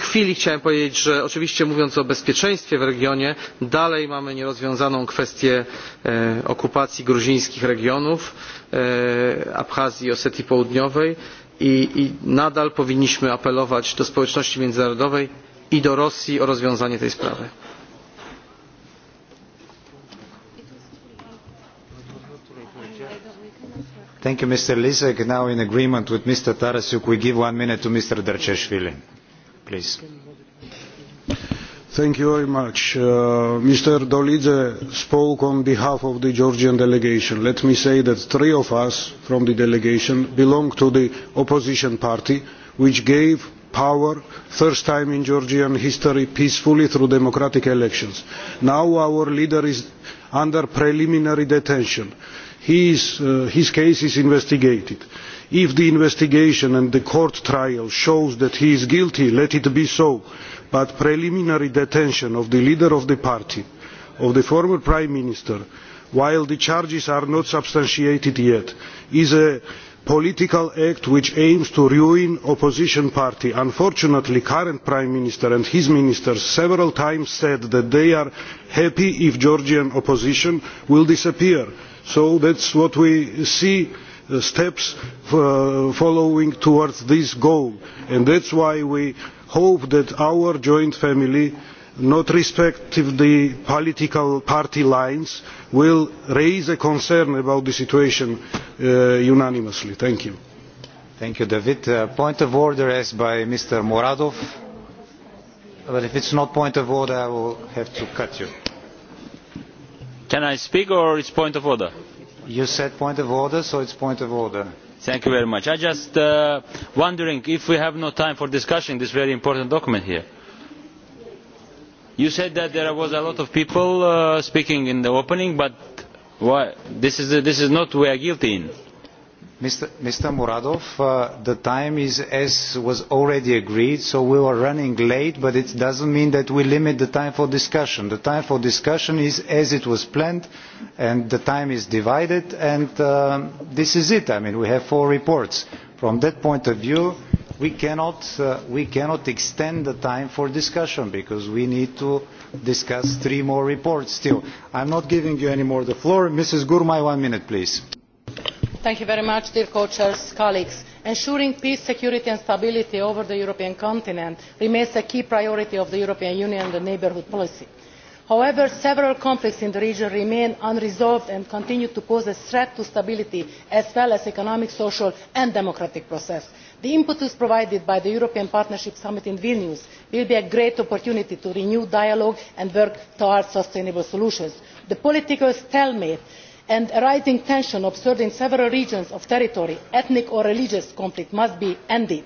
Speaker 19: chwili chciałem powiedzieć że oczywiście mówiąc o bezpieczeństwie w regionie dalej mamy nierozwiązaną kwestię e, okupacji gruzińskich regionów e, abchazji i osetii południowej i, i nadal powinniśmy apelować do społeczności międzynarodowej i do rosji o rozwiązanie tej sprawy.
Speaker 1: Thank you, Mr. Lisek. Now, in agreement with Mr. Tarasuk, we give one minute to Mr. Darcheshvili. Please.
Speaker 20: Thank you very much. Uh, Mr. Dolidze spoke on behalf of the Georgian delegation. Let me say that three of us from the delegation belong to the opposition party, which gave power first time in Georgian history peacefully through democratic elections. Now our leader is under preliminary detention his, uh, his case is investigated. If the investigation and the court trial shows that he is guilty, let it be so. But preliminary detention of the leader of the party, of the former prime minister, while the charges are not substantiated yet, is a political act which aims to ruin the opposition party. unfortunately the current prime minister and his ministers several times said that they are happy if the georgian opposition will disappear so that is what we see uh, steps uh, following towards this goal and that is why we hope that our joint family not respecting the political party lines will raise a concern about the situation uh, unanimously. Thank you. Thank you, David. Uh, point of order as by Mr. Muradov.
Speaker 1: But if it's not point of order, I will have to cut you
Speaker 21: can i speak or is it point of order?
Speaker 1: you said point of order so it is point of order.
Speaker 21: thank you very much. i was just uh, wondering if we have no time for discussing this very important document here. you said that there was a lot of people uh, speaking in the opening but why? This, is, uh, this is not we are guilty in Mr.
Speaker 1: Mr. Muradov, uh, the time is as was already agreed, so we were running late, but it doesn't mean that we limit the time for discussion. The time for discussion is as it was planned, and the time is divided, and uh, this is it. I mean, we have four reports. From that point of view, we cannot, uh, we cannot extend the time for discussion because we need to discuss three more reports still. I'm not giving you any more the floor. Mrs. Gurmai, one minute, please.
Speaker 22: Much, dear co-chairs, colleagues. Ensuring peace, security and stability over the European continent remains a key priority of the European Union and the neighbourhood policy. However, several conflicts in the region remain unresolved and continue to pose a threat to stability as well as economic, social and democratic process. The impetus provided by the European Partnership Summit in Vilnius will be a great opportunity to renew dialogue and work towards sustainable solutions. The political stalemate and arising tension observed in several regions of territory ethnic or religious conflict must be ended.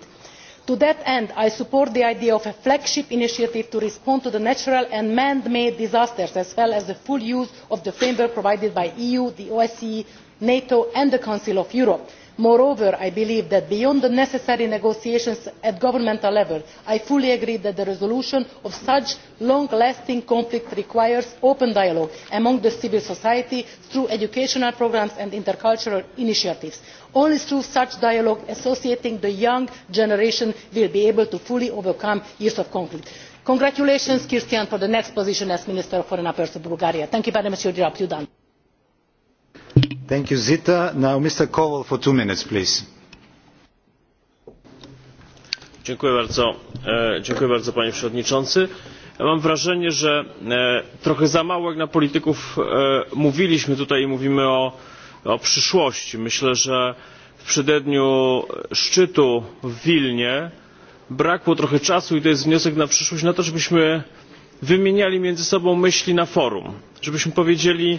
Speaker 22: to that end i support the idea of a flagship initiative to respond to natural and man made disasters as well as the full use of the framework provided by e the eu the osce nato and the council of europe moreover i believe that beyond the necessary negotiations at governmental level i fully agree that the resolution of such long lasting conflicts requires open dialogue among civil society through educational programmes and intercultural initiatives. only through such dialogue associating the young generation will we be able to fully overcome years of conflict. congratulations cristian for the next position as minister of foreign affairs of bulgaria. thank you very much for your job.
Speaker 1: Thank you, Zita. Now, Mr. Kowal for two minutes, please.
Speaker 21: Dziękuję
Speaker 23: bardzo, e, dziękuję bardzo panie przewodniczący. Ja mam wrażenie że e, trochę za mało jak na polityków e, mówiliśmy tutaj i mówimy o, o przyszłości. myślę że w przededniu szczytu w wilnie brakło trochę czasu i to jest wniosek na przyszłość na to żebyśmy wymieniali między sobą myśli na forum żebyśmy powiedzieli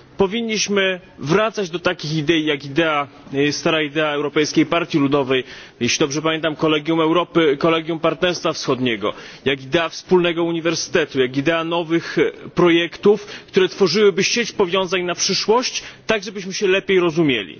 Speaker 23: powinniśmy wracać do takich idei jak idea, e, stara idea europejskiej partii ludowej jeśli dobrze pamiętam kolegium europy kolegium partnerstwa wschodniego jak idea wspólnego uniwersytetu jak idea nowych e, projektów które tworzyłyby sieć powiązań na przyszłość tak żebyśmy się lepiej rozumieli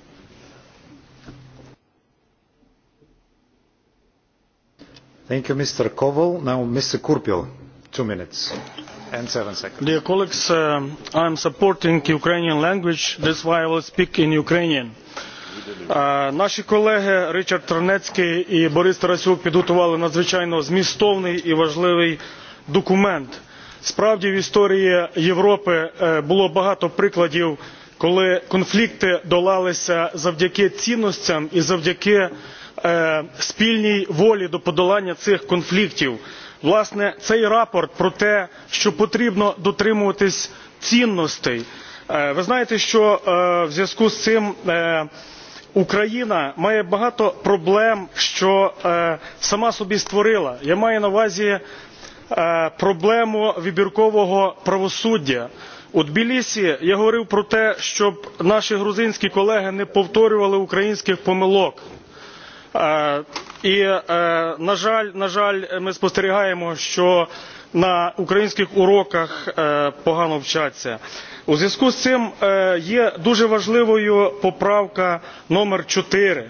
Speaker 1: Thank you, Mr. Koval. Now, Mr. Kurpil, two minutes and seven seconds.
Speaker 24: Dear colleagues, uh, I'm supporting Ukrainian language, that's why I will speak in Ukrainian. Uh, наші колеги Ричард Тернецький і Борис Тарасюк підготували надзвичайно змістовний і важливий документ. Справді в історії Європи було багато прикладів, коли конфлікти долалися завдяки цінностям і завдяки спільній волі до подолання цих конфліктів. власне цей рапорт про те що потрібно дотримуватись цінностей. ви знаєте що в зв'язку з цим україна має багато проблем що сама собі створила. я маю на увазі проблему вибіркового правосуддя. у тбілісі я говорив про те щоб наші грузинські колеги не повторювали українських помилок. І, на жаль, на жаль, ми спостерігаємо, що на українських уроках погано вчаться. У зв'язку з цим є дуже важливою поправка номер 4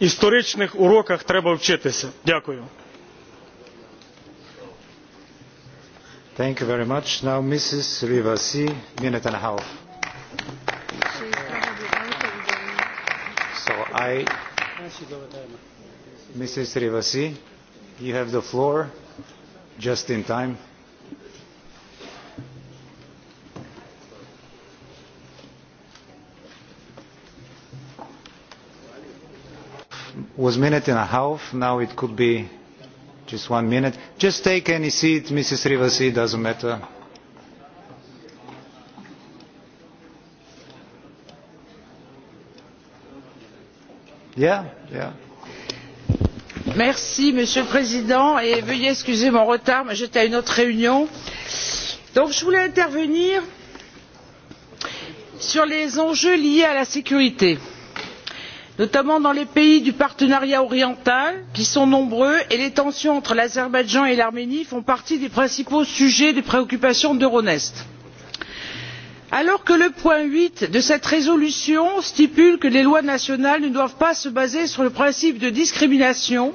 Speaker 24: історичних уроках треба вчитися. Дякую.
Speaker 1: Thank you very much. Now Mrs. Rivasi, minute and a half. So I, Mrs. Rivasi, you have the floor just in time. was a minute and a half. Now it could be just one minute. Just take any seat, Mrs. Rivasi, it doesn't matter.
Speaker 25: Yeah, yeah. Merci, monsieur le président et veuillez excuser mon retard mais j'étais à une autre réunion. Donc, je voulais intervenir sur les enjeux liés à la sécurité notamment dans les pays du partenariat oriental qui sont nombreux et les tensions entre l'azerbaïdjan et l'arménie font partie des principaux sujets de préoccupation d'euronest. alors que le point huit de cette résolution stipule que les lois nationales ne doivent pas se baser sur le principe de discrimination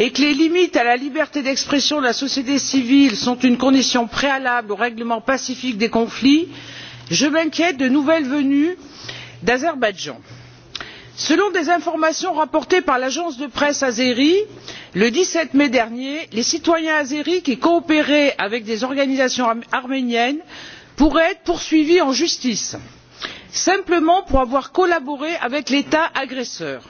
Speaker 25: et que les limites à la liberté d'expression de la société civile sont une condition préalable au règlement pacifique des conflits je m'inquiète de nouvelles venues d'azerbaïdjan selon des informations rapportées par l'agence de presse azérie le dix sept mai dernier les citoyens azéris qui coopéraient avec des organisations arméniennes pourraient être poursuivis en justice simplement pour avoir collaboré avec l'état agresseur.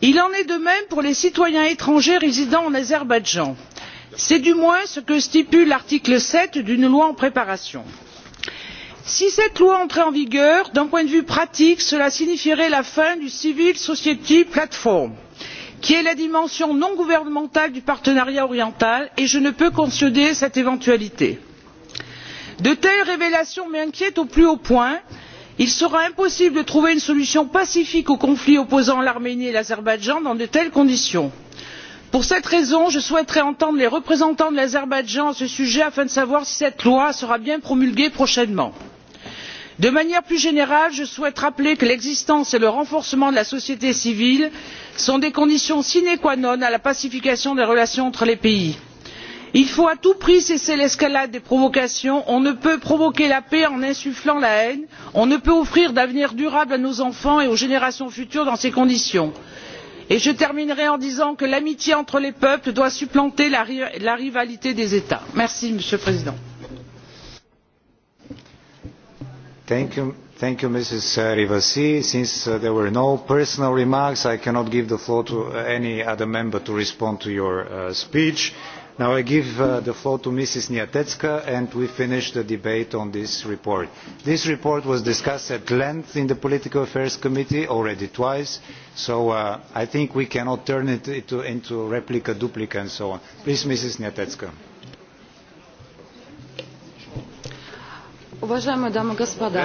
Speaker 25: il en est de même pour les citoyens étrangers résidant en azerbaïdjan c'est du moins ce que stipule l'article sept d'une loi en préparation si cette loi entrait en vigueur d'un point de vue pratique cela signifierait la fin du civil society platform qui est la dimension non gouvernementale du partenariat oriental et je ne peux cautionner cette éventualité. de telles révélations m'inquiètent au plus haut point. il sera impossible de trouver une solution pacifique au conflit opposant l'arménie et l'azerbaïdjan dans de telles conditions pour cette raison je souhaiterais entendre les représentants de l'azerbaïdjan à ce sujet afin de savoir si cette loi sera bien promulguée prochainement. de manière plus générale je souhaite rappeler que l'existence et le renforcement de la société civile sont des conditions sine qua non à la pacification des relations entre les pays. il faut à tout prix cesser l'escalade des provocations on ne peut provoquer la paix en insufflant la haine on ne peut offrir d'avenir durable à nos enfants et aux générations futures dans ces conditions. il et je terminerai en disant que l'amitié entre les peuples doit supplanter la, la rivalité des états. merci monsieur le président.
Speaker 1: Thank you, thank you, Mrs. Uh, Rivasi. Since uh, there were no personal remarks, I cannot give the floor to uh, any other member to respond to your uh, speech. Uh, Now I give uh, the floor to Mrs. Niatetska and we finish the debate on this report. This report was discussed at length in the Political Affairs Committee already twice, so uh, I think we cannot turn it into, into replica, duplica and so on. Please, Mrs. Niatetska.
Speaker 26: Уважаемые дамы и господа,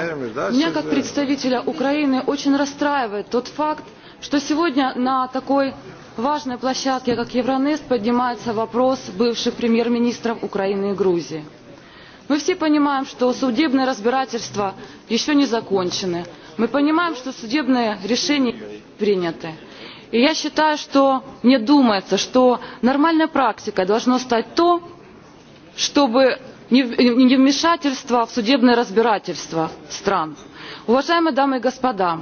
Speaker 26: меня как представителя Украины очень расстраивает тот факт, что сегодня на такой важной площадке, как Евронест, поднимается вопрос бывших премьер-министров Украины и Грузии. Мы все понимаем, что судебные разбирательства еще не закончены. Мы понимаем, что судебные решения приняты. И я считаю, что мне думается, что нормальной практикой должно стать то, чтобы невмешательство в судебное разбирательство стран. Уважаемые дамы и господа,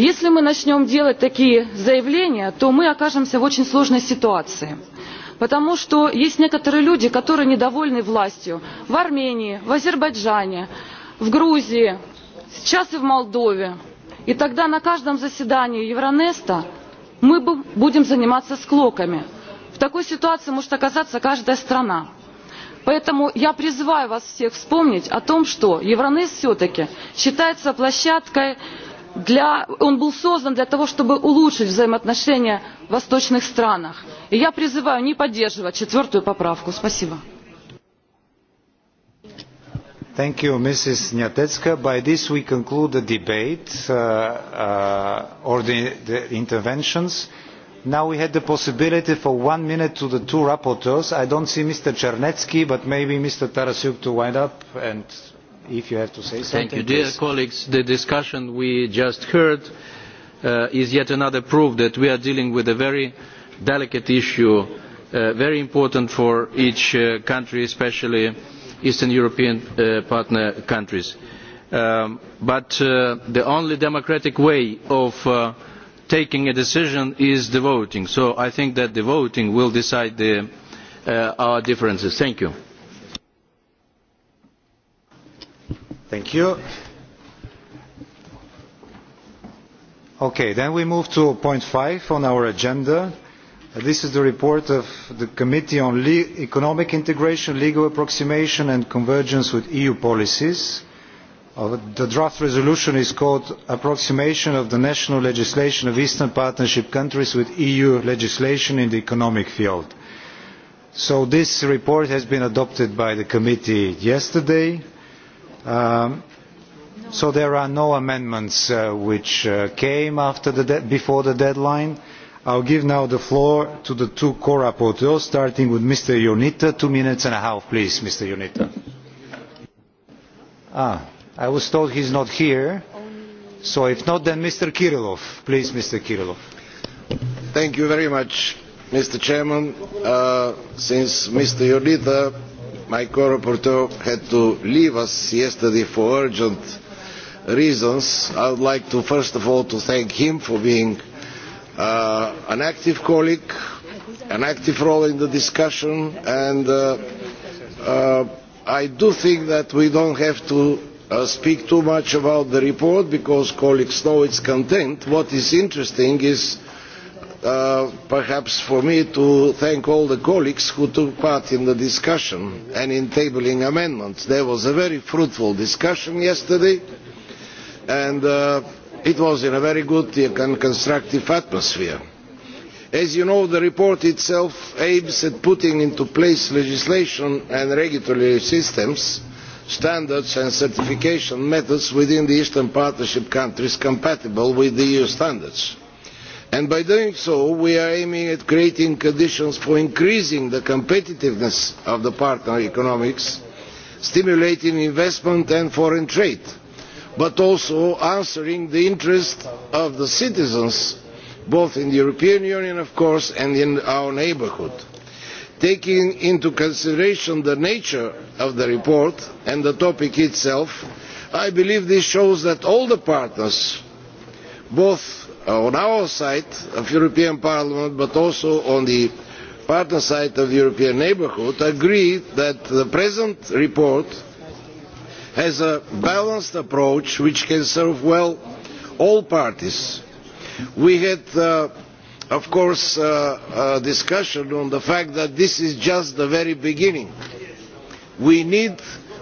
Speaker 26: если мы начнем делать такие заявления то мы окажемся в очень сложной ситуации потому что есть некоторые люди которые недовольны властью в армении в азербайджане в грузии сейчас и в молдове и тогда на каждом заседании евронеста мы будем заниматься склоками. в такой ситуации может оказаться каждая страна. поэтому я призываю вас всех вспомнить о том что евронест все таки считается площадкой для, он был создан для того, чтобы улучшить взаимоотношения в восточных странах. И я призываю не поддерживать четвертую поправку. Спасибо.
Speaker 1: Thank you, Mrs. Nyatetska. By this we conclude the debate uh, uh, or the, the interventions. Now we had the possibility for one minute to the two rapporteurs. I don't see Mr. Chernetsky, but maybe Mr. Tarasuk to wind up and if you have to say something. Thank you. Dear please.
Speaker 3: colleagues, the discussion we just heard uh, is yet another proof that we are dealing with a very delicate issue, uh, very important for each uh, country, especially Eastern European uh, partner countries. Um, but uh, the only democratic way of uh, taking a decision is the voting. So I think that the voting will decide the, uh, our differences.
Speaker 1: Thank you. Thank you. Okay, then we move to point five on our agenda. This is the report of the Committee on Le Economic Integration, Legal Approximation and Convergence with EU Policies. Uh, the draft resolution is called Approximation of the National Legislation of Eastern Partnership Countries with EU Legislation in the Economic Field. So this report has been adopted by the committee yesterday. Uh, Um, so there are no amendments uh, which uh, came after the de before the deadline. I'll give now the floor to the two co-rapporteurs, starting with Mr. Unita. Two minutes and a half, please, Mr. Unita. Ah, I was told he's not here. So if not, then Mr. Kirilov. Please, Mr. Kirilov.
Speaker 27: Thank you very much, Mr. Chairman. Uh, since Mr. Unita my co-rapporteur had to leave us yesterday for urgent reasons. I would like to first of all to thank him for being uh, an active colleague, an active role in the discussion, and uh, uh, I do think that we don't have to uh, speak too much about the report because colleagues know its content. What is interesting is uh, uh, perhaps for me to thank all the colleagues who took part in the discussion and in tabling amendments. There was a very fruitful discussion yesterday and uh, it was in a very good and constructive atmosphere. As you know, the report itself aims at putting into place legislation and regulatory systems, standards and certification methods within the Eastern Partnership countries compatible with the EU standards and by doing so we are aiming at creating conditions for increasing the competitiveness of the partner economies stimulating investment and foreign trade but also answering the interests of the citizens both in the european union of course and in our neighbourhood. taking into consideration the nature of the report and the topic itself i believe this shows that all the partners both uh, on our side of European Parliament, but also on the partner side of the European neighbourhood, agree that the present report has a balanced approach which can serve well all parties. We had, uh, of course, uh, a discussion on the fact that this is just the very beginning. We need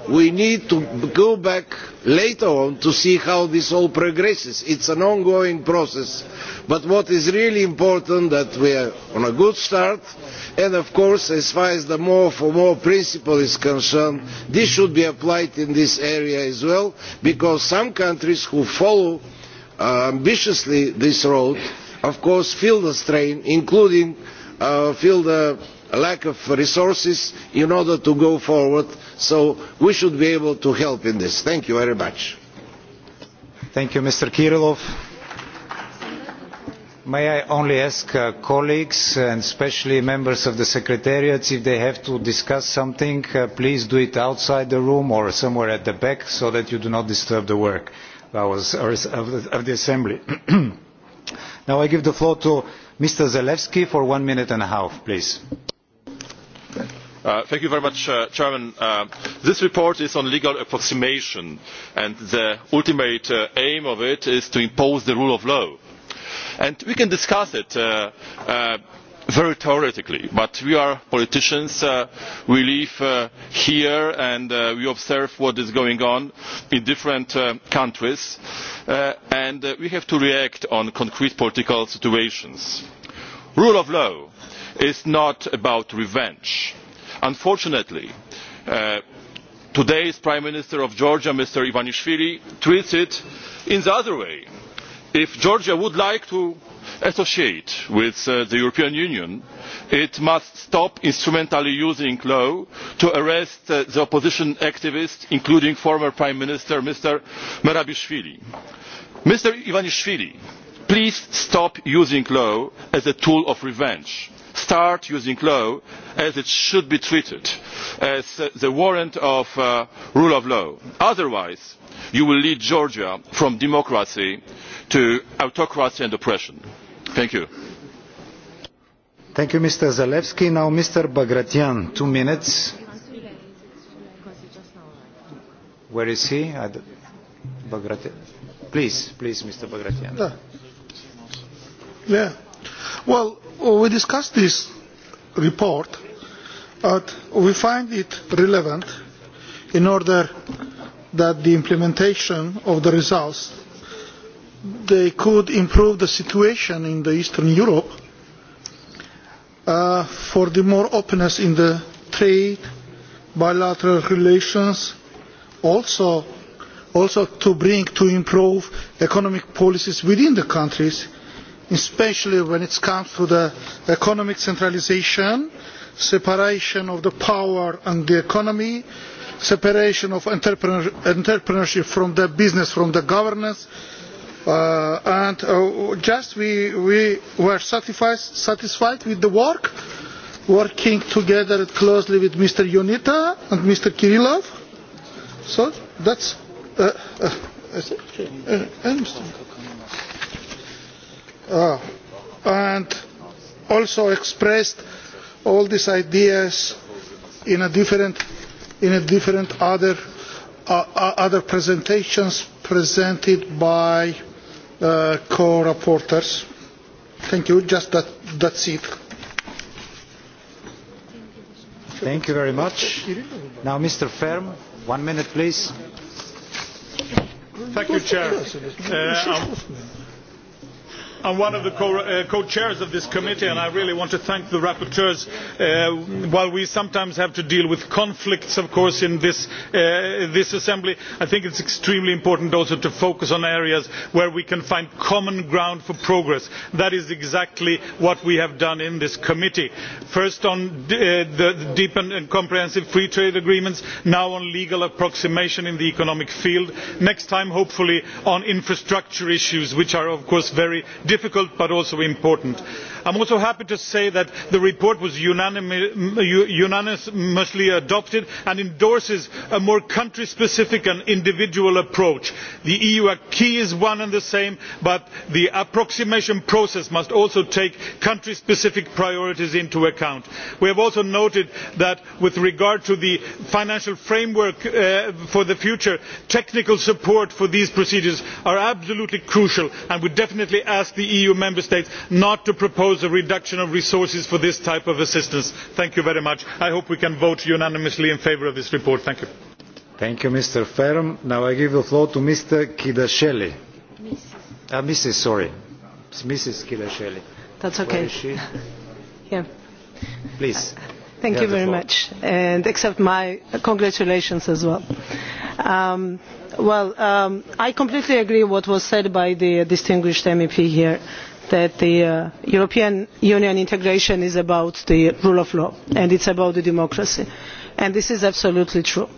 Speaker 27: we need to go back later on to see how this all progresses. it is an ongoing process but what is really important is that we are on a good start and of course as far as the more for more principle is concerned this should be applied in this area as well because some countries who follow uh, ambitiously this road of course feel the strain including uh, feel the lack of resources in order to go forward so we should be able to help in this. thank you very much.
Speaker 1: thank you mr kirilov. may i only ask uh, colleagues and especially members of the secretariat if they have to discuss something uh, please do it outside the room or somewhere at the back so that you do not disturb the work hours of the, of the assembly. now i give the floor to mr zalewski for one minute and a half please.
Speaker 28: Uh, thank you very much, uh, Chairman. Uh, this report is on legal approximation, and the ultimate uh, aim of it is to impose the rule of law. And we can discuss it uh, uh, very theoretically, but we are politicians. Uh, we live uh, here and uh, we observe what is going on in different uh, countries, uh, and uh, we have to react on concrete political situations. Rule of law is not about revenge. Uh, unfortunately uh, today's prime minister of georgia mr ivanishvili treats it in the other way. if georgia would like to associate with uh, the european union it must stop instrumentally using law to arrest uh, the opposition activists including former prime minister mr merabishvili. mr ivanishvili please stop using law as a tool of revenge start using law as it should be treated as uh, the warrant of the uh, rule of law. otherwise you will lead georgia from democracy to autocracy and oppression. thank you.
Speaker 1: thank you mr zalewski. now mr bagration two minutes. where is he? Bagration. please, please mr bagration. Yeah.
Speaker 29: Yeah. Well, uh, we discussed this report, but we find it relevant in order that the implementation of the results they could improve the situation in the Eastern Europe uh, for the more openness in the trade, bilateral relations, also also to bring to improve economic policies within the countries especially when it comes to the economic centralisation separation of the power and the economy separation of entrepreneurship from the business from the governance uh, and uh, just we, we were satisfied, satisfied with the work working together closely with Mr. Yonita and Mr. Kirillov. So that's uh, uh, uh, uh, uh, uh, uh, and also expressed all these ideas in a different in a different other uh, uh other presentations presented by uh, co-rapporters. Thank you.
Speaker 1: Just that that's it. Thank you very much. Now, Mr. Ferm, one minute, please.
Speaker 30: Thank you, Chair. Uh,
Speaker 29: um,
Speaker 30: I'm one of the uh, co-chairs uh, co of this committee and I really want to thank the rapporteurs. Uh, while we sometimes have to deal with conflicts, of course, in this, uh, this assembly, I think it's extremely important also to focus on areas where we can find common ground for progress. That is exactly what we have done in this committee. First on uh, the deep and comprehensive free trade agreements, now on legal approximation in the economic field, next time hopefully on infrastructure issues, which are of course very difficult but also important. i am also happy to say that the report was unanimously adopted and endorses a more country specific and individual approach. the eu acquis is one and the same but the approximation process must also take country specific priorities into account. we have also noted that with regard to the financial framework uh, for the future technical support for these procedures is absolutely crucial and we definitely ask the eu member states not to propose a reduction of resources for this type of assistance. thank you very much. i hope we can vote unanimously in favour of this report. thank you.
Speaker 1: thank you mr ferm. now i give the floor to mr kidashele. mrs. Uh, mrs. sorry. It's mrs. kidashele. that's okay. Where is she? yeah. please. Uh, thank you, you very
Speaker 31: much, and accept my congratulations as well. Um, Well, um, I completely agree with what was said by the distinguished MEP here that the uh, European Union integration is about the rule of law and it's about the democracy. And this is absolutely true.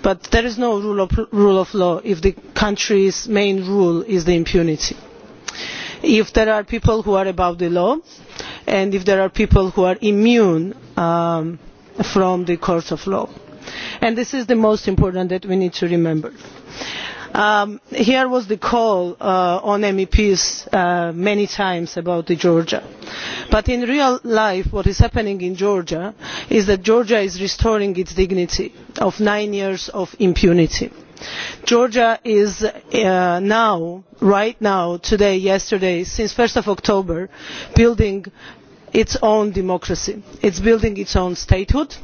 Speaker 31: But there is no rule of, rule of law if the country's main rule is the impunity. If there are people who are above the law and if there are people who are immune um, from the court of law and this is the most important that we need to remember. Um, here was the call uh, on meps uh, many times about georgia but in real life what is happening in georgia is that georgia is restoring its dignity of nine years of impunity georgia is uh, now right now today yesterday since one october building its own democracy it is building its own statehood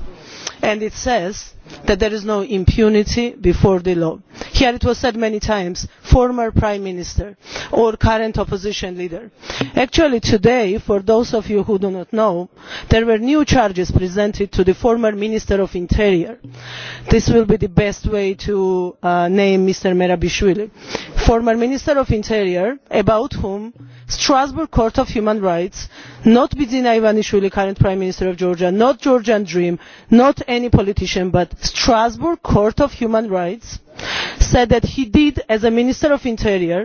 Speaker 31: and it says that there is no impunity before the law. here it was said many times former prime minister or current opposition leader. actually today for those of you who do not know there were new charges presented to the former minister of interior. this will be the best way to uh, name mr merabishvili former minister of interior about whom strasbourg court of human rights not bidzina ivanishvili current prime minister of georgia not georgian dream not any politician but the strasbourg court of human rights said that he did as a minister of the interior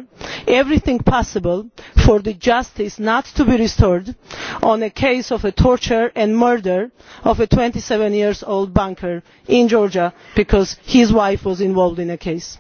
Speaker 31: everything possible for justice not to be restored on a case of the torture and murder of a twenty seven year old banker in georgia because his wife was involved in the case.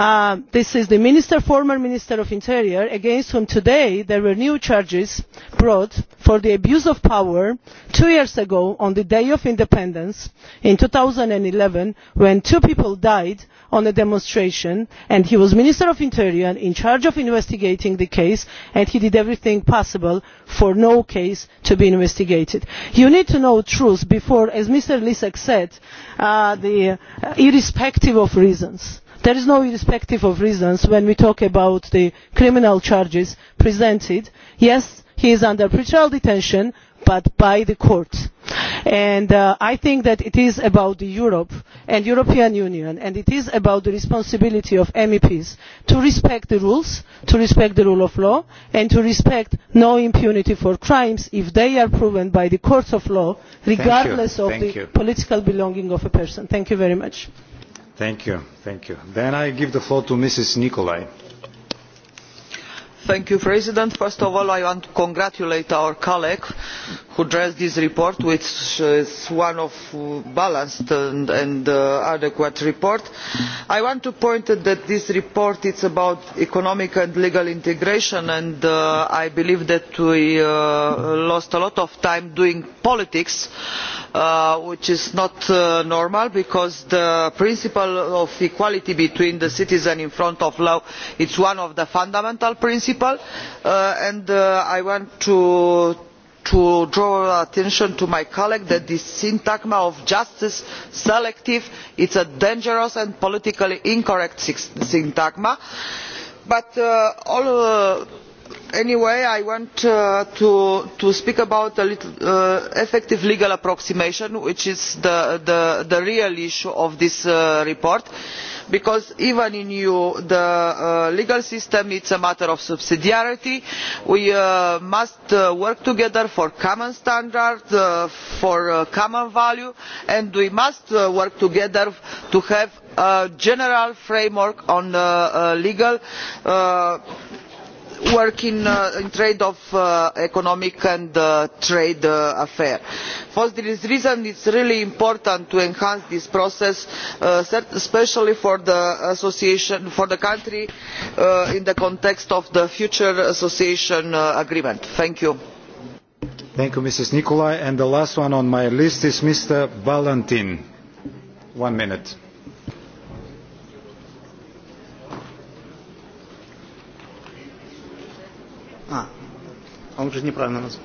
Speaker 31: Uh, this is the minister, former minister of the interior against whom today there were new charges brought for the abuse of power two years ago on the day of independence in two thousand and eleven when two people died on a demonstration and he was minister of the interior in charge of investigating the case and he did everything possible for no case to be investigated. you need to know the truth before as mr lisek said uh, the, uh, irrespective of reasons there is no irrespective of reasons when we talk about the criminal charges presented. yes he is under pre trial detention but by the courts. Uh, i think that it is about europe and the european union and it is about the responsibility of meps to respect the rules to respect the rule of law and to respect no impunity for crimes if they are proven by the courts of law regardless of the political belonging of a person. thank you very much.
Speaker 1: Thank you. Thank you. Then I give the floor to Mrs. Nicolai
Speaker 32: mr president first of all i want to congratulate our colleague who drafted this report which is a balanced and uh, adequate report. i want to point out that this report is about economic and legal integration and uh, i believe that we uh, lost a lot of time doing politics which is not normal because the principle of equality between citizens in front of the law is one of the fundamental principles people uh, and uh, i want to, to draw attention to my colleague that this syntagma of justice selective is a dangerous and politically incorrect syntagma but uh, all, anyway i want uh, to, to speak about an uh, effective legal approximation which is the, the, the real issue of this uh, report because even in you, the uh, legal system it is a matter of subsidiarity. we uh, must uh, work together for common standards uh, for uh, common values and we must uh, work together to have a general framework on legal work in, uh, in trade of uh, economic and uh, trade uh, affair. For this reason it's really important to enhance this process uh, especially for the association for the country uh, in the context of the future association uh, agreement. Thank you.
Speaker 1: Thank you, Mrs. Nicolai. And the last one on my list is Mr. Valentin. One minute.
Speaker 14: Он же неправильно назвал.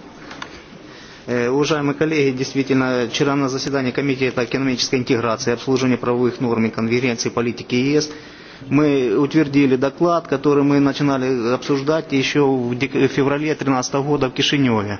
Speaker 14: Э, уважаемые коллеги, действительно, вчера на заседании Комитета экономической интеграции и обслуживания правовых норм и конференции политики ЕС мы утвердили доклад, который мы начинали обсуждать еще в феврале 2013 года в Кишиневе.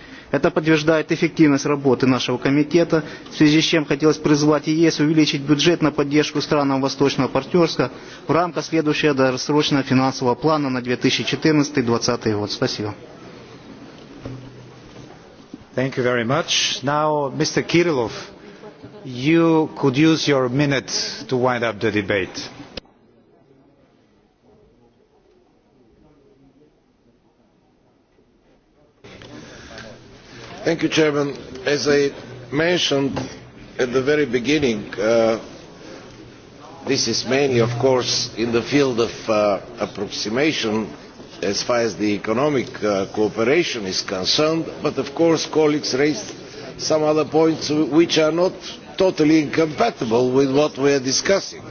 Speaker 14: Это подтверждает эффективность работы нашего комитета, в связи с чем хотелось призвать ЕС увеличить бюджет на поддержку странам Восточного партнерства в рамках следующего досрочного финансового плана на 2014-2020 год. Спасибо. Thank
Speaker 1: you very much. Now, Mr. Kirillov, you could use your minute to wind up the debate. Thank you,
Speaker 27: Chairman. As I mentioned at the very beginning, uh, this is mainly, of course, in the field of uh, approximation as far as the economic uh, cooperation is concerned, but of course colleagues raised some other points which are not totally incompatible with what we are discussing.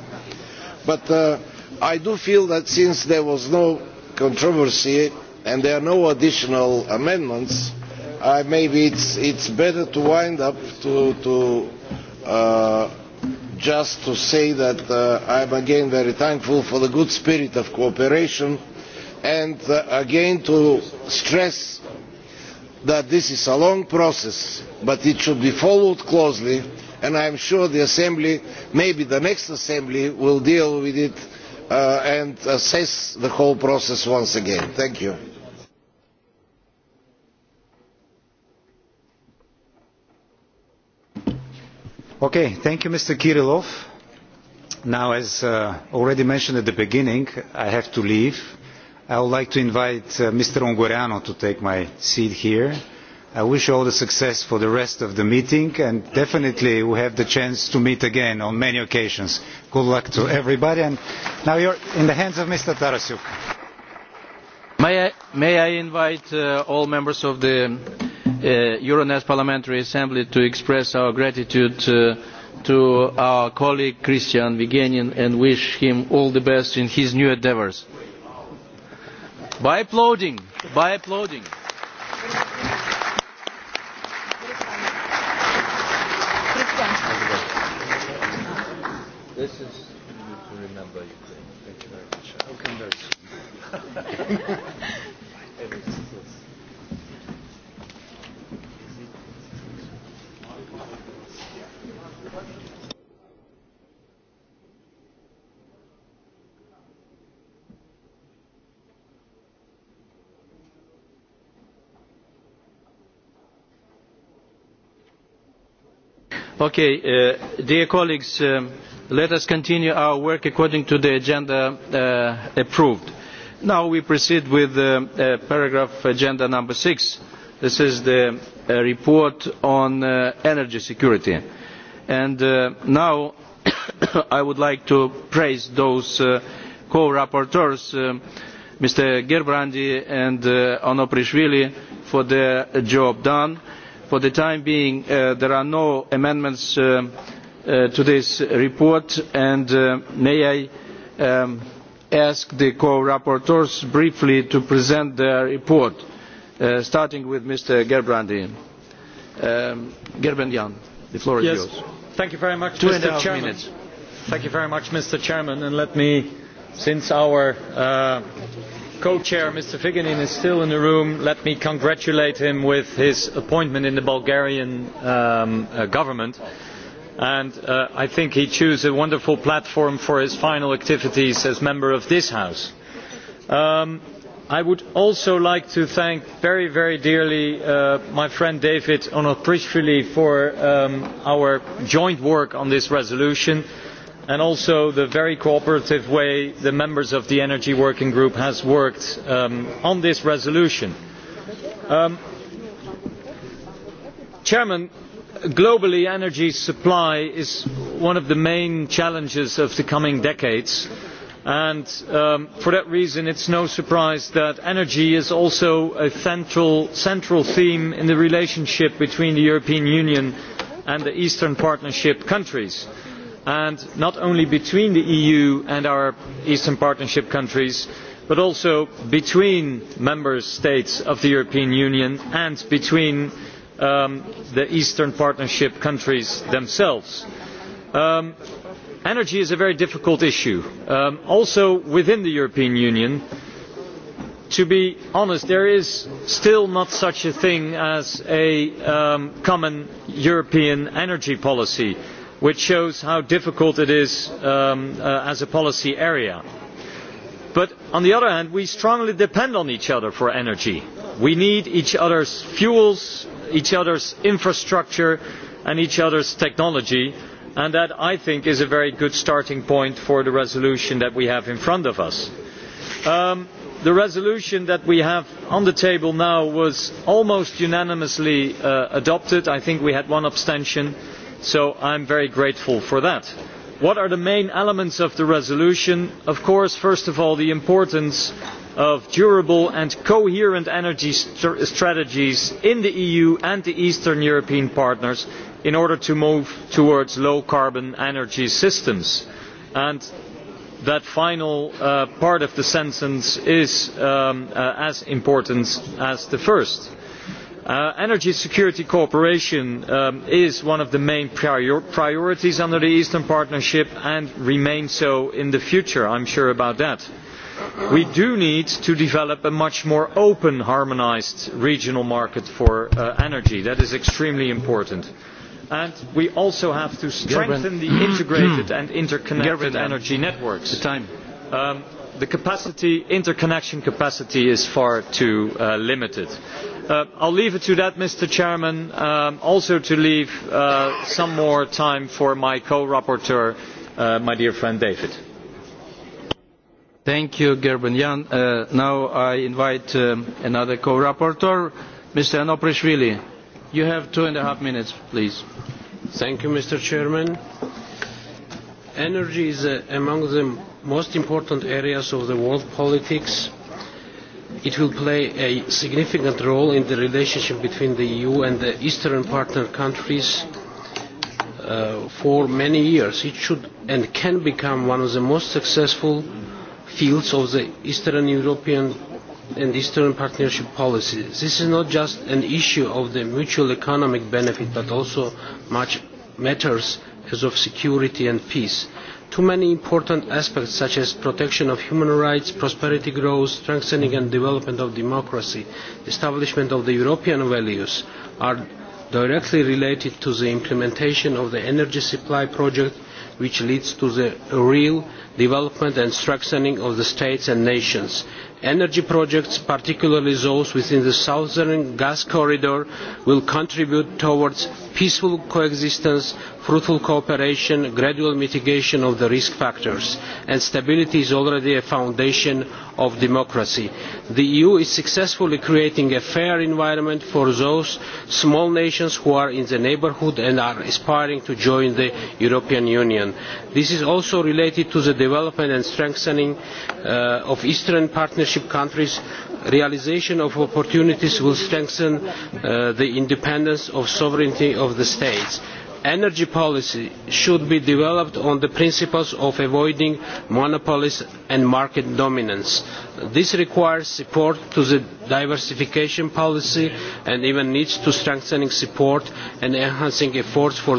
Speaker 27: But uh, I do feel that since there was no controversy and there are no additional amendments, uh, maybe it's, it's better to wind up to, to uh, just to say that uh, I'm again very thankful for the good spirit of cooperation and uh, again to stress that this is a long process but it should be followed closely and I am sure the Assembly, maybe the next Assembly, will deal with it uh, and assess the whole process once again. Thank you.
Speaker 1: Okay, thank you, Mr. Kirillov. Now, as uh, already mentioned at the beginning, I have to leave. I would like to invite uh, Mr. Ongoriano to take my seat here. I wish all the success for the rest of the meeting, and definitely we have the chance to meet again on many occasions. Good luck to everybody, and now you're in the hands of Mr. Tarasyuk.
Speaker 3: May I, may I invite uh, all members of the Uh, euronest parliamentary assembly to express our gratitude uh, to our colleague christian vigenin and wish him all the best in his new endeavours by applauding by applauding. Okay, uh, dear colleagues, uh, let us continue our work according to the agenda uh, approved. Now we proceed with uh, uh, paragraph agenda number six. This is the uh, report on uh, energy security. And uh, now I would like to praise those uh, co-rapporteurs, uh, Mr. Gerbrandi and uh, Onoprishvili, for their job done for the time being uh, there are no amendments uh, uh, to this report and may i um, ask the co rapporteurs briefly to present their report starting with mr gerbrandy.
Speaker 15: Um, gerbrandy the floor yes. is yours. thank you very much Two mr chairman. thank you very much mr chairman and let me since our uh, co-chair mr vigenin is still in the room let me congratulate him on his appointment in the bulgarian um, uh, government and uh, i think he chose a wonderful platform for his final activities as a member of this house. Um, i would also like to thank very very dearly uh, my friend david onoprishvili for um, our joint work on this resolution and and also the very cooperative way the members of the energy working group have worked um, on this resolution. Um, chairman, globally energy supply is one of the main challenges of the coming decades and um, for that reason it is no surprise that energy is also a central, central theme in the relationship between the european union and the eastern partnership countries and not only between the eu and our eastern partnership countries but also between member states of the european union and between um, the eastern partnership countries themselves. Um, energy is a very difficult issue um, also within the european union. to be honest there is still not such a thing as a um, common european energy policy which shows how difficult it is um, uh, as a policy area. But on the other hand, we strongly depend on each other for energy. We need each other's fuels, each other's infrastructure and each other's technology and that I think is a very good starting point for the resolution that we have in front of us. Um, the resolution that we have on the table now was almost unanimously uh, adopted. I think we had one abstention. Uh, so i am very grateful for that. what are the main elements of the resolution? of course first of all the importance of durable and coherent energy st strategies in the eu and the eastern european partners in order to move towards low carbon energy systems and that final uh, part of the sentence is um, uh, as important as the first Uh, energy security cooperation um, is one of the main prior priorities under the eastern partnership and remains so in the future i am sure about that. we do need to develop a much more open harmonised regional market for uh, energy that is extremely important and we also have to strengthen Gerben. the integrated and interconnected Gerben, energy networks. The, time. Um, the capacity, interconnection capacity is far too uh, limited Uh, I'll leave it to that, Mr. Chairman, um, also to leave uh, some more time for my co-rapporteur, uh, my dear friend David.
Speaker 3: Thank you, Gerben Jan. Uh, now I invite um, another co-rapporteur, Mr. Anoprishvili. You have two
Speaker 33: and a half minutes, please. Thank you, Mr. Chairman. Energy is uh, among the most important areas of the world politics it will play a significant role in the relationship between the eu and the eastern partner countries uh, for many years. it should and can become one of the most successful fields of the eastern european and eastern partnership policy. this is not just an issue of the mutual economic benefit but also much matters as of security and peace too many important aspects such as protection of human rights prosperity growth strengthening and development of democracy and establishment of european values are directly related to the implementation of the energy supply project which leads to the real development and strengthening of the states and nations. energy projects particularly those within the southern gas corridor will contribute towards peaceful coexistence fruitful cooperation gradual mitigation of the risk factors and stability is already a foundation of democracy. the eu is successfully creating a fair environment for those small nations who are in the neighbourhood and are aspiring to join the european union. this is also related to the development and strengthening uh, of eastern partnership countries. realisation of opportunities will strengthen uh, the independence of sovereignty of the states energy policy should be developed on the principles of avoiding monopolies and market dominance. this requires support to the diversification policy and even needs to strengthen support and enhance efforts for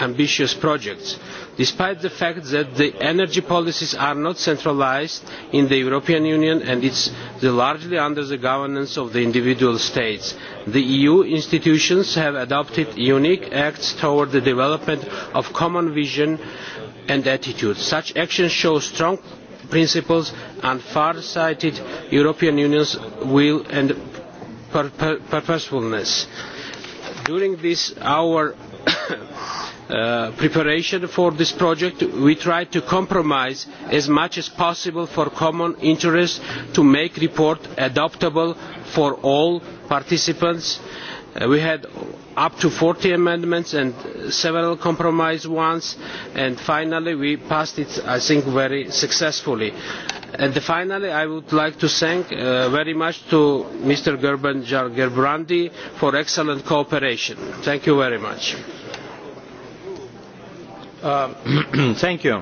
Speaker 33: ambitious projects despite the fact that the energy policies are not centralised in the european union and are largely under the governance of the individual states. the eu institutions have adopted unique acts toward the development of a common vision and attitude. such actions show strong principles and a far sighted european union's will and purposefulness. during this hour uh, preparation for this project, we tried to compromise as much as possible for common interests to make report adoptable for all participants. Uh, we had up to 40 amendments and several compromise ones, and finally we passed it, I think, very successfully. And finally, I would like to thank uh, very much to Mr. Gerben Gerbrandi for excellent cooperation. Thank you very much.
Speaker 3: Uh, thank you.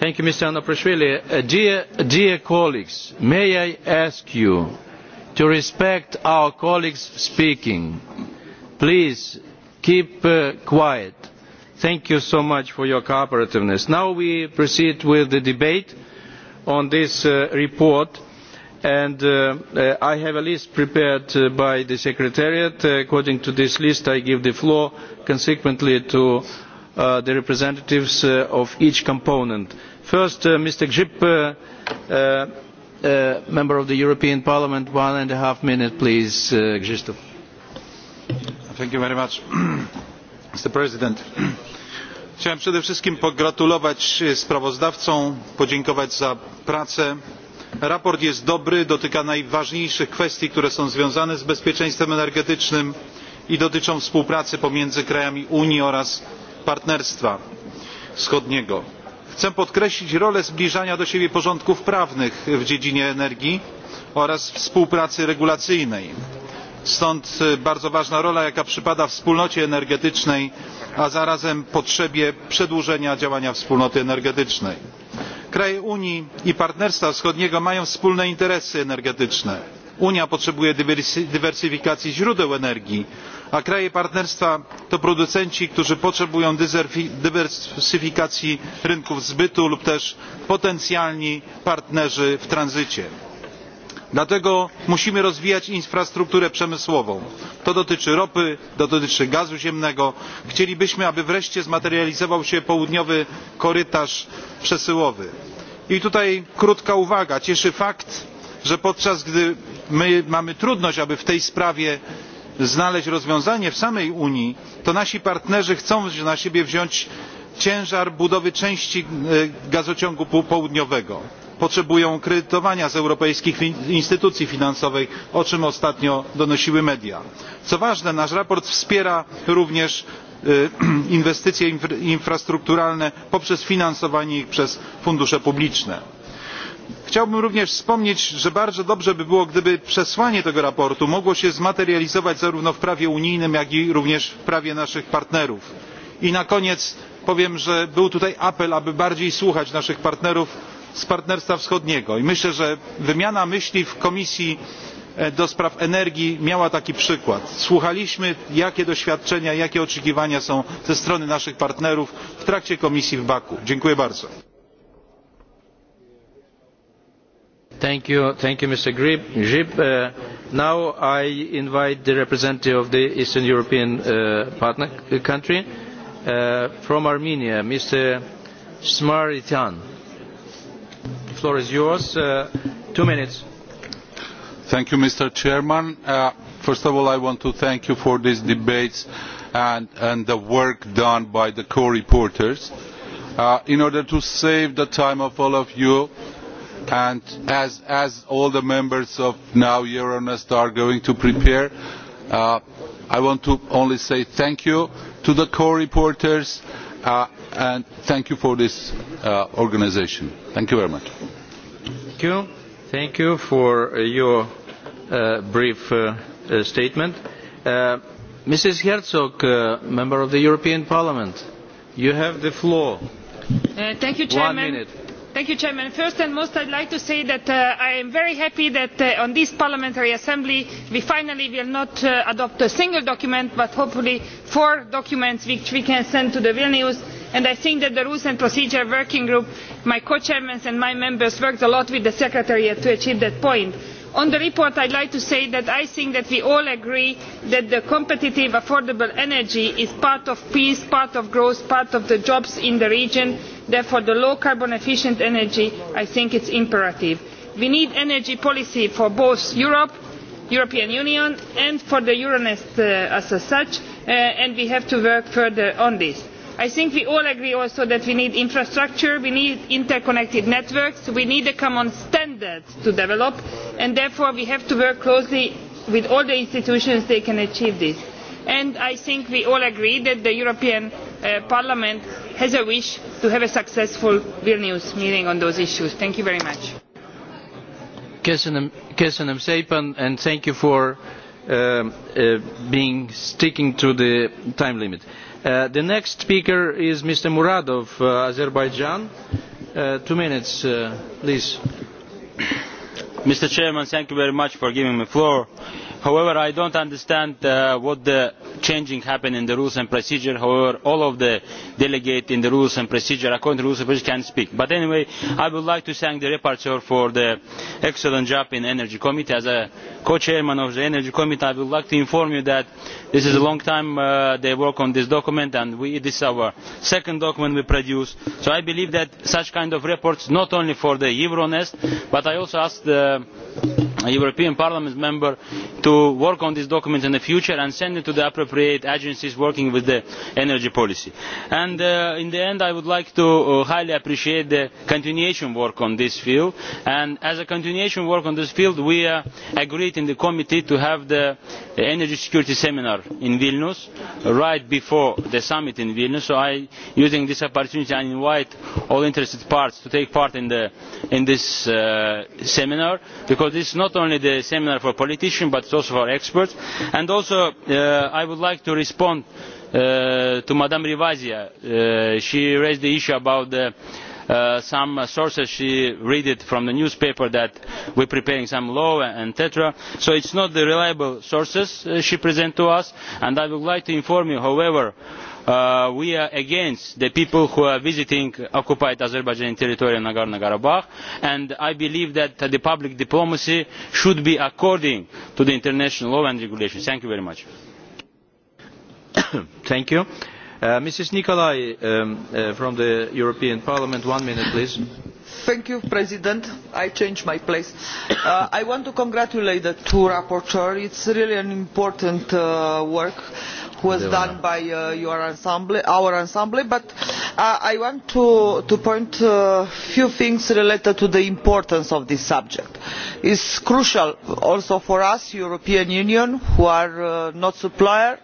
Speaker 3: Thank you, Mr. Andrashvili. Uh, dear, dear colleagues, may I ask you to respect our colleagues speaking? Please keep uh, quiet. Thank you so much for your cooperativeness. Now we proceed with the debate on this uh, report and uh, uh, I have a list prepared uh, by the Secretariat. Uh, according to this list I give the floor consequently to uh, the representatives uh, of each component. First, uh, Mr. Grzyb, uh, uh, uh, Member of the European Parliament, one and a half minute, please, uh, Krzysztof. Thank you very much, Mr. President. Chciałem przede wszystkim pogratulować
Speaker 34: sprawozdawcom, podziękować za pracę sprawozdanie jest dobre dotyka najważniejszych kwestii które są związane z bezpieczeństwem energetycznym i dotyczą współpracy pomiędzy krajami unii oraz partnerstwa wschodniego. chcę podkreślić rolę zbliżania do siebie porządków prawnych w dziedzinie energii oraz współpracy regulacyjnej stąd e, bardzo ważna rola jaka przypada wspólnocie energetycznej a zarazem potrzebie przedłużenia działania wspólnoty energetycznej. kraje unii i partnerstwa wschodniego mają wspólne interesy energetyczne unia potrzebuje dywersyfikacji źródeł energii a kraje partnerstwa to producenci którzy potrzebują dywersyfikacji rynków zbytu lub też potencjalni partnerzy w tranzycie. dlatego musimy rozwijać infrastrukturę przemysłową to dotyczy ropy dotyczy gazu ziemnego. chcielibyśmy aby wreszcie zmaterializował się południowy korytarz przesyłowy. i tutaj krótka uwaga cieszy fakt że podczas gdy my mamy trudność aby w tej sprawie znaleźć rozwiązanie w samej unii to nasi partnerzy chcą na siebie wziąć ciężar budowy części e, gazociągu południowego potrzebują kredytowania z europejskich instytucji finansowych o czym ostatnio donosiły media. co ważne nasze sprawozdanie wspiera również e, inwestycje infrastrukturalne poprzez finansowanie ich przez fundusze publiczne chciałbym również wspomnieć że bardzo dobrze by było gdyby przesłanie tego sprawozdania mogło się zmaterializować zarówno w prawie unijnym jak i również w prawie naszych partnerów. i na koniec powiem że był tutaj apel aby bardziej słuchać naszych partnerów z partnerstwa wschodniego i myślę że wymiana myśli w komisji e, do spraw energii miała taki przykład słuchaliśmy jakie doświadczenia jakie oczekiwania są ze strony naszych partnerów w trakcie komisji w baku. dziękuję bardzo.
Speaker 3: Thank you, thank you Mr. Grip. Uh, now I invite the representative of the Eastern European uh, partner country uh, from Armenia, Mr. Smaritan. The floor is yours. Uh, two minutes.
Speaker 34: Thank you, Mr. Chairman. Uh, first of all, I want to thank you for these debates and, and the work done by the co-reporters. Uh, in order to save the time of all of you, uh, and as, as all the members of now euronest are going to prepare uh, i want to only say thank you to the co reporters uh, and thank you for this uh, organisation. thank you very much.
Speaker 3: thank you, thank you for uh, your uh, brief uh, statement. mrs herzog member of the european parliament you have the floor.
Speaker 35: thank you, Chairman. one minute You, first and foremost i would like to say that uh, i am very happy that uh, on this parliamentary assembly we finally will not uh, adopt a single document but hopefully four documents which we can send to vilnius and i think that the rules and procedure working group my co chairs and my members worked a lot with the secretariat to achieve that point on the report i would like to say that i think that we all agree that competitive affordable energy is part of peace part of growth part of the jobs in the region therefore low carbon efficient energy i think is imperative. we need energy policy for both europe the european union and for euronest uh, as such uh, and we have to work further on this i think we all agree also that we need infrastructure we need interconnected networks we need a common standard to develop and therefore we have to work closely with all the institutions that can achieve this. And i think we all agree that the european uh, parliament has a wish to have a successful vilnius meeting on those issues. thank you very much.
Speaker 3: Köszönöm, köszönöm szépen, and thank you for uh, uh, being sticking to the time limit. Uh, the next speaker is Mr. Muradov, uh, Azerbaijan.
Speaker 21: Uh, two minutes, uh, please. Mr. Chairman, thank you very much for giving me the floor. Uh, however i do not understand uh, what the changing happened in the rules and procedure however all of the delegates in the rules and procedure according to the rules and procedure can speak. but anyway i would like to thank the rapporteur for the excellent job in the energy committee. as a co chairman of the energy committee i would like to inform you that this is a long time uh, they work on this document and we, this is our second document we produce so i believe that such kind of reports not only for the euronest but i also ask the european parliament member to to work on this document in the future and send it to the appropriate agencies working with the energy policy. And, uh, in the end i would like to uh, highly appreciate the continuation work on this field and as a continuation work on this field we uh, agreed in the committee to have the energy security seminar in vilnius right before the summit in vilnius so i using this opportunity i invite all interested parties to take part in, the, in this uh, seminar because this is not only the seminar for politicians but also for experts. And also uh, I would like to respond uh, to Madame Rivazia. Uh, she raised the issue about the uh, some sources she read it from the newspaper that we're preparing some law and etc. So it's not the reliable sources uh, she present to us and I would like to inform you however uh, Uh, we are against the people who are visiting occupied azerbaijani territory in nagorno karabakh and i believe that the public diplomacy should be according to the international law and regulations. thank you very much.
Speaker 3: thank you. Uh, mrs nicolai um, uh, from the european parliament one minute please.
Speaker 32: mr president i changed my place. Uh, i want to congratulate the two rapporteurs. it is really an important uh, work was done by uh, your ensemble, our ensemble, but uh, I want to, to point a uh, few things related to the importance of this subject. It's crucial also for us, European Union, who are uh, not supplier.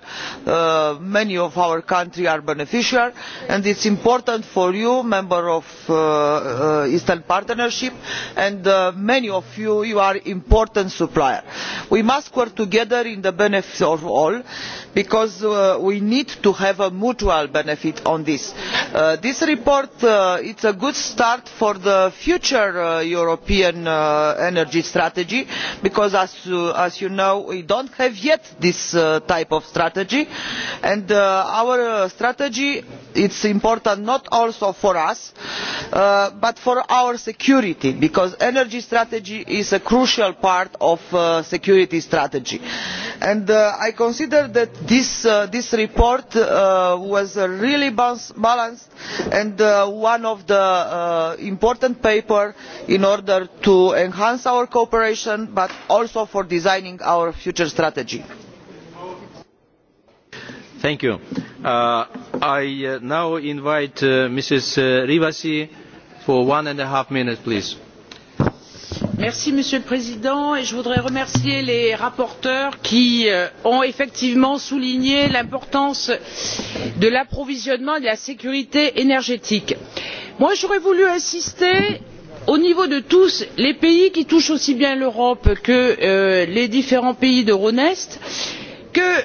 Speaker 32: Uh, many of our countries are beneficiaries, and it's important for you, member of uh, uh, Eastern Partnership, and uh, many of you, you are important supplier. We must work together in the benefit of all because uh, we need to have a mutual benefit from this. Uh, this report uh, is a good start for the future uh, european uh, energy strategy because as, as you know we do not have yet this type of strategy and our strategy it is important not only for us uh, but for our security because the energy strategy is a crucial part of the uh, security strategy. And, uh, i consider that this, uh, this report was really balanced and one of the important papers in order to enhance our cooperation but also for designing our future strategy.
Speaker 3: Thank you. Uh, I uh, now invite uh, Mrs. Uh, Rivasi for one and a half minutes, please.
Speaker 25: Merci, Monsieur le Président, et je voudrais remercier les rapporteurs qui euh, ont effectivement souligné l'importance de l'approvisionnement et de la sécurité énergétique. J'aurais voulu insister au niveau de tous les pays qui touchent aussi bien l'europe que euh, les différents pays d'euronest que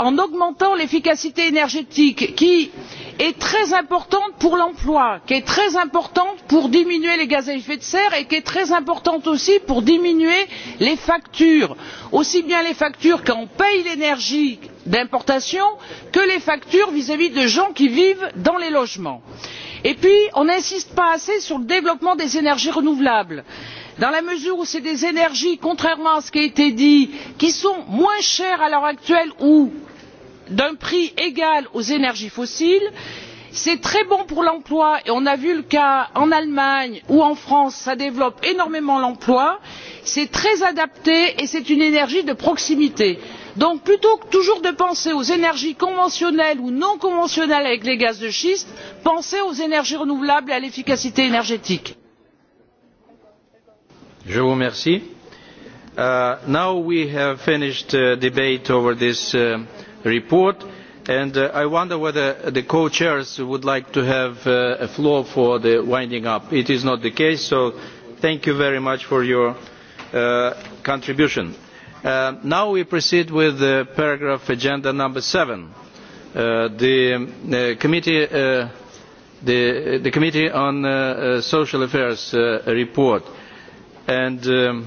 Speaker 25: en augmentant l'efficacité énergétique qui est très importante pour l'emploi qui est très importante pour diminuer les gaz à effet de serre et qui est très importante aussi pour diminuer les factures aussi bien les factures quand on paie l'énergie d'importation que les factures vis à vis de gens qui vivent dans les logements. et puis on n'insiste pas assez sur le développement des énergies renouvelables dans la mesure où ce sont des énergies contrairement à ce qui a été dit qui sont moins chères à l'heure actuelle ou d'un prix égal aux énergies fossiles c'est très bon pour l'emploi et on a vu le cas en allemagne ou en france cela développe énormément l'emploi c'est très adapté et c'est une énergie de proximité. donc plutôt que toujours de penser aux énergies conventionnelles ou non conventionnelles avec les gaz de schiste pensez aux énergies renouvelables et à l'efficacité énergétique.
Speaker 3: je vous remercie. Uh, now we have finished the uh, debate over this uh, report and uh, i wonder whether the co chairs would like to have uh, a floor for the winding up. it is not the case so thank you very much for your uh, contribution. Uh, now we proceed with uh, paragraph agenda number seven uh, the committee the, the committee on social affairs report and um,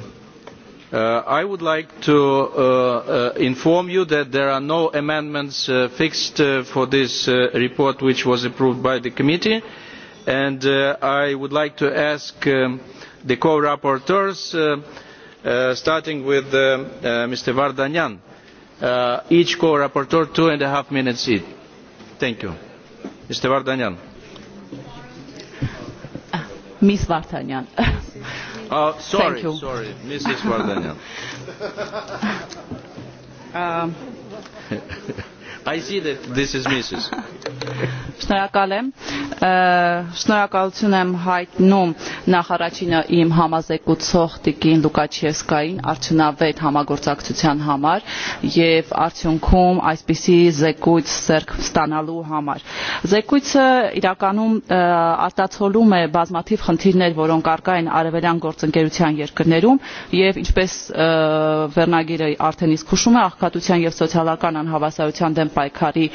Speaker 3: Uh, i would like to uh, uh, inform you that there are no amendments fixed for this report which was approved by the committee and i would like to ask um, the co rapporteurs starting with mr vardanyan each co rapporteur two and a half minutes each. thank you. mr vardanyan.
Speaker 12: Ah,
Speaker 36: ms vardanyan. Uh, sorry,
Speaker 3: Thank you. sorry, Mrs. Vardanyan.
Speaker 36: um,
Speaker 12: Շնորհակալ
Speaker 36: եմ։ Շնորհակալություն եմ հայտնում նախարարինը իմ համազեկուցող Տիկին Լուկաչևսկային արդյունավետ համագործակցության համար եւ արդյունքում այսպիսի զեկույց սերկ ստանալու համար։ Զեկույցը իրականում արտացոլում է բազմաթիվ խնդիրներ, որոնք առկա են արևելյան գործընկերության երկրներում եւ ինչպես վերնագիրը արդեն իսկ հուշում է աղքատության եւ սոցիալական անհավասարության դեմ պայքարի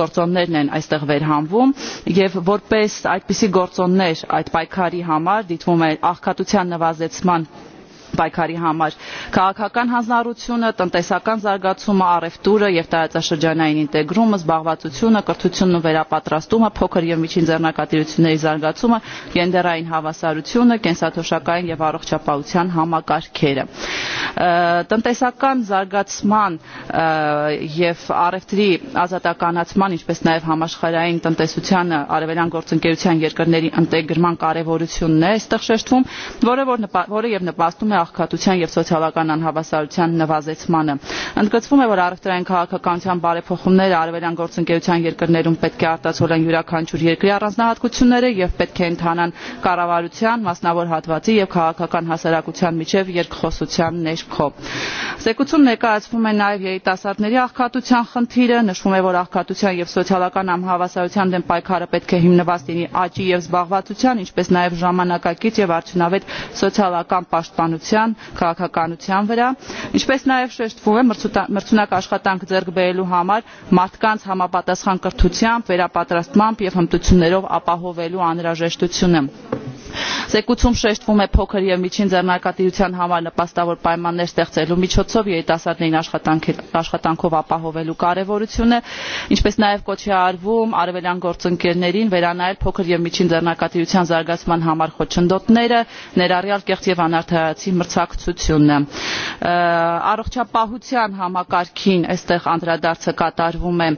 Speaker 36: գործոններն են այստեղ վերհանվում եւ որպես այդպիսի գործոններ այդ պայքարի համար դիտվում է աղքատության նվազեցման պայքարի համար քաղաքական հանձնառությունը տնտեսական զարգացումը առևտուրը եւ տարածաշրջանային ինտեգրումը զբաղվածությունը կրթությունն ու վերապատրաստումը փոքր եւ միջին ձեռնարկատիրությունների զարգացումը գենդերային հավասարությունը կենսաթոշակային եւ առողջապահության համակարգերը տնտեսական զարգացման եւ առևտրի ազատականացման ինչպես նաեւ համաշխարհային տնտեսությանը արևելյան գործընկերության երկրների ինտեգրման կարեւորությունն է այստեղ շեշտվում որը որ նպա, որը եւ նպաստում է աղքատության և սոցիալական անհավասարության նվազեցմանը։ ընդգծվում է որ առևտրային քաղաքականության բարեփոխումները արևելյան գործընկերության երկրներում պետք է արտացոլեն յուրաքանչյուր երկրի առանձնահատկությունները և պետք է ընթանան կառավարության մասնավոր հատվածի և քաղաքական հասարակության միջև երկխոսության ներքո։ զեկուցում ներկայացվում է նաև երիտասարդների աղքատության խնդիրը նշվում է որ աղքատության և սոցիալական անհավասարության դեմ պայքարը պետք է հիմնված լինի աճի և զբաղվածության ինչպես նաև ժամանակակից և արդյունավետ սոցիալական պաշտպանության ազգայնության քաղաքականության վրա ինչպես նաև շեշտվում է մրցունակ աշխատանք ձեռք բերելու համար մարդկանց համապատասխան կրթությամբ վերապատրաստմամբ և հմտություններով ապահովելու անհրաժեշտությունը զեկուցում շեշտվում է փոքր և միջին ձեռնարկատիրության համար նպաստավոր պայմաններ ստեղծելու միջոցով երիտասարդներին աշխատանքով ապահովելու կարևորությունը ինչպես նաև կոչ է արվում արևելյան գործընկերներին վերանայել փոքր և միջին ձեռնարկատիրության զարգացման համար խոչընդոտները ներառյալ կեղծ և անարդարացի մրցակցությունը առողջապահության համակարգին այստեղ անդրադարձը կատարվում է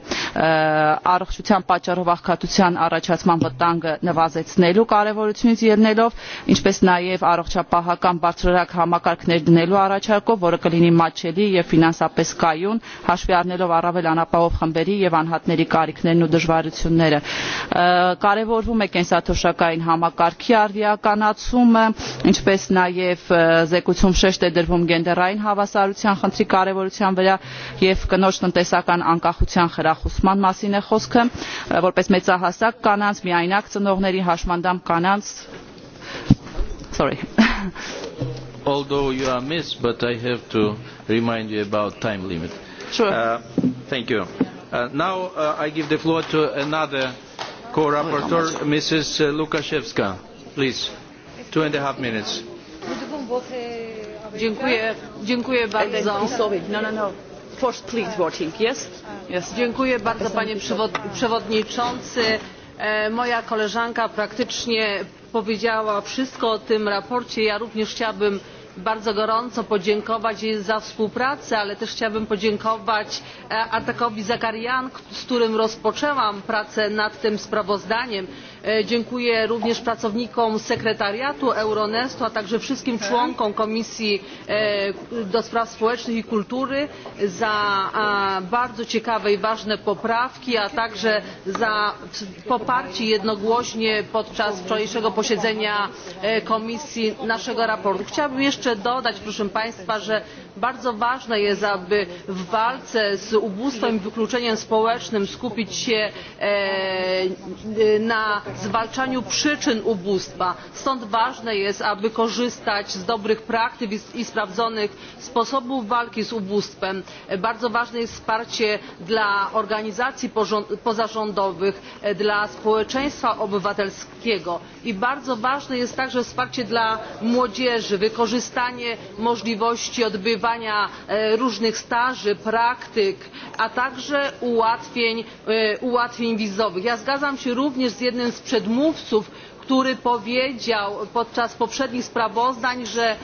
Speaker 36: առողջության պատճառով աղքատության առաջացման վտանգը նվազեցնելու կարևորությունից ելնելով ինչպես նաև առողջապահական բարձրորակ համակարգ ներդնելու առաջարկով որը կլինի մատչելի և ֆինանսապես կայուն հաշվի առնելով առավել անապահով խմբերի և անհատների կարիքներն ու դժվարությունները կարևորվում է կենսաթոշակային համակարգի արդիականացումը ինչպես նաև իրազեկություն շեշտ է դրվում գենդերային հավասարության խնդրի կարևորության վրա և կնոջ տնտեսական անկախության խրախուսման մասին է խոսքը որպես մեծահասակ կանանց միայնակ ծնողների հաշմանդամ կանանց sorry
Speaker 3: although you are miss but i have to remind you about time limit sure uh, thank you uh, now uh, i give the floor to another co-rapporteur mrs uh, lukashevska please two and a half minutes
Speaker 37: Dziękuję, dziękuję bardzo. No, no, no. First, please, voting. Yes? Yes. Dziękuję bardzo, panie przewodniczący. E, moja koleżanka praktycznie powiedziała wszystko o tym sprawozdaniu. Ja również chciałabym bardzo gorąco podziękować jej za współpracę ale też chciałabym podziękować e, atakowi zakarian z którym rozpoczęłam pracę nad tym sprawozdaniem. E, dziękuję również pracownikom sekretariatu euronestu a także wszystkim członkom komisji e, do spraw społecznych i kultury za bardzo ciekawe i ważne poprawki a także za poparcie jednogłośnie podczas wczorajszego posiedzenia e, komisji naszego sprawozdania. chciałabym jeszcze dodać proszę państwa że bardzo ważne jest aby w walce z ubóstwem i wykluczeniem społecznym skupić się e, na zwalczaniu przyczyn ubóstwa stąd ważne jest aby korzystać z dobrych praktyk i sprawdzonych sposobów walki z ubóstwem. E, bardzo ważne jest wsparcie dla organizacji pozarządowych e, dla społeczeństwa obywatelskiego i bardzo ważne jest także wsparcie dla młodzieży wykorzystanie możliwości odbywania stosowania e, różnych staży praktyk a także ułatwień, e, ułatwień wizowych. ja zgadzam się również z jednym z przedmówców który powiedział podczas poprzednich sprawozdań że e,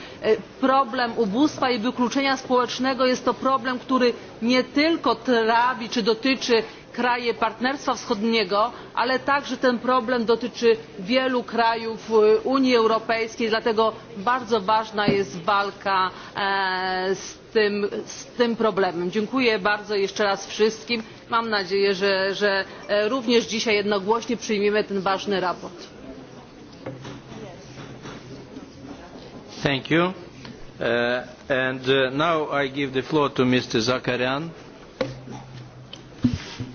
Speaker 37: problem ubóstwa i wykluczenia społecznego jest to problem który nie tylko trawi czy dotyczy kraje partnerstwa wschodniego ale także ten problem dotyczy wielu krajów e, unii europejskiej dlatego bardzo ważna jest walka e, z tym problemem. dziękuję bardzo jeszcze raz wszystkim mam nadzieję że e, również dzisiaj jednogłośnie przyjmiemy to ważne sprawozdanie.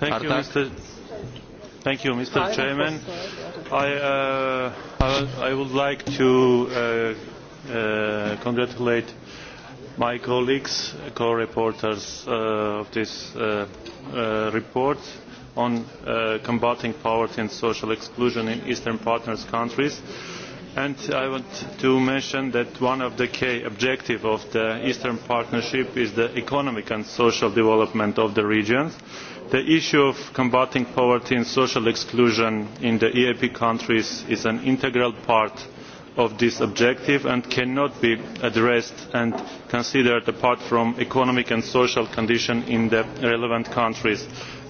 Speaker 3: Thank you, Mr.
Speaker 38: Thank you, Mr. Chairman. I, uh, I, I would like to uh, uh, congratulate my colleagues, co-reporters uh, of this uh, uh, report on uh, combating poverty and social exclusion in Eastern Partners countries. And I want to mention that one of the key objectives of the Eastern Partnership is the economic and social development of the regions. Uh, the issue of combating poverty and social exclusion in the eap countries is an integral part of this objective and cannot be addressed and considered apart from economic and social conditions in the relevant countries.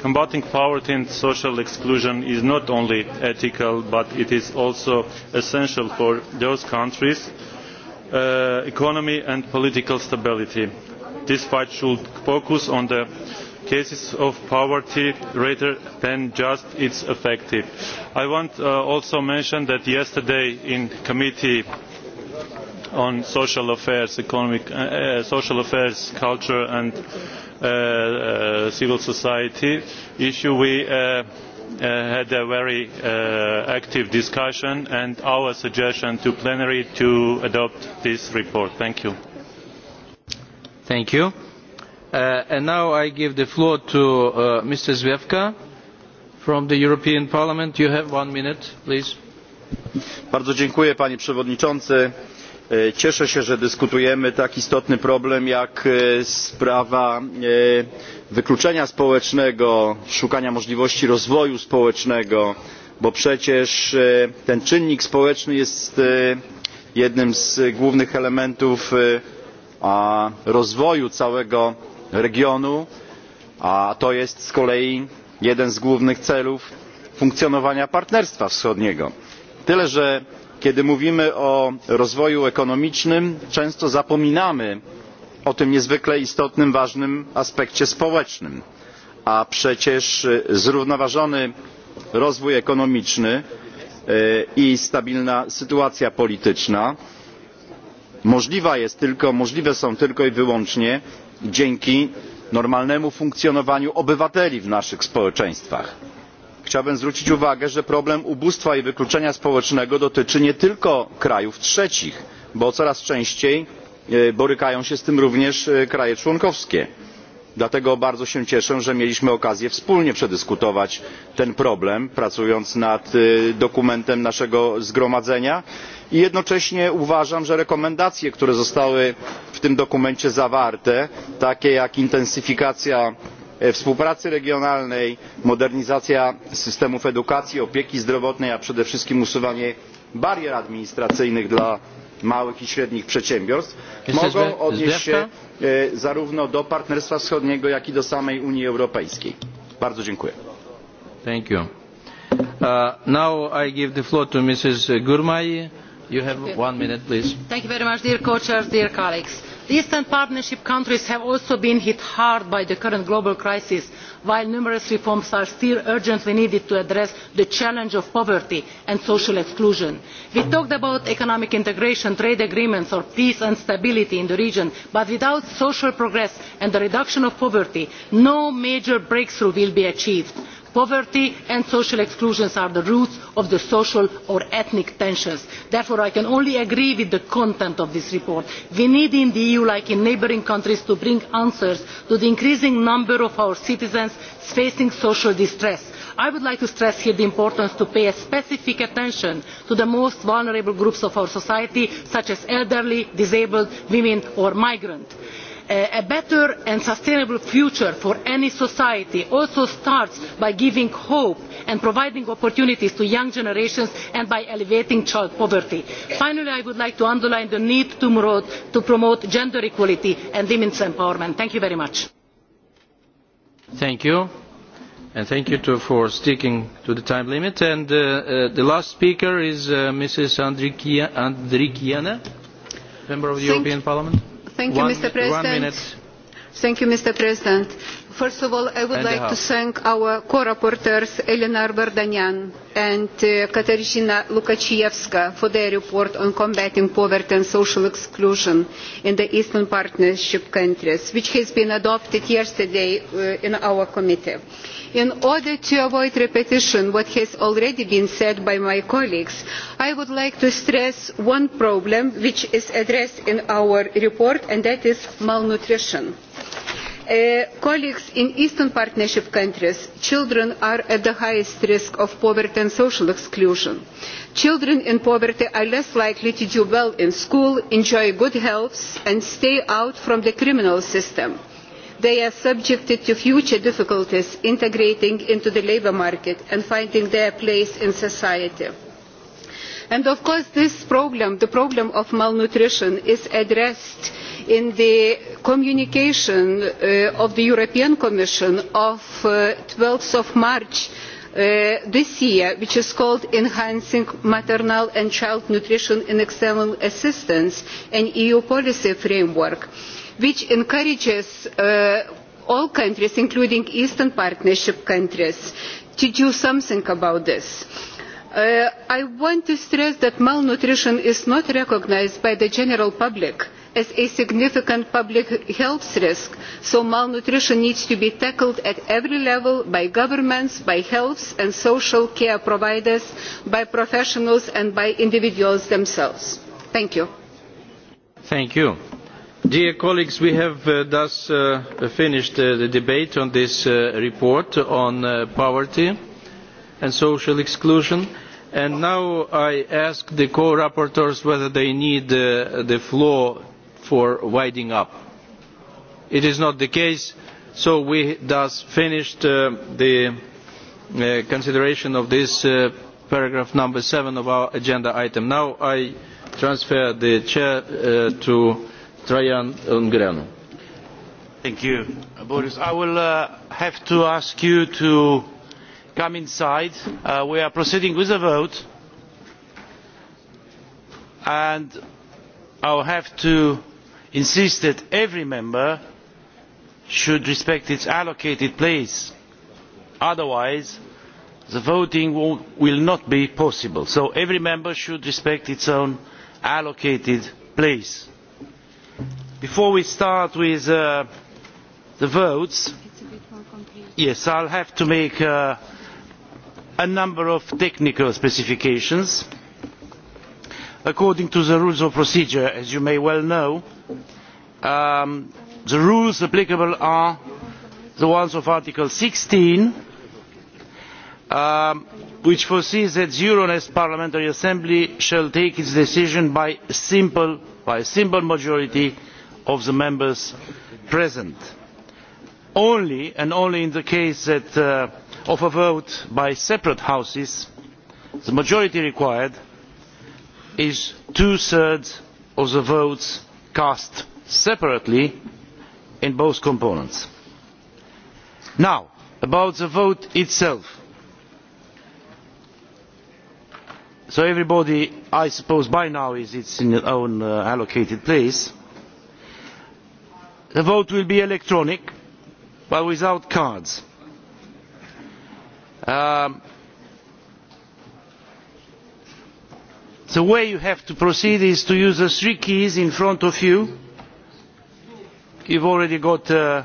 Speaker 38: combating poverty and social exclusion is not only ethical but it is also essential for those countries' uh, economy and political stability. this fight should focus on the cases of poverty rather than just its effect. i want to uh, also mention that yesterday in committee on social affairs economic uh, uh social affairs culture and uh, uh civil society issue we uh, had a very active discussion and our suggestion to plenary to adopt this report. thank you. Thank
Speaker 39: you.
Speaker 3: Uh, and now I give the floor to uh, Mr. Zwiefka from the European Parliament. You have one minute, please.
Speaker 39: Bardzo dziękuję, panie przewodniczący e, cieszę się że dyskutujemy tak istotny problem jak e, sprawa e, wykluczenia społecznego szukania możliwości rozwoju społecznego bo przecież ten czynnik społeczny jest jednym z głównych elementów rozwoju całego regionu a to jest z kolei jeden z głównych celów funkcjonowania partnerstwa wschodniego tyle że kiedy mówimy o rozwoju ekonomicznym często zapominamy o tym niezwykle istotnym ważnym aspekcie społecznym a przecież zrównoważony rozwój ekonomiczny e, i stabilna sytuacja polityczna możliwa jest tylko możliwe są tylko i wyłącznie dzięki normalnemu funkcjonowaniu obywateli w naszych społeczeństwach. chciałbym zwrócić uwagę że problem ubóstwa i wykluczenia społecznego dotyczy nie tylko krajów trzecich bo coraz częściej e, borykają się z tym również e, kraje członkowskie dlatego bardzo się cieszę że mieliśmy okazję wspólnie przedyskutować ten problem pracując nad dokumentem naszego zgromadzenia i jednocześnie uważam że rekomendacje które zostały w tym dokumencie zawarte takie jak intensyfikacja e, współpracy regionalnej modernizacja systemów edukacji opieki zdrowotnej a przede wszystkim usuwanie barier administracyjnych dla małych i średnich przedsiębiorstw mogą odnieść się e, zarówno do partnerstwa wschodniego jak i do samej unii europejskiej. bardzo dziękuję.
Speaker 3: Thank you. Uh, now I give the floor to Mrs. Gurmai. You have one minute, please.
Speaker 22: Thank you very much, dear co-chairs, dear colleagues eastern partnership countries have also been hit hard by the current global crisis while numerous reforms are still urgently needed to address the challenge of poverty and social exclusion. we talked about economic integration trade agreements or peace and stability in the region but without social progress and the reduction of poverty no major breakthrough will be achieved poverty and social exclusion are the roots of the social or ethnic tensions. therefore i can only agree with the content of this report. we need in the eu like in neighbouring countries to bring answers to the increasing number of our citizens facing social distress. i would like to stress here the importance of paying specific attention to the most vulnerable groups of our society such as elderly disabled women or migrants a better and sustainable future for any society also starts by giving hope and providing opportunities to young generations and by alleviating child poverty. finally i would like to underline the need to promote gender equality and women's empowerment. thank you very much.
Speaker 3: thank you and thank you too for sticking to the time limit. And uh, uh, the last speaker is uh, Mrs. Andrikiana, member of the thank European Parliament. Thank you, One, Mr. President. One minute.
Speaker 40: Thank you, Mr. President. First of all, I would like to thank our co-rapporteurs Elinar Vardanyan and uh, Katarzyna Lukachievska for their report on combating poverty and social exclusion in the Eastern Partnership countries, which has been adopted yesterday uh, in our committee. In order to avoid repetition what has already been said by my colleagues, I would like to stress one problem which is addressed in our report, and that is malnutrition Uh, colleagues in Eastern Partnership countries, children are at the highest risk of poverty and social exclusion. Children in poverty are less likely to do well in school, enjoy good health, and stay out from the criminal system. They are subjected to future difficulties integrating into the labour market and finding their place in society. And of course, this problem, the problem of malnutrition, is addressed in the communication uh, of the European Commission of uh, 12th of March Uh, this year which is called enhancing maternal and child nutrition in external assistance an eu policy framework which encourages uh, all countries including eastern partnership countries to do something about this. Uh, i want to stress that malnutrition is not recognised by the general public as a significant public health risk, so malnutrition needs to be tackled at every level by governments, by health and social care providers, by professionals and by individuals themselves. Thank you.
Speaker 3: Thank you. Dear colleagues, we have uh, thus uh, finished uh, the debate on this uh, report on uh, poverty and social exclusion. And now I ask the co-rapporteurs whether they need uh, the floor for winding up. it is not the case so we thus finished uh, the uh, consideration of this uh, paragraph number seven of our agenda item. now i transfer the chair uh, to Traian Ungureanu. Thank you,
Speaker 41: Boris. I will uh, have to ask you to come inside. Uh, we are proceeding with a vote, and I'll have to insists that every member should respect its allocated place otherwise the voting will not be possible so every member should respect its own allocated place. before we start with uh, the votes yes i will have to make uh, a number of technical specifications. according to the rules of procedure as you may well know um, the rules applicable are the ones of article sixteen um, which foresees that the euronest parliamentary assembly shall take its decision by, simple, by a simple majority of the members present only and only in the case that, uh, of a vote by separate houses the majority required is two thirds of the votes cast separately in both components. now about the vote itself. so everybody i suppose by now is in its own uh, allocated place. the vote will be electronic but without cards. Um, the way you have to proceed is to use the three keys in front of you you've already got uh,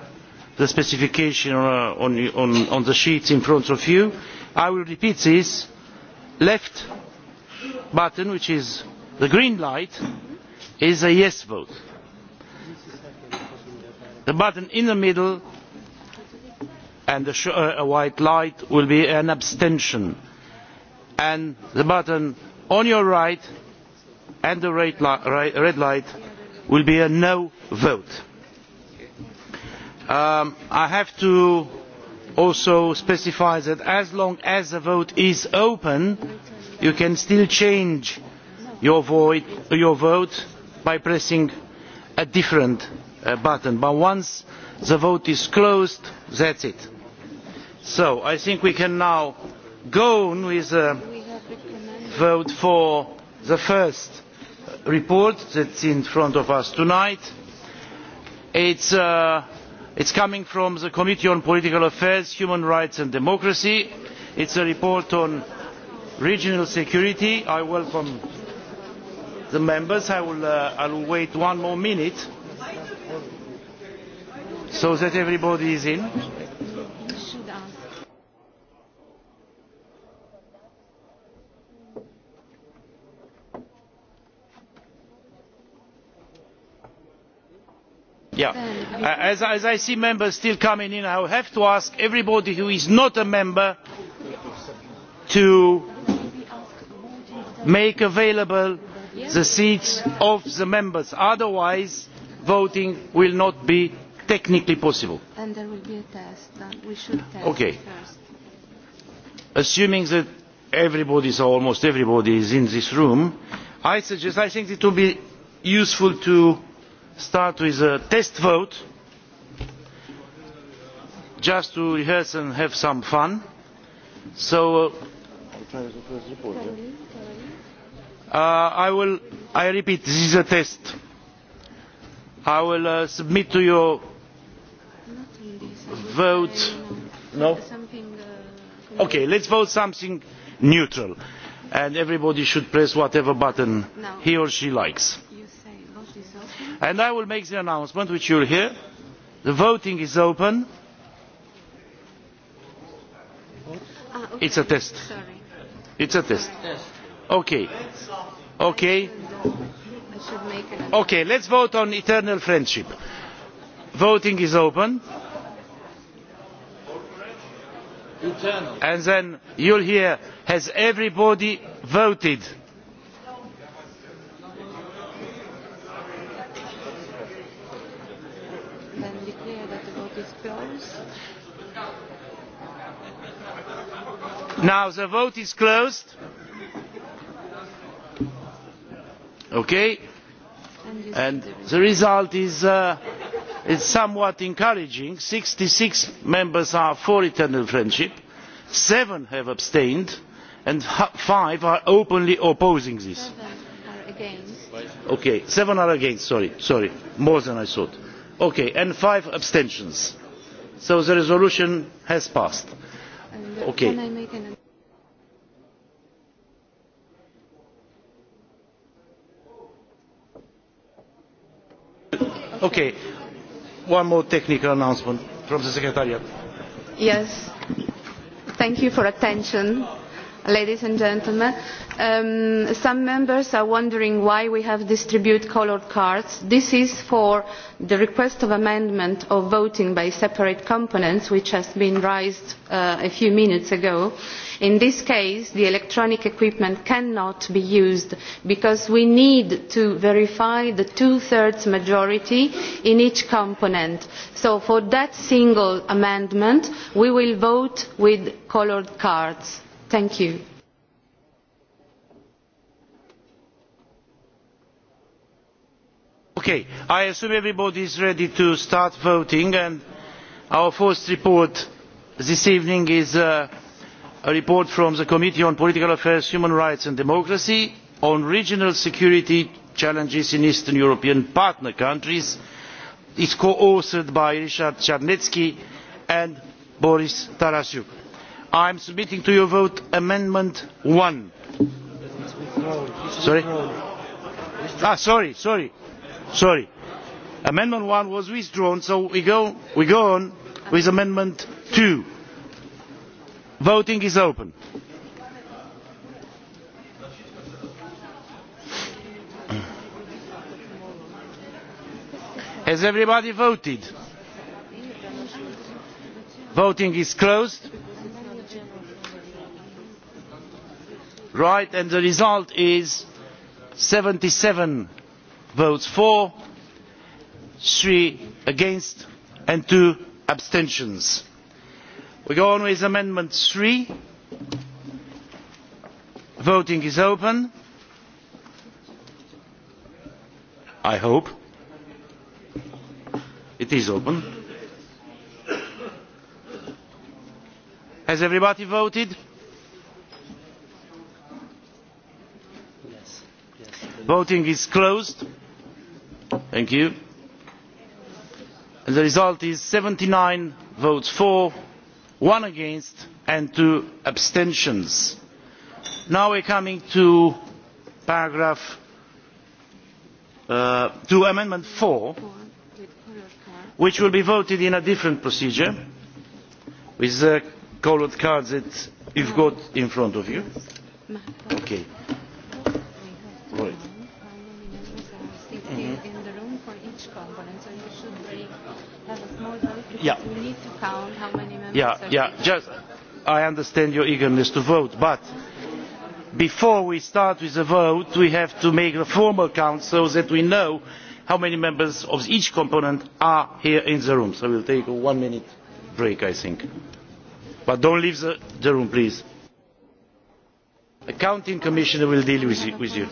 Speaker 41: the specification on, uh, on, on, on the sheets in front of you. I will repeat this. Left button, which is the green light, is a yes vote. The button in the middle and a, uh, a white light will be an abstention. And the button on your right and the red light will be a no vote. Um, i have to also specify that as long as the vote is open you can still change your, void, your vote by pressing a different uh, button but once the vote is closed that is it. so i think we can now go on with the vote for the first report that is in front of us tonight. it is uh, it is coming from the committee on political affairs human rights and democracy. it is a report on regional security. i welcome the members. i will uh, wait one more minute so that everybody is in. Yeah. Uh, as, as i see members still coming in i will have to ask everybody who is not a member to make available the seats of the members otherwise voting will not be technically possible.
Speaker 42: and there will be a test. Uh, we should test okay. first.
Speaker 41: assuming that everybody or almost everybody is in this room i suggest i think it would be useful to start with a test vote just to rehearse and have some fun. So uh, uh, I will, I repeat, this is a test. I will uh, submit to your vote. No? Okay, let's vote something neutral. And everybody should press whatever button no. he or she likes and i will make the announcement which you will hear. the voting is open.
Speaker 12: Ah, okay. it is a test.
Speaker 41: it is a test. okay. okay. okay let us vote on eternal friendship. voting is open. and then you will hear has everybody voted? now the vote is closed okay and the result is uh, it's somewhat encouraging sixty six members are for eternal friendship seven have abstained and five are openly opposing this. Okay, seven are against sorry sorry more than i thought okay and five abstentions so the resolution has passed.
Speaker 42: Okay. Can I make an
Speaker 41: Okay. One more technical announcement from the Secretariat.
Speaker 42: Yes. Thank you for attention ladies and gentlemen um, some members are wondering why we have distributed coloured cards. this is for the request of amendment of voting by separate components which has been raised uh, a few minutes ago. in this case the electronic equipment cannot be used because we need to verify the two thirds majority in each component so for that single amendment we will vote with coloured cards Thank you.
Speaker 41: Okay, I assume everybody is ready to start voting and our first report this evening is uh, a report from the Committee on Political Affairs, Human Rights and Democracy on regional security challenges in Eastern European partner countries. It's co-authored by Richard Czarnecki and Boris Tarasuk i am submitting to your vote amendment one sorry? Ah, sorry sorry sorry amendment one was withdrawn so we go, we go on with amendment two voting is open. has everybody voted? voting is closed. right and the result is seventy seven votes for three against and two abstentions. we go on with amendment three voting is open i hope it is open. has everybody voted? voting is closed and the result is seventy nine votes for one against and two abstentions. now we are coming to paragraph uh, to amendment four which will be voted in a different procedure with the coloured cards that you have got in front of you.
Speaker 42: Okay. Right yeah. we need to count how many members yeah, are yeah. Just,
Speaker 41: I understand your eagerness to vote, but before we start with the vote, we have to make the formal count so that we know how many members of each component are here in the room. So we'll take a one-minute break, I think. But don't leave the, the room, please. The counting commissioner will deal with you. With you.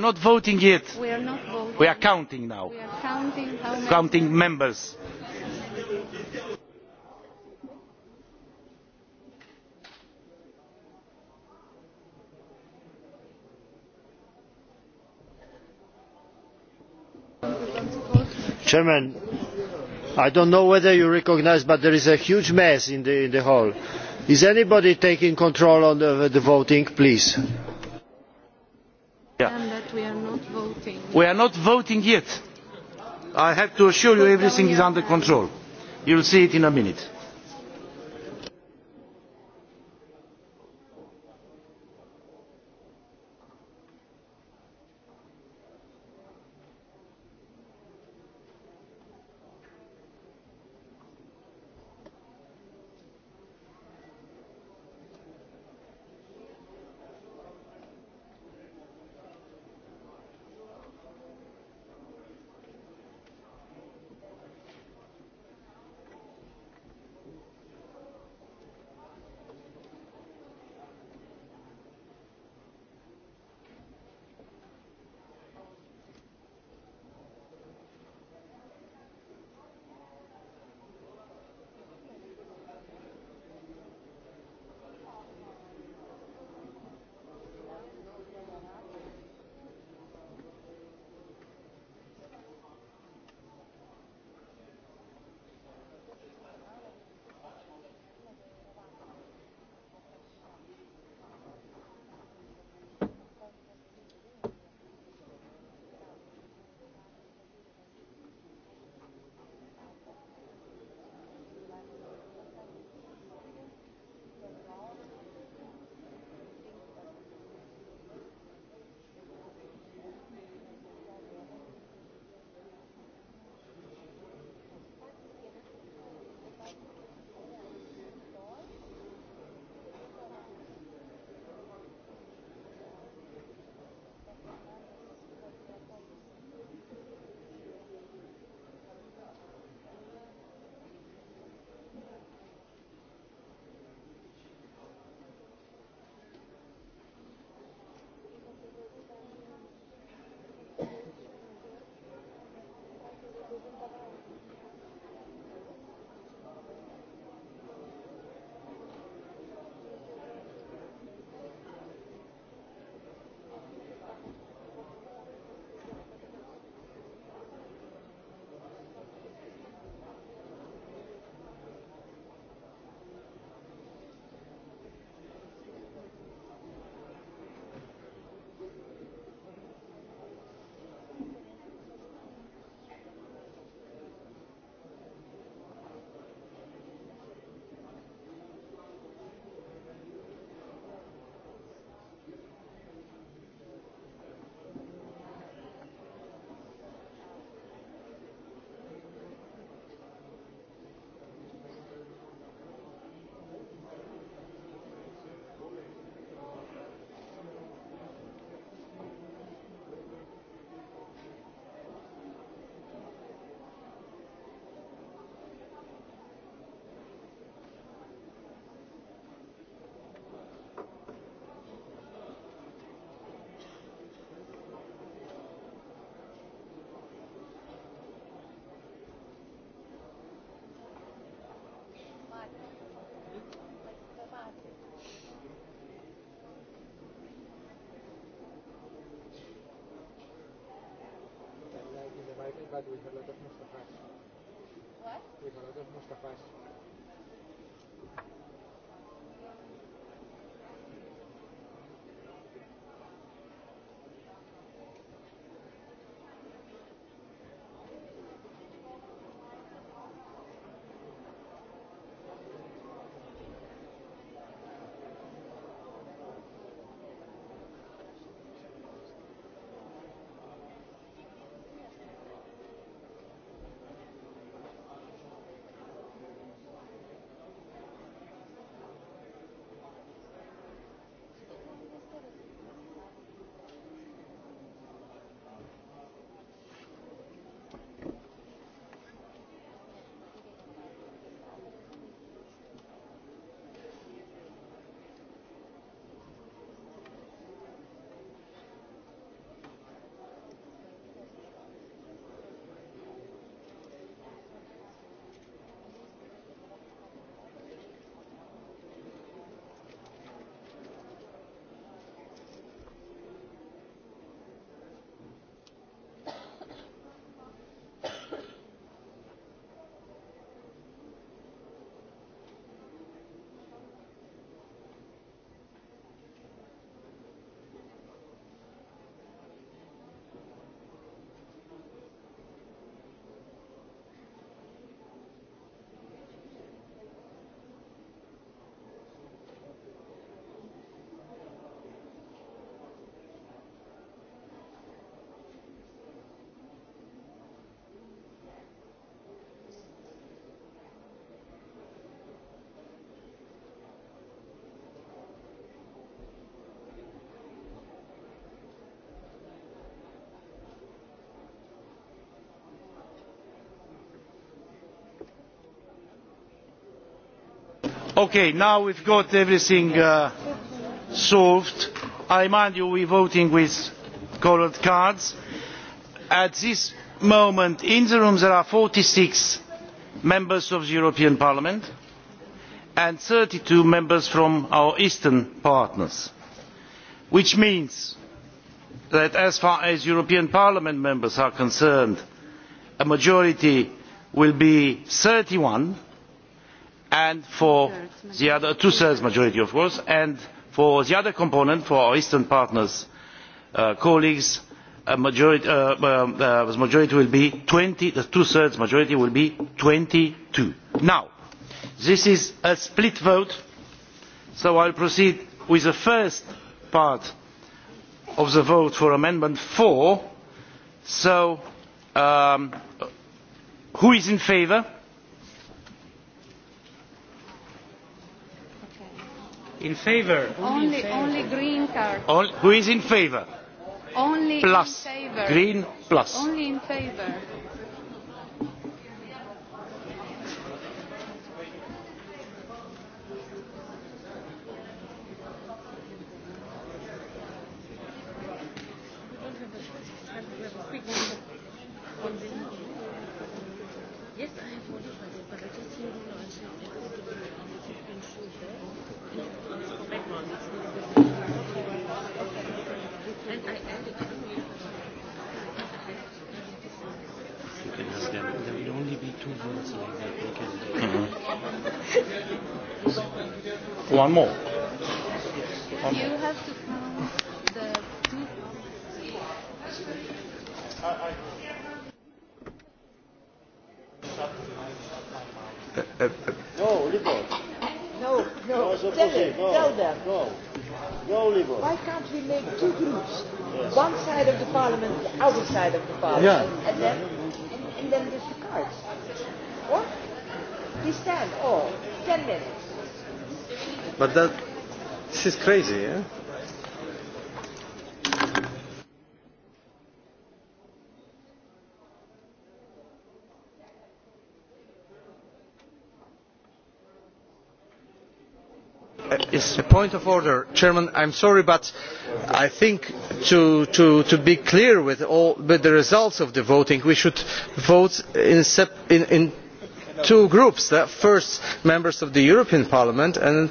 Speaker 41: not voting yet.
Speaker 12: We are, not voting. We are
Speaker 41: counting now. We
Speaker 12: are counting, how many
Speaker 41: counting members.
Speaker 43: Chairman, I don't know whether you recognize, but there is a huge mess in the, in the hall. Is anybody taking control of the, the voting, please?
Speaker 41: we are not voting yet. i have to assure you everything is under control. you will see it in a minute.
Speaker 10: glad we have a lot of Mustafas. What? We have a lot of Mustafas.
Speaker 41: Okay, now we've got everything uh, solved. I remind you we're voting with coloured cards. At this moment in the room there are 46 members of the European Parliament and 32 members from our eastern partners, which means that as far as European Parliament members are concerned, a majority will be 31 and for the other two thirds majority of course and for the other component for our eastern partners uh, colleagues a majority, uh, um, uh, majority will be 20, the two thirds majority will be 22. Now, this is a split vote, so I'll proceed with the first part of the vote for Amendment 4. So, um, who is in favour? In favor? Only, in favor.
Speaker 42: only green card.
Speaker 41: All, who is in favor?
Speaker 42: Only plus. in favor. Green plus. Only in favor.
Speaker 21: one more.
Speaker 19: But that,
Speaker 24: this is crazy, yeah?
Speaker 12: Yes, uh, a
Speaker 19: point of order. Chairman, I'm sorry, but I think to, to, to be clear with, all, with the results of the voting, we should vote in, sep, in, in two groups. First, members of the European Parliament and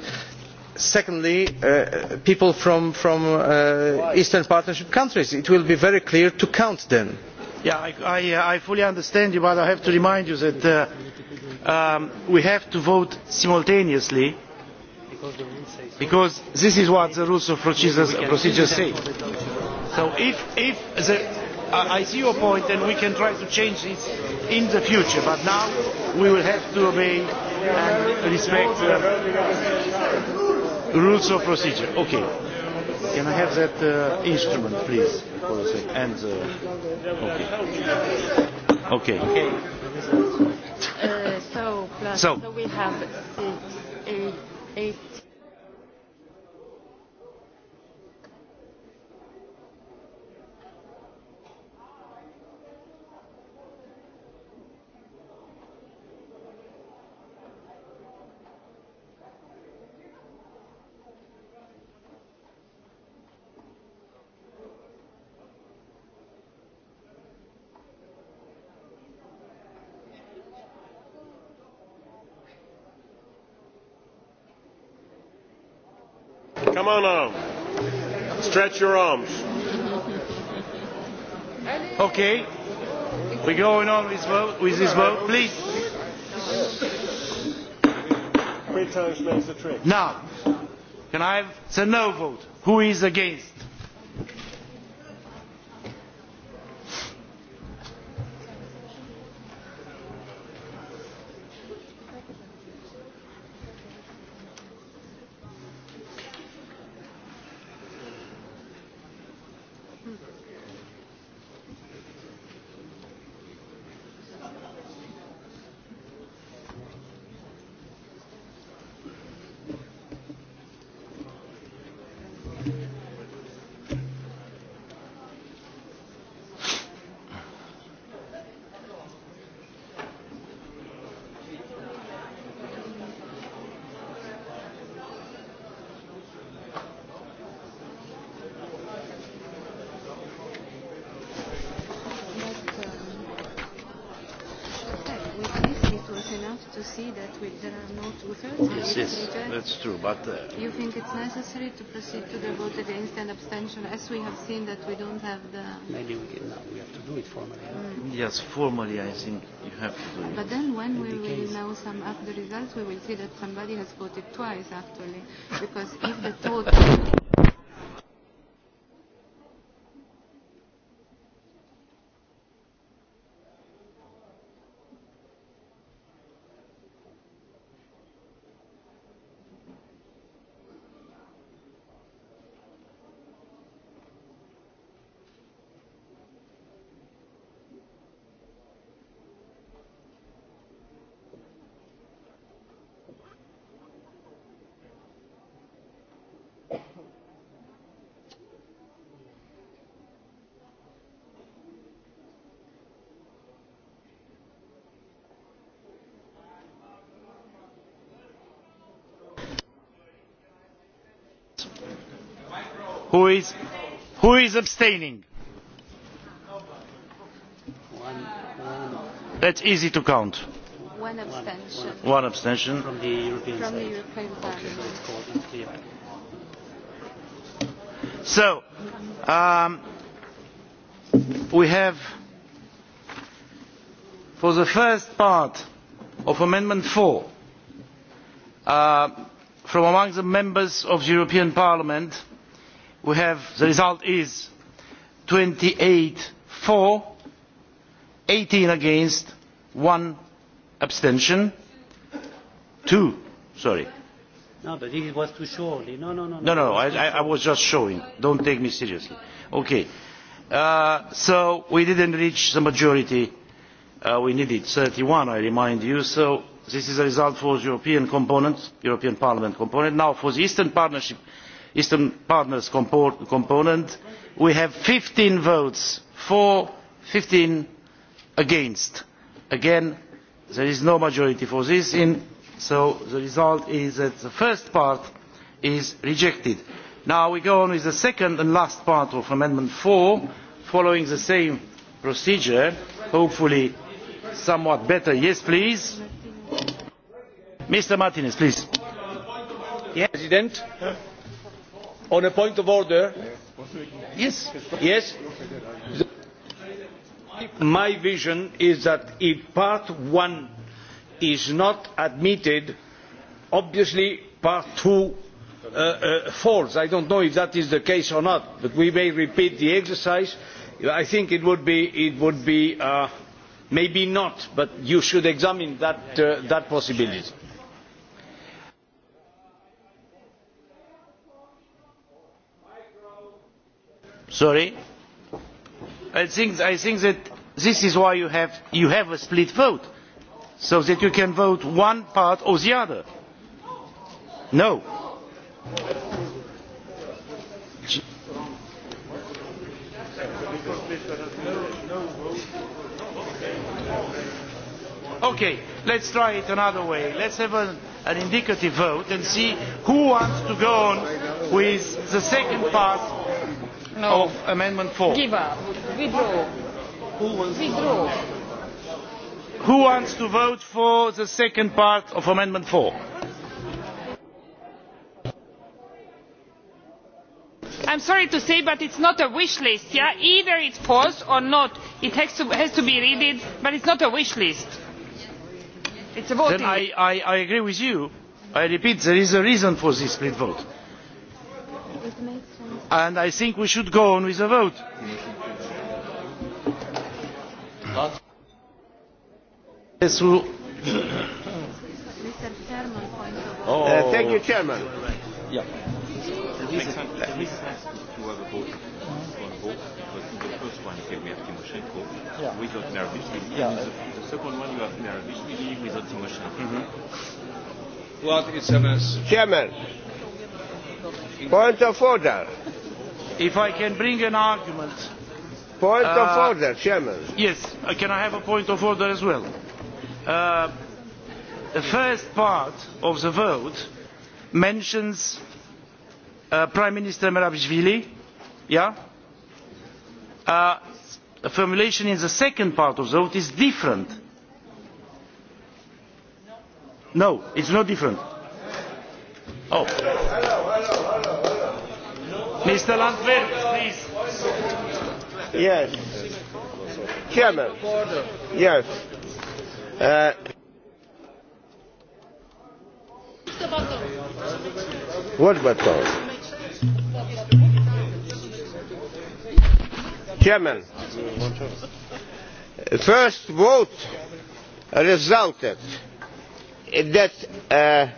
Speaker 19: secondly uh, people from the uh, eastern partnership countries it will be very clear to count them.
Speaker 41: Yeah, I, i uh, fully understand you but i have to remind you that um, we have to vote simultaneously because this is what the rules of procedure say. so if, if the, i see your point and we can try to change this in the future but now we will have to obey and respect.
Speaker 12: Uh, rules
Speaker 41: of procedure. Okay. Can I have that uh, instrument, please, for a second? And the... Uh, okay. Okay. okay.
Speaker 12: Uh, so, plus, so, so we have six, eight, eight
Speaker 16: on now. Stretch your arms. Okay. We're going on with, vote, with this vote. Please. Three times makes the trick.
Speaker 41: Now, can I have the no vote? Who is against?
Speaker 42: that's true, but... Uh, you think it's necessary to proceed to the vote against and abstention, as we have seen that we don't have the...
Speaker 33: Maybe we can, no, uh, we have to do it formally. Mm.
Speaker 41: Yes, formally I think you have to do it. But then when In we the
Speaker 42: will case... now sum up the results, we will see that somebody has voted twice, actually, because if the total...
Speaker 41: Who is, who is abstaining? That's easy to count.
Speaker 42: One abstention. One
Speaker 41: abstention. From the European, From the European Parliament. Okay, so
Speaker 1: it's called unclear.
Speaker 41: So, um, we have for the first part of amendment four uh, from among the members of the european parliament we have the result is twenty eight for eighteen against one abstention two sorry
Speaker 8: no but it was too surely no no no no
Speaker 41: no I, I, I was just showing don't take me seriously okay uh, so we didn't reach the majority uh, we needed 31 I remind you so this is a result for the European component European Parliament component now for the Eastern Partnership uh, eastern partners component we have fifteen votes for fifteen against. again there is no majority for this in, so the result is that the first part is rejected. now we go on with the second and last part of amendment four following the same procedure hopefully somewhat better. yes please. mr martinez please. herr präsident! on a point of order yes yes
Speaker 7: my vision is that if part one is not admitted obviously part two uh, uh, falls. i do not know if that is the case or not but we may repeat the exercise. i think it would be, it would be uh, maybe not but you should examine that, uh, that possibility.
Speaker 41: sorry i think, I think that this is why you have, you have a split vote so that you can vote one part or the other. no. okay let us try it another way let us have an, an indicative vote and see who wants to go on with the second part no. of amendment 4?
Speaker 26: Give up. Withdraw.
Speaker 12: Who wants Withdraw. To...
Speaker 41: Who wants to vote for the second part of amendment 4?
Speaker 35: i am sorry to say but it is not a wish list. Yeah? either it falls or not. it has to, has to be read but it is not a wish list. it is a voting I,
Speaker 41: I, i agree with you. i repeat there is a reason for this split vote. it makes and i think we should go on with the vote. Yes, we...
Speaker 42: oh. uh, thank you chairman. Yeah. Yeah.
Speaker 44: Without Meravishvili, yeah. the, the second one you have Meravishvili without Timoshenko. Mm-hmm. What is a mess? Chairman,
Speaker 17: point of order.
Speaker 41: If I can bring an argument. Point uh, of order, Chairman. Yes, uh, can I have a point of order as well? Uh, the first part of the vote mentions uh, Prime Minister Merabishvili. Yeah? Uh, the formulation in the second part of the vote is different. No, it's not different. Oh.
Speaker 12: Mr. Landwehr, please. Yes. Chairman. Yes. Uh, what button?
Speaker 27: Chairman. First vote resulted
Speaker 8: that uh,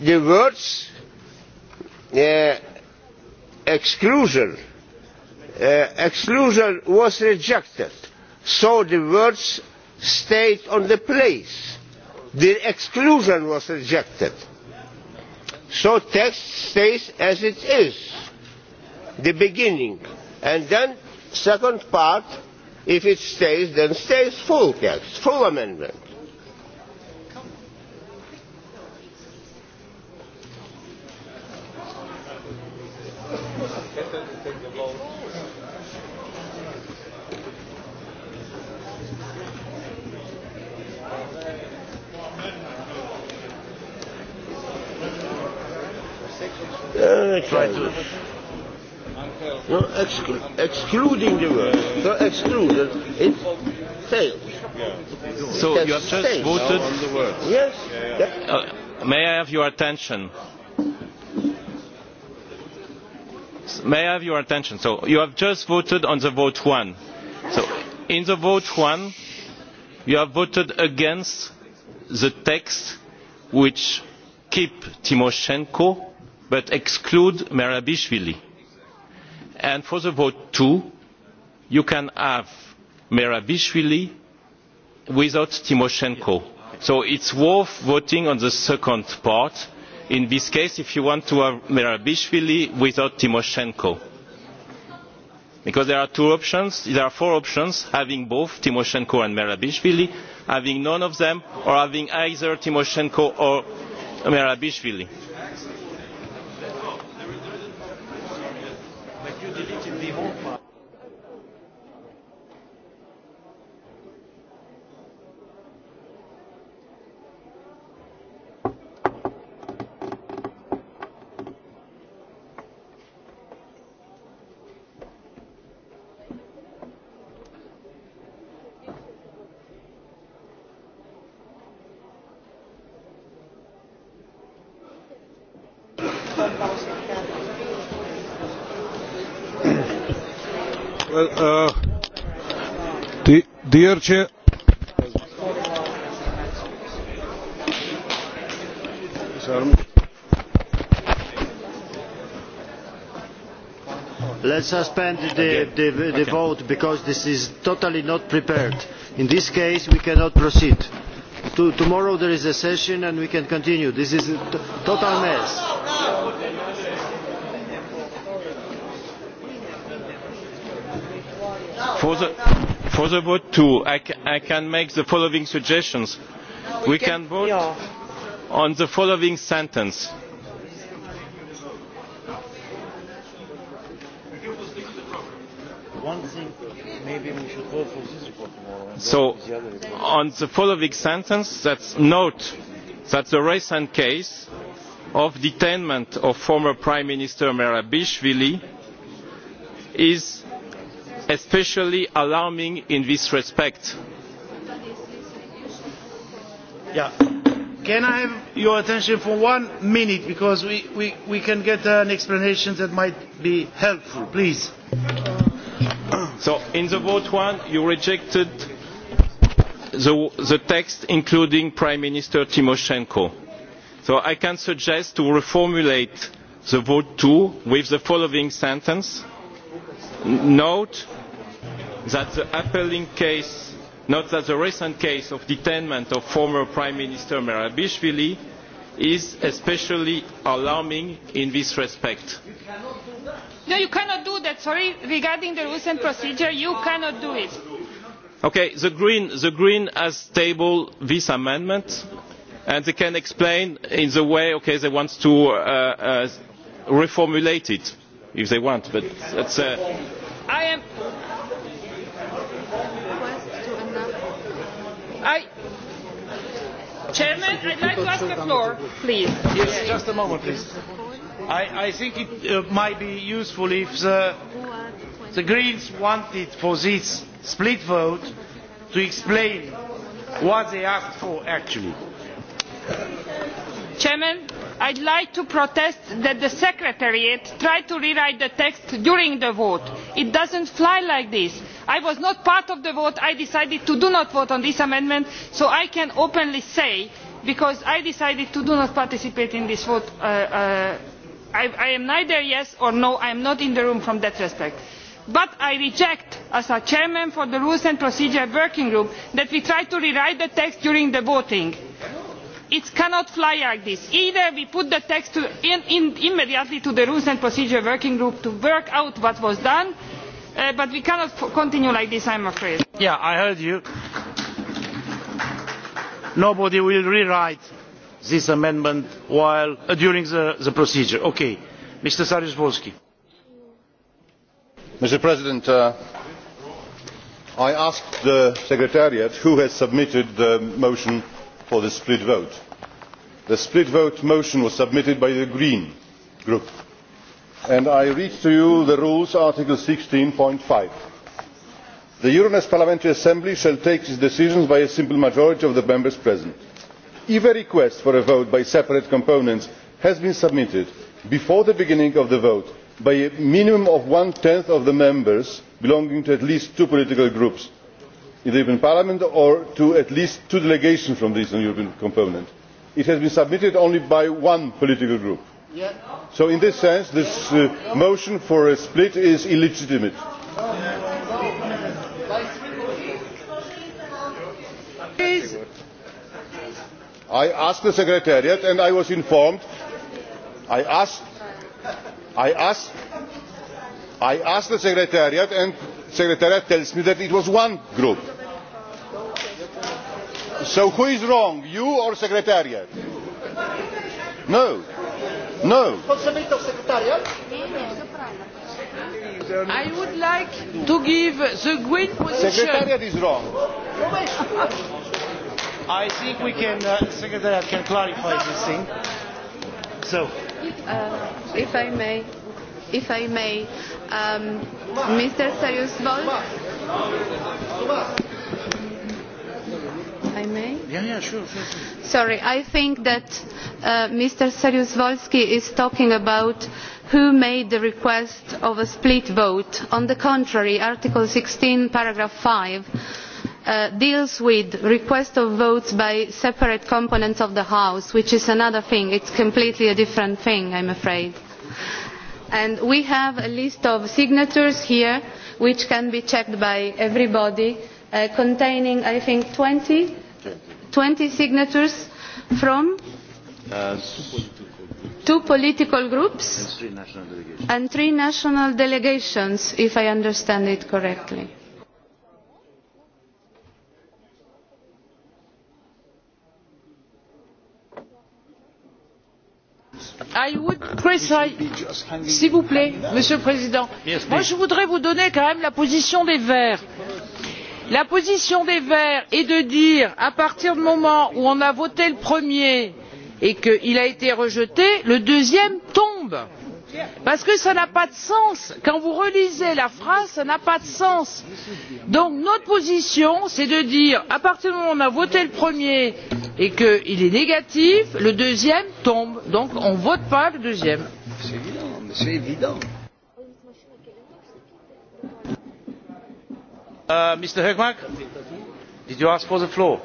Speaker 8: the words uh, exclusion uh, exclusion was rejected so the words stayed on the place the exclusion was rejected so text stays as it is the beginning and then second part if it stays then stays full text full amendment
Speaker 17: Another try to. No, exclu- excluding the word. No, excluded. It
Speaker 12: fails. Yeah. So it you have just failed. voted. No, on the word. Yes. Yeah, yeah.
Speaker 44: Yep. Uh, may I have your attention? May I have your attention? So you have just voted on the vote one. So in the vote one, you have voted against the text which keep Timoshenko but exclude merabishvili and for the vote two you can have merabishvili without tymoshenko so it is worth voting on the second part in this case if you want to have merabishvili without tymoshenko because there are two options there are four options having both tymoshenko and merabishvili having none of them or having either tymoshenko or merabishvili.
Speaker 20: ir čia.
Speaker 43: Let's suspend the, the, the vote because this is totally not prepared. In this case, we cannot proceed. To, tomorrow there is a session and we can continue. This is a t total mess.
Speaker 44: Vorsitzender for the vote too I, i can make the following suggestions we, we can, can vote yeah. on the following sentence
Speaker 41: one thing maybe
Speaker 27: we should vote for this report tomorrow
Speaker 41: and so the other
Speaker 44: report. on the following sentence that's note that the recent case of detainment of former prime minister merabishvili is especially alarming in this respect.
Speaker 39: Yeah.
Speaker 41: Can I have your attention for one minute because we, we, we can get an explanation
Speaker 44: that might be helpful, please. So in the vote one, you rejected the, the text including Prime Minister Timoshenko. So I can suggest to reformulate the vote two with the following sentence note that the appalling case note that the recent case of detainment of former prime minister merabishvili is especially alarming in this respect.
Speaker 35: No, you cannot do that. Sorry, regarding the rules and procedure, you cannot do it.
Speaker 44: Okay, the Green, the Green has tabled this amendment, and they can explain in the way okay, they want to uh, uh, reformulate it if they want. But that's. Uh,
Speaker 35: I am. I. Chairman, I'd like to ask the floor, please. Yes, just a moment, please.
Speaker 41: I, I think it uh, might be useful if the, the Greens wanted for this split vote to explain what they asked for actually
Speaker 35: chairman i would like to protest that the secretariat tried to rewrite the text during the vote. it does not fly like this. i was not part of the vote i decided to not vote on this amendment so i can openly say because i decided to not participate in this vote uh, uh, I, i am neither yes nor no i am not in the room from that respect but i reject as chairman of the rules and procedure working group that we tried to rewrite the text during the voting it cannot fly like this. either we put the text in, in immediately to the rules and procedure working group to work out what was done uh, but we cannot continue like this i am afraid. yeah i heard you.
Speaker 41: nobody will rewrite this amendment while uh, during the, the procedure. okay. mr
Speaker 6: saryusz wolski. mr president uh, i asked the secretariat who had submitted the motion for the split vote. the split vote motion was submitted by the green group and i read to you the rules article. sixteen five the euronest parliamentary assembly shall take its decisions by a simple majority of the members present. if a request for a vote by separate components has been submitted before the beginning of the vote by a minimum of one tenth of the members belonging to at least two political groups in the european parliament or to at least two delegations from the eastern european component. it has been submitted only by one political group so in this sense this uh, motion for a split is illegitimate. i asked the secretariat and i was informed i asked i asked i asked the secretariat and the secretariat tells me that it was one group. So who is wrong, you or Secretariat? No. No.
Speaker 14: Responsibility of Secretariat?
Speaker 6: I would like to give the green
Speaker 41: position. Secretariat is wrong. I think we can, uh, Secretariat can clarify this thing. So.
Speaker 42: Uh, if I may, if I may, um, Mr. Serious Volk? if I may?
Speaker 41: Yeah, yeah, sure, sure, sure.
Speaker 42: Sorry, I think that uh, Mr. Seriusvolsky is talking about who made the request of a split vote. On the contrary, Article 16, paragraph 5, uh, deals with request of votes by separate components of the House, which is another thing. It's completely a different thing, I'm afraid. And we have a list of signatures here, which can be checked by everybody, uh, containing, I think, 20 20 signatures from uh, two political groups
Speaker 5: and three,
Speaker 42: and three national delegations, if I understand it correctly.
Speaker 25: s'il vous plaît monsieur le président Moi, je voudrais vous donner quand même la position des verts la position des verts est de dire à partir du moment où on a voté le premier et qu'il a été rejeté le deuxième tombe parce que cela n'a pas de sens quand vous relisez la phrase cela n'a pas de sens. donc notre position c'est de dire à partir du moment où on a voté le premier et qu'il est négatif le deuxième tombe donc on ne vote pas le deuxième. c'est évident mais c'est évident.
Speaker 41: Uh, mr hkmark
Speaker 16: did you ask for the floor?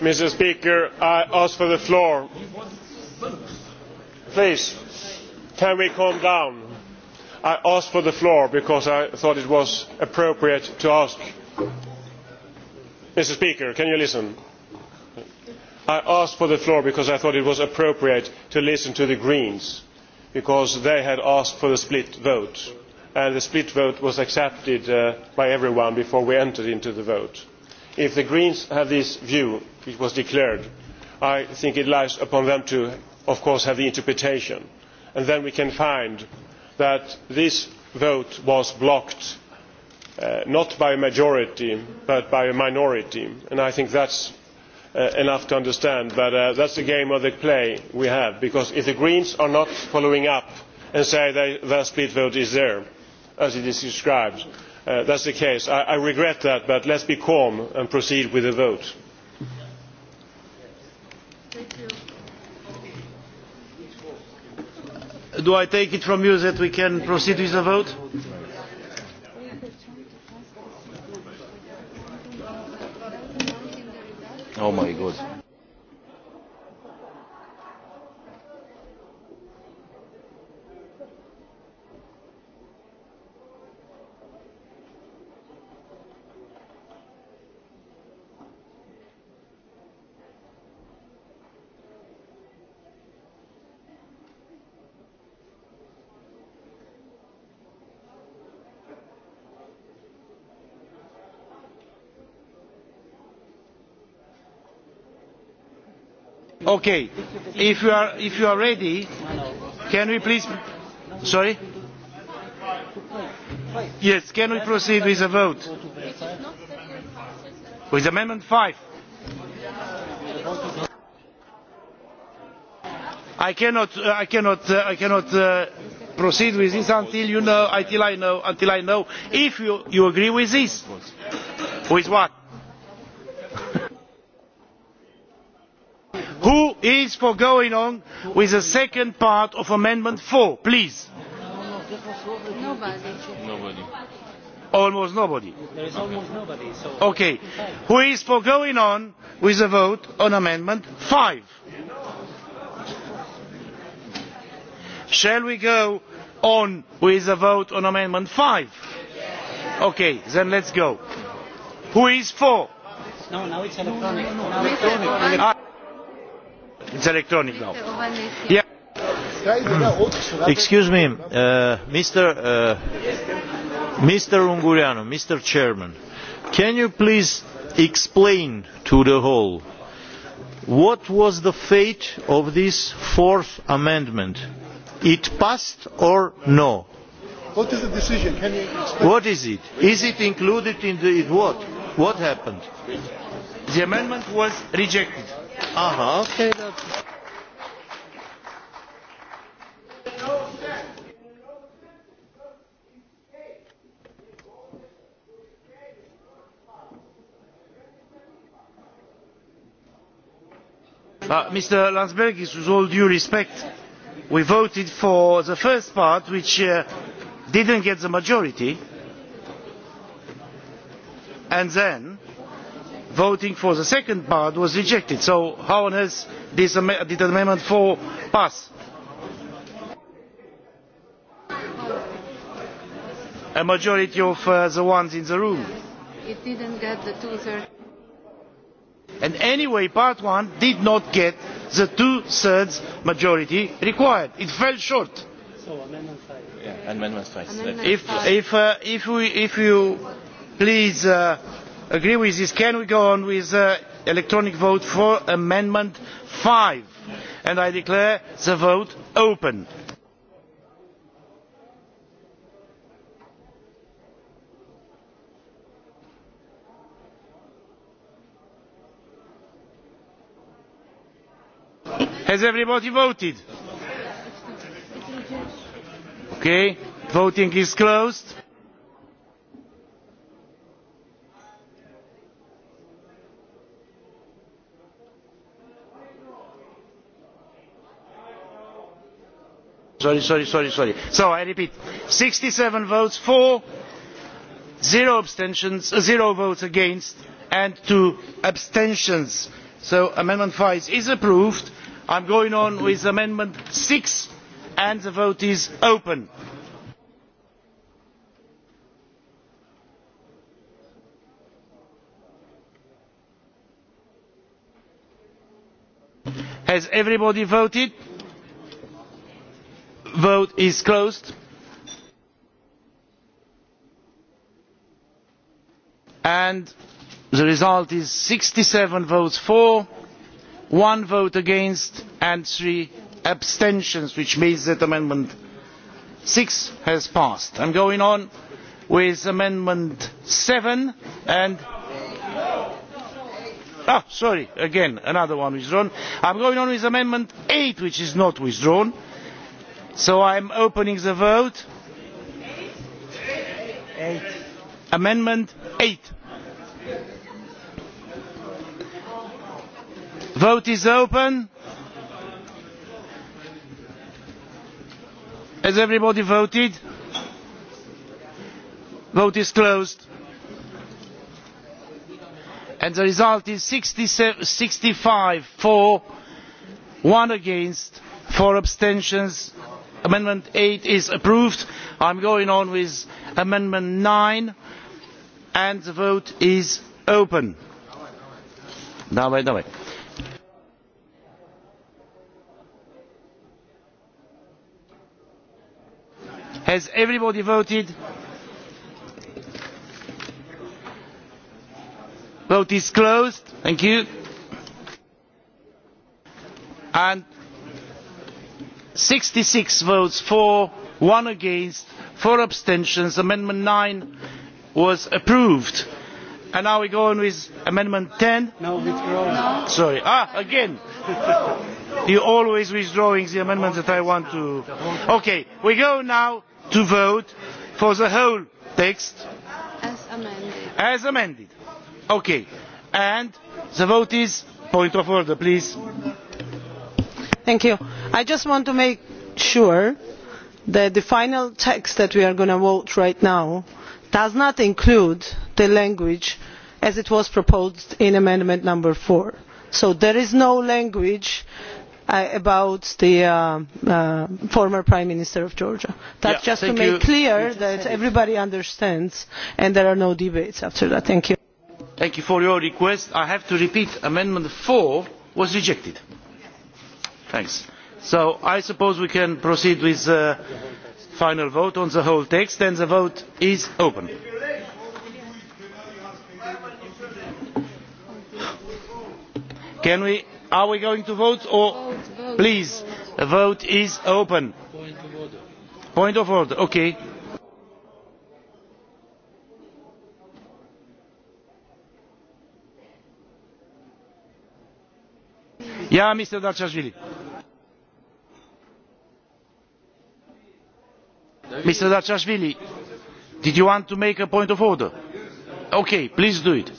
Speaker 16: mr president i asked for the floor. please can we calm down? i asked for the floor because i thought it was appropriate to ask. mr speaker can you listen? i asked for the floor because i thought it was appropriate to listen to the greens because they had asked for a split vote and uh, the split vote was accepted uh, by everyone before we entered into the vote. if the greens have this view it was declared i think it lies upon them to of course have the interpretation and then we can find that this vote was blocked uh, not by a majority but by a minority and i think that is enough to understand but that is the game of play we have because if the greens are not following up and say their split vote is there as it is described. Uh, that is the case. I, i regret that but let us be calm and proceed with the vote.
Speaker 41: do i take it from you that we can proceed with the vote? oh my god. Okay. If you are if you are ready, can we please? Sorry. Yes. Can we proceed with the vote? With Amendment Five. I cannot. Uh, I cannot. Uh, I cannot. Uh, proceed with this until you know until i know until i know if you, you agree with this with what is for going on with the second part of amendment four please.
Speaker 12: Nobody. Nobody.
Speaker 41: Almost nobody.
Speaker 12: There is okay. almost nobody. So
Speaker 41: okay. Who is for going on with the vote on amendment five? Shall we go on with the vote on amendment five? Okay, then let's go. Who is for?
Speaker 12: No, now it's electronic. No, no, no. Now it's electronic. Ah.
Speaker 41: It's electronic now.
Speaker 12: Yeah.
Speaker 5: Excuse me, uh, Mr. Uh, Mr. Unguriano, Mr. Chairman, can you please explain to the whole what was the fate of this fourth amendment? It passed or no?
Speaker 9: What is the decision? Can you explain?
Speaker 5: What is it? Is it included in the in what? What happened? The amendment
Speaker 12: was rejected Aha, okay.
Speaker 42: That's...
Speaker 41: Uh, mr landsbergis with all due respect we voted for the first part which uh, did not get the majority and then voting for the second part was rejected so how on earth did amendment four pass? a majority of uh, the ones in the room.
Speaker 42: it did not get the two thirds.
Speaker 41: and anyway part one did not get the two thirds majority required. it fell short. So, amendment five. Yeah, amendment five. Amendment if, five. If, uh, if, we, if you please uh, agree with this can we go on with the uh, electronic vote for amendment five and i declare the vote open. has everybody voted? okay voting is closed sorry, sorry, sorry, sorry. So I repeat, 67 votes for, zero abstentions, uh, zero votes against, and two abstentions. So Amendment 5 is approved. I'm going on with Amendment 6, and the vote is open. Has everybody voted? vote is closed and the result is sixty seven votes for one vote against and three abstentions which means that amendment six has passed. i am going on with amendment seven and oh sorry again another one withdrawn. i am going on with amendment eight which is not withdrawn so i am opening the vote. Eight. amendment eight vote is open. has everybody voted? vote is closed and the result is sixty five for one against four abstentions amendment eight is approved. i am going on with amendment nine and the vote is open. No, wait, no, wait. has everybody voted? vote is closed. thank you. and sixty six votes for one against four abstentions amendment nine was approved and now we go on with amendment ten no withdrawn sorry ah again you always withdrawing the amendments that i want to okay we go now to vote for the whole text as amended as amended okay and the vote is point of order please
Speaker 31: i just want to make sure that the final text that we are going to vote on right now does not include the language as was proposed in amendment four so there is no language uh, about the uh, uh, former prime minister of georgia. that is yeah, just to make you. clear that everybody understands and there are no debates after that. thank you.
Speaker 41: thank you for your request. i have to repeat amendment four was rejected. Thanks. So I suppose we can proceed with the final vote on the whole text and the vote is open. Can we, are we going to vote or vote, vote, please vote. the vote is open.
Speaker 3: Point of order.
Speaker 41: Point of order, okay. Yeah, Mr. Darchashvili. Mr. Dachashvili, did you want to make a point of order? Okay, please do it.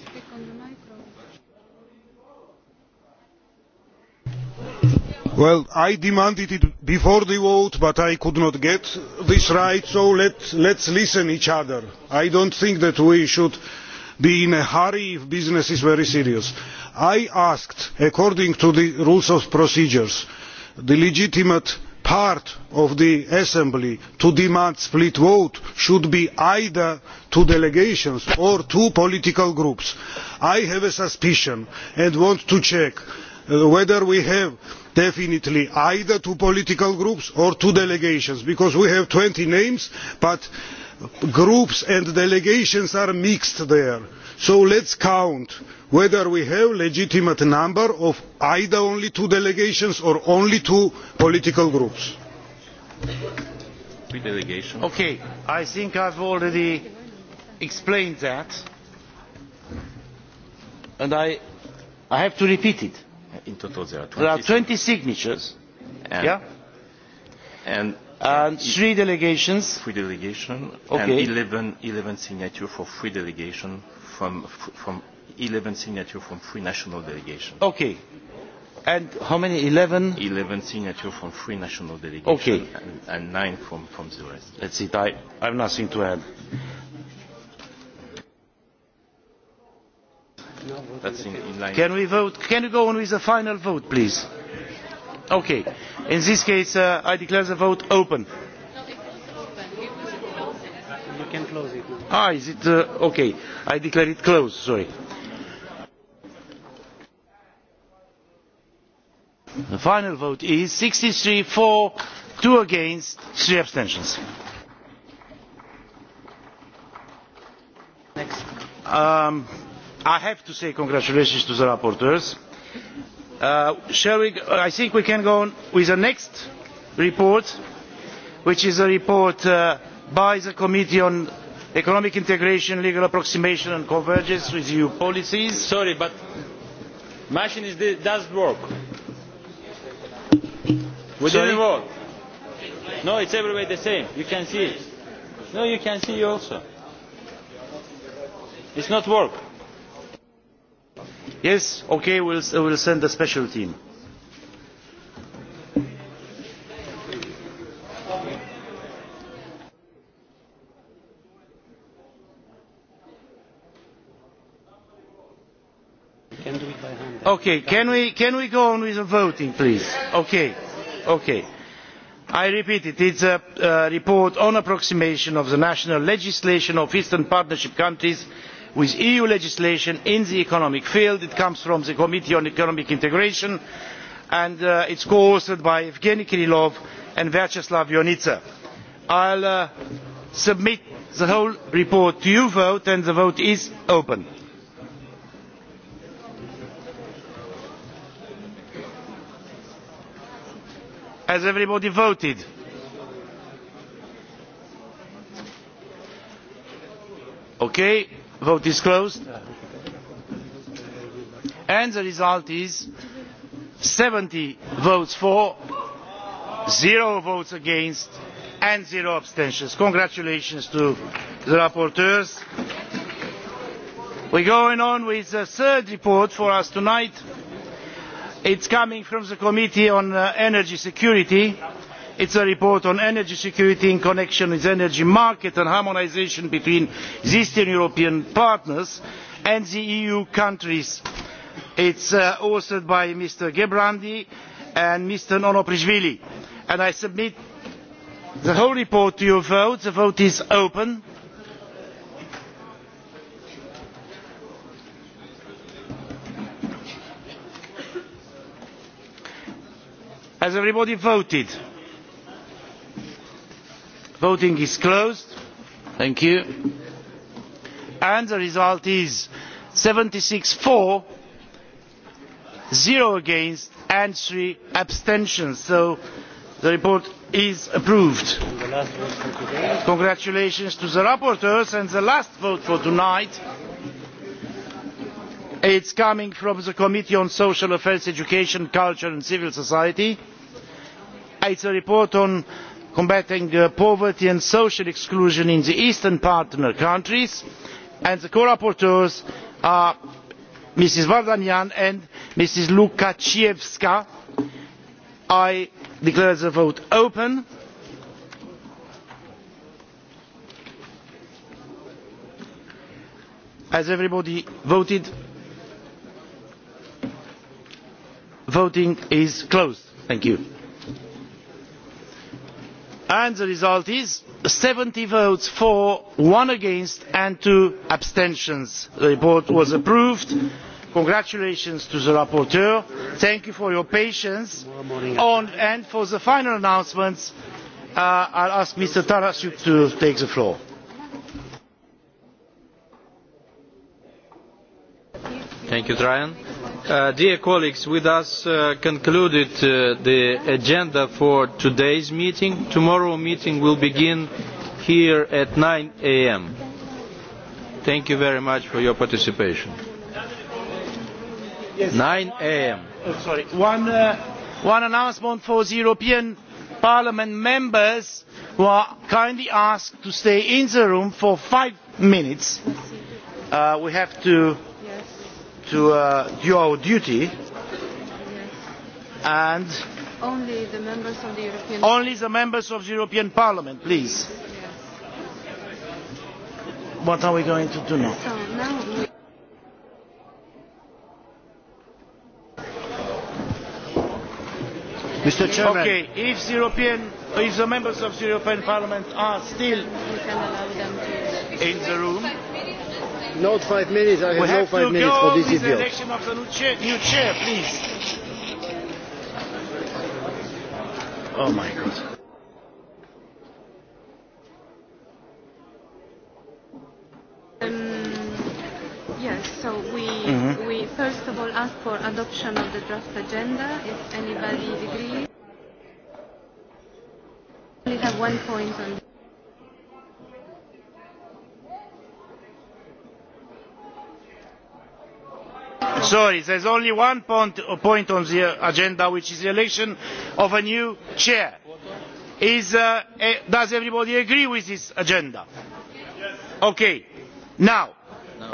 Speaker 20: Well, I demanded it before the vote, but I could not get this right, so let, let's listen each other. I don't think that we should be in a hurry if business is very serious. I asked, according to the rules of procedures, the legitimate uh, part of the assembly to demand a split vote should be either two delegations or two political groups. i have a suspicion and want to check uh, whether we have definitely either two political groups or two delegations because we have twenty names but groups and delegations are mixed there so let us count whether we have a legitimate number of either only two delegations or only two political groups.
Speaker 41: Okay, i think i have already explained that and i, I have to repeat it. in total there are twenty, there are 20 signatures and, yeah?
Speaker 44: and, and three delegations three delegations okay. and eleven signatures for three delegations from, from 11 signatures from three national delegations. Okay. And how many? 11? 11 signatures from three national delegations.
Speaker 41: Okay. And, and nine from, from the rest. That's it. I, I have nothing to add.
Speaker 12: That's in, in line. Can we
Speaker 41: vote? Can you go on with the final vote, please? Okay. In this case, uh, I declare the vote open. You
Speaker 33: can close it now.
Speaker 41: Ah, is it? Uh, okay. I declare it closed. Sorry. the final vote is sixty three for two against three abstentions. Um, i have to say congratulations to the rapporteurs. Uh, we, i think we can go on with the next report which is a report uh, by the committee on economic integration legal approximation and convergence with eu policies. sorry but
Speaker 21: the machine does work. We Sorry? didn't vote. No, it's everywhere the same. You can see it. No, you can see also. It's not work. Yes, okay,
Speaker 41: we'll, we'll send a special team. okay can we can we go on with the voting please okay Okay. i repeat it is a uh, report on approximation of the national legislation of eastern partnership countries with eu legislation in the economic field. it comes from the committee on economic integration and uh, it is co authored by evgeny kirilov and vyacheslav ionita. i will uh, submit the whole report to your vote and the vote is open. Has everybody voted? Okay, vote is closed. And the result is 70 votes for, 0 votes against and 0 abstentions. Congratulations to the rapporteurs. We're going on with the third report for us tonight it is coming from the committee on uh, energy security it is a report on energy security in connection with the energy market and harmonisation between eastern european partners and the eu countries. it is authored uh, by mr gerbrandy and mr onoprishvili and i submit the whole report to your vote. the vote is open. has everybody voted? voting is closed thank you and the result is seventy six for zero against and three abstentions so the report is approved. congratulations to the rapporteurs and the last vote for tonight is coming from the committee on social affairs education culture and civil society is a report on combating uh, poverty and social exclusion in the eastern partner countries and the co rapporteurs are mrs vardanian and mrs lukaevica. i declare the vote open. has everybody voted? voting is closed. thank you and the result is seventy votes for one against and two abstentions. the report was approved. congratulations to the rapporteur. thank you for your patience. On, and for the final announcements uh, i will ask mr tarasyuk to take the floor.
Speaker 3: thank you, Brian Uh, dear colleagues, we thus uh, concluded uh, the agenda for today's meeting. Tomorrow meeting will begin here at 9 a.m. Thank you very much for your participation. Yes. 9
Speaker 41: a.m. Oh, sorry. One, uh, one announcement for the European Parliament members who are kindly asked to stay in the room for five minutes. Uh, we have to to uh, do our duty and
Speaker 42: only the members of the European only
Speaker 41: the members of the European Parliament, please. Yes. What are we going to do now?
Speaker 42: So now we
Speaker 41: Mr. Chairman. Okay, if the European, if the members of the European Parliament are still
Speaker 42: in
Speaker 41: the room.
Speaker 43: Not five minutes. I have, we have no five minutes for this debate.
Speaker 41: election of the new chair, new chair,
Speaker 12: please. Oh my God.
Speaker 42: Um, yes, so we, mm-hmm. we first of all ask for adoption of the draft agenda, if anybody agrees. We have one point on
Speaker 41: sorry there is only one point, point on the agenda which is the election of a new chair. Is, uh, a, eh, does everybody agree with this agenda? okay now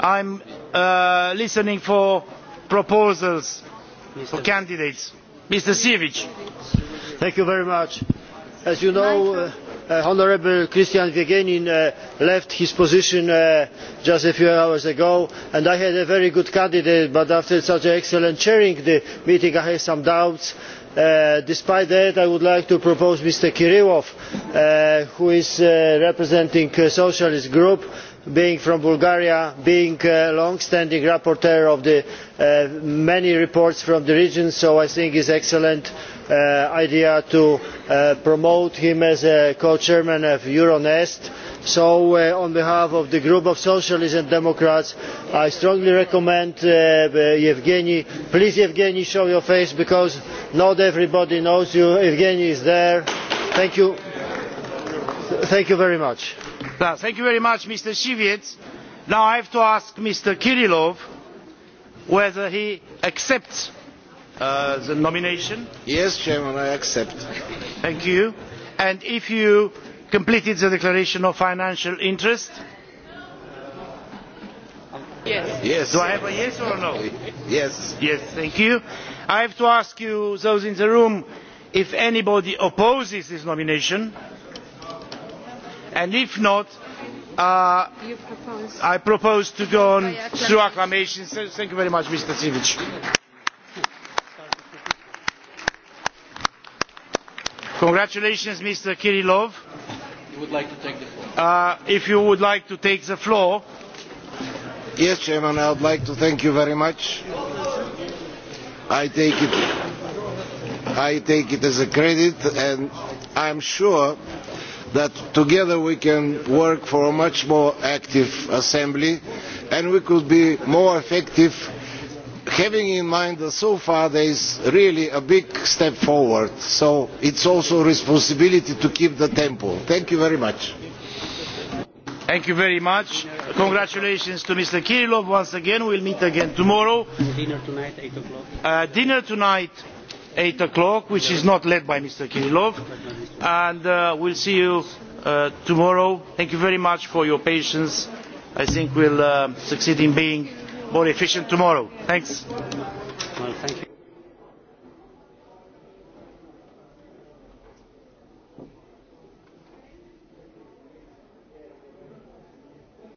Speaker 41: i am uh, listening for proposals for candidates. mr siwiec.
Speaker 43: thank you very much. as you know uh, Uh, honourable christian gueguenin uh, left his position uh, just a few hours ago and i had a very good candidate but after such an excellent chairing of the meeting i have some doubts. despite that i would like to propose mr kirilov who is representing the socialist group being from bulgaria being a long standing rapporteur on many reports from the region so i think he is an excellent Uh, idea to uh, promote him as co chair of euronest so uh, on behalf of the group of socialists and democrats i strongly recommend evgeny please evgeny show your face because not everybody knows you. evgeny is there. thank you. thank you very much.
Speaker 41: thank you very much mr siwiec. now i have to ask mr kirilov whether he accepts uh, the nomination? Yes, Chairman, I accept. Thank you. And if you completed the declaration of financial interest?
Speaker 12: Yes. yes. Do I have a yes or a no?
Speaker 41: Yes. Yes, thank you. I have to ask you, those in the room, if anybody opposes this nomination. And if not, uh, propose. I propose to go on through acclamations. Thank you very much, Mr. Sivic. Congratulations, Mr. Kirillov.
Speaker 3: You would like to take the
Speaker 41: floor. Uh, if you would like to take the floor.
Speaker 27: Yes, Chairman, I would like to thank you very much. I take it, I take it as a credit, and I'm sure that together we can work for a much more active assembly, and we could be more effective having in mind that so far there is really a big step forward so it is also a responsibility to keep the tempo. thank you very much.
Speaker 41: thank you very much. congratulations to mr kirilov once again. we will meet again tomorrow.
Speaker 8: dinner tonight eight o'clock.
Speaker 41: Uh, dinner tonight eight o'clock which is not led by mr kirilov and uh, we will see you uh, tomorrow. thank you very much for your patience. i think we will uh, succeed in being more efficient tomorrow. thanks. Well, thank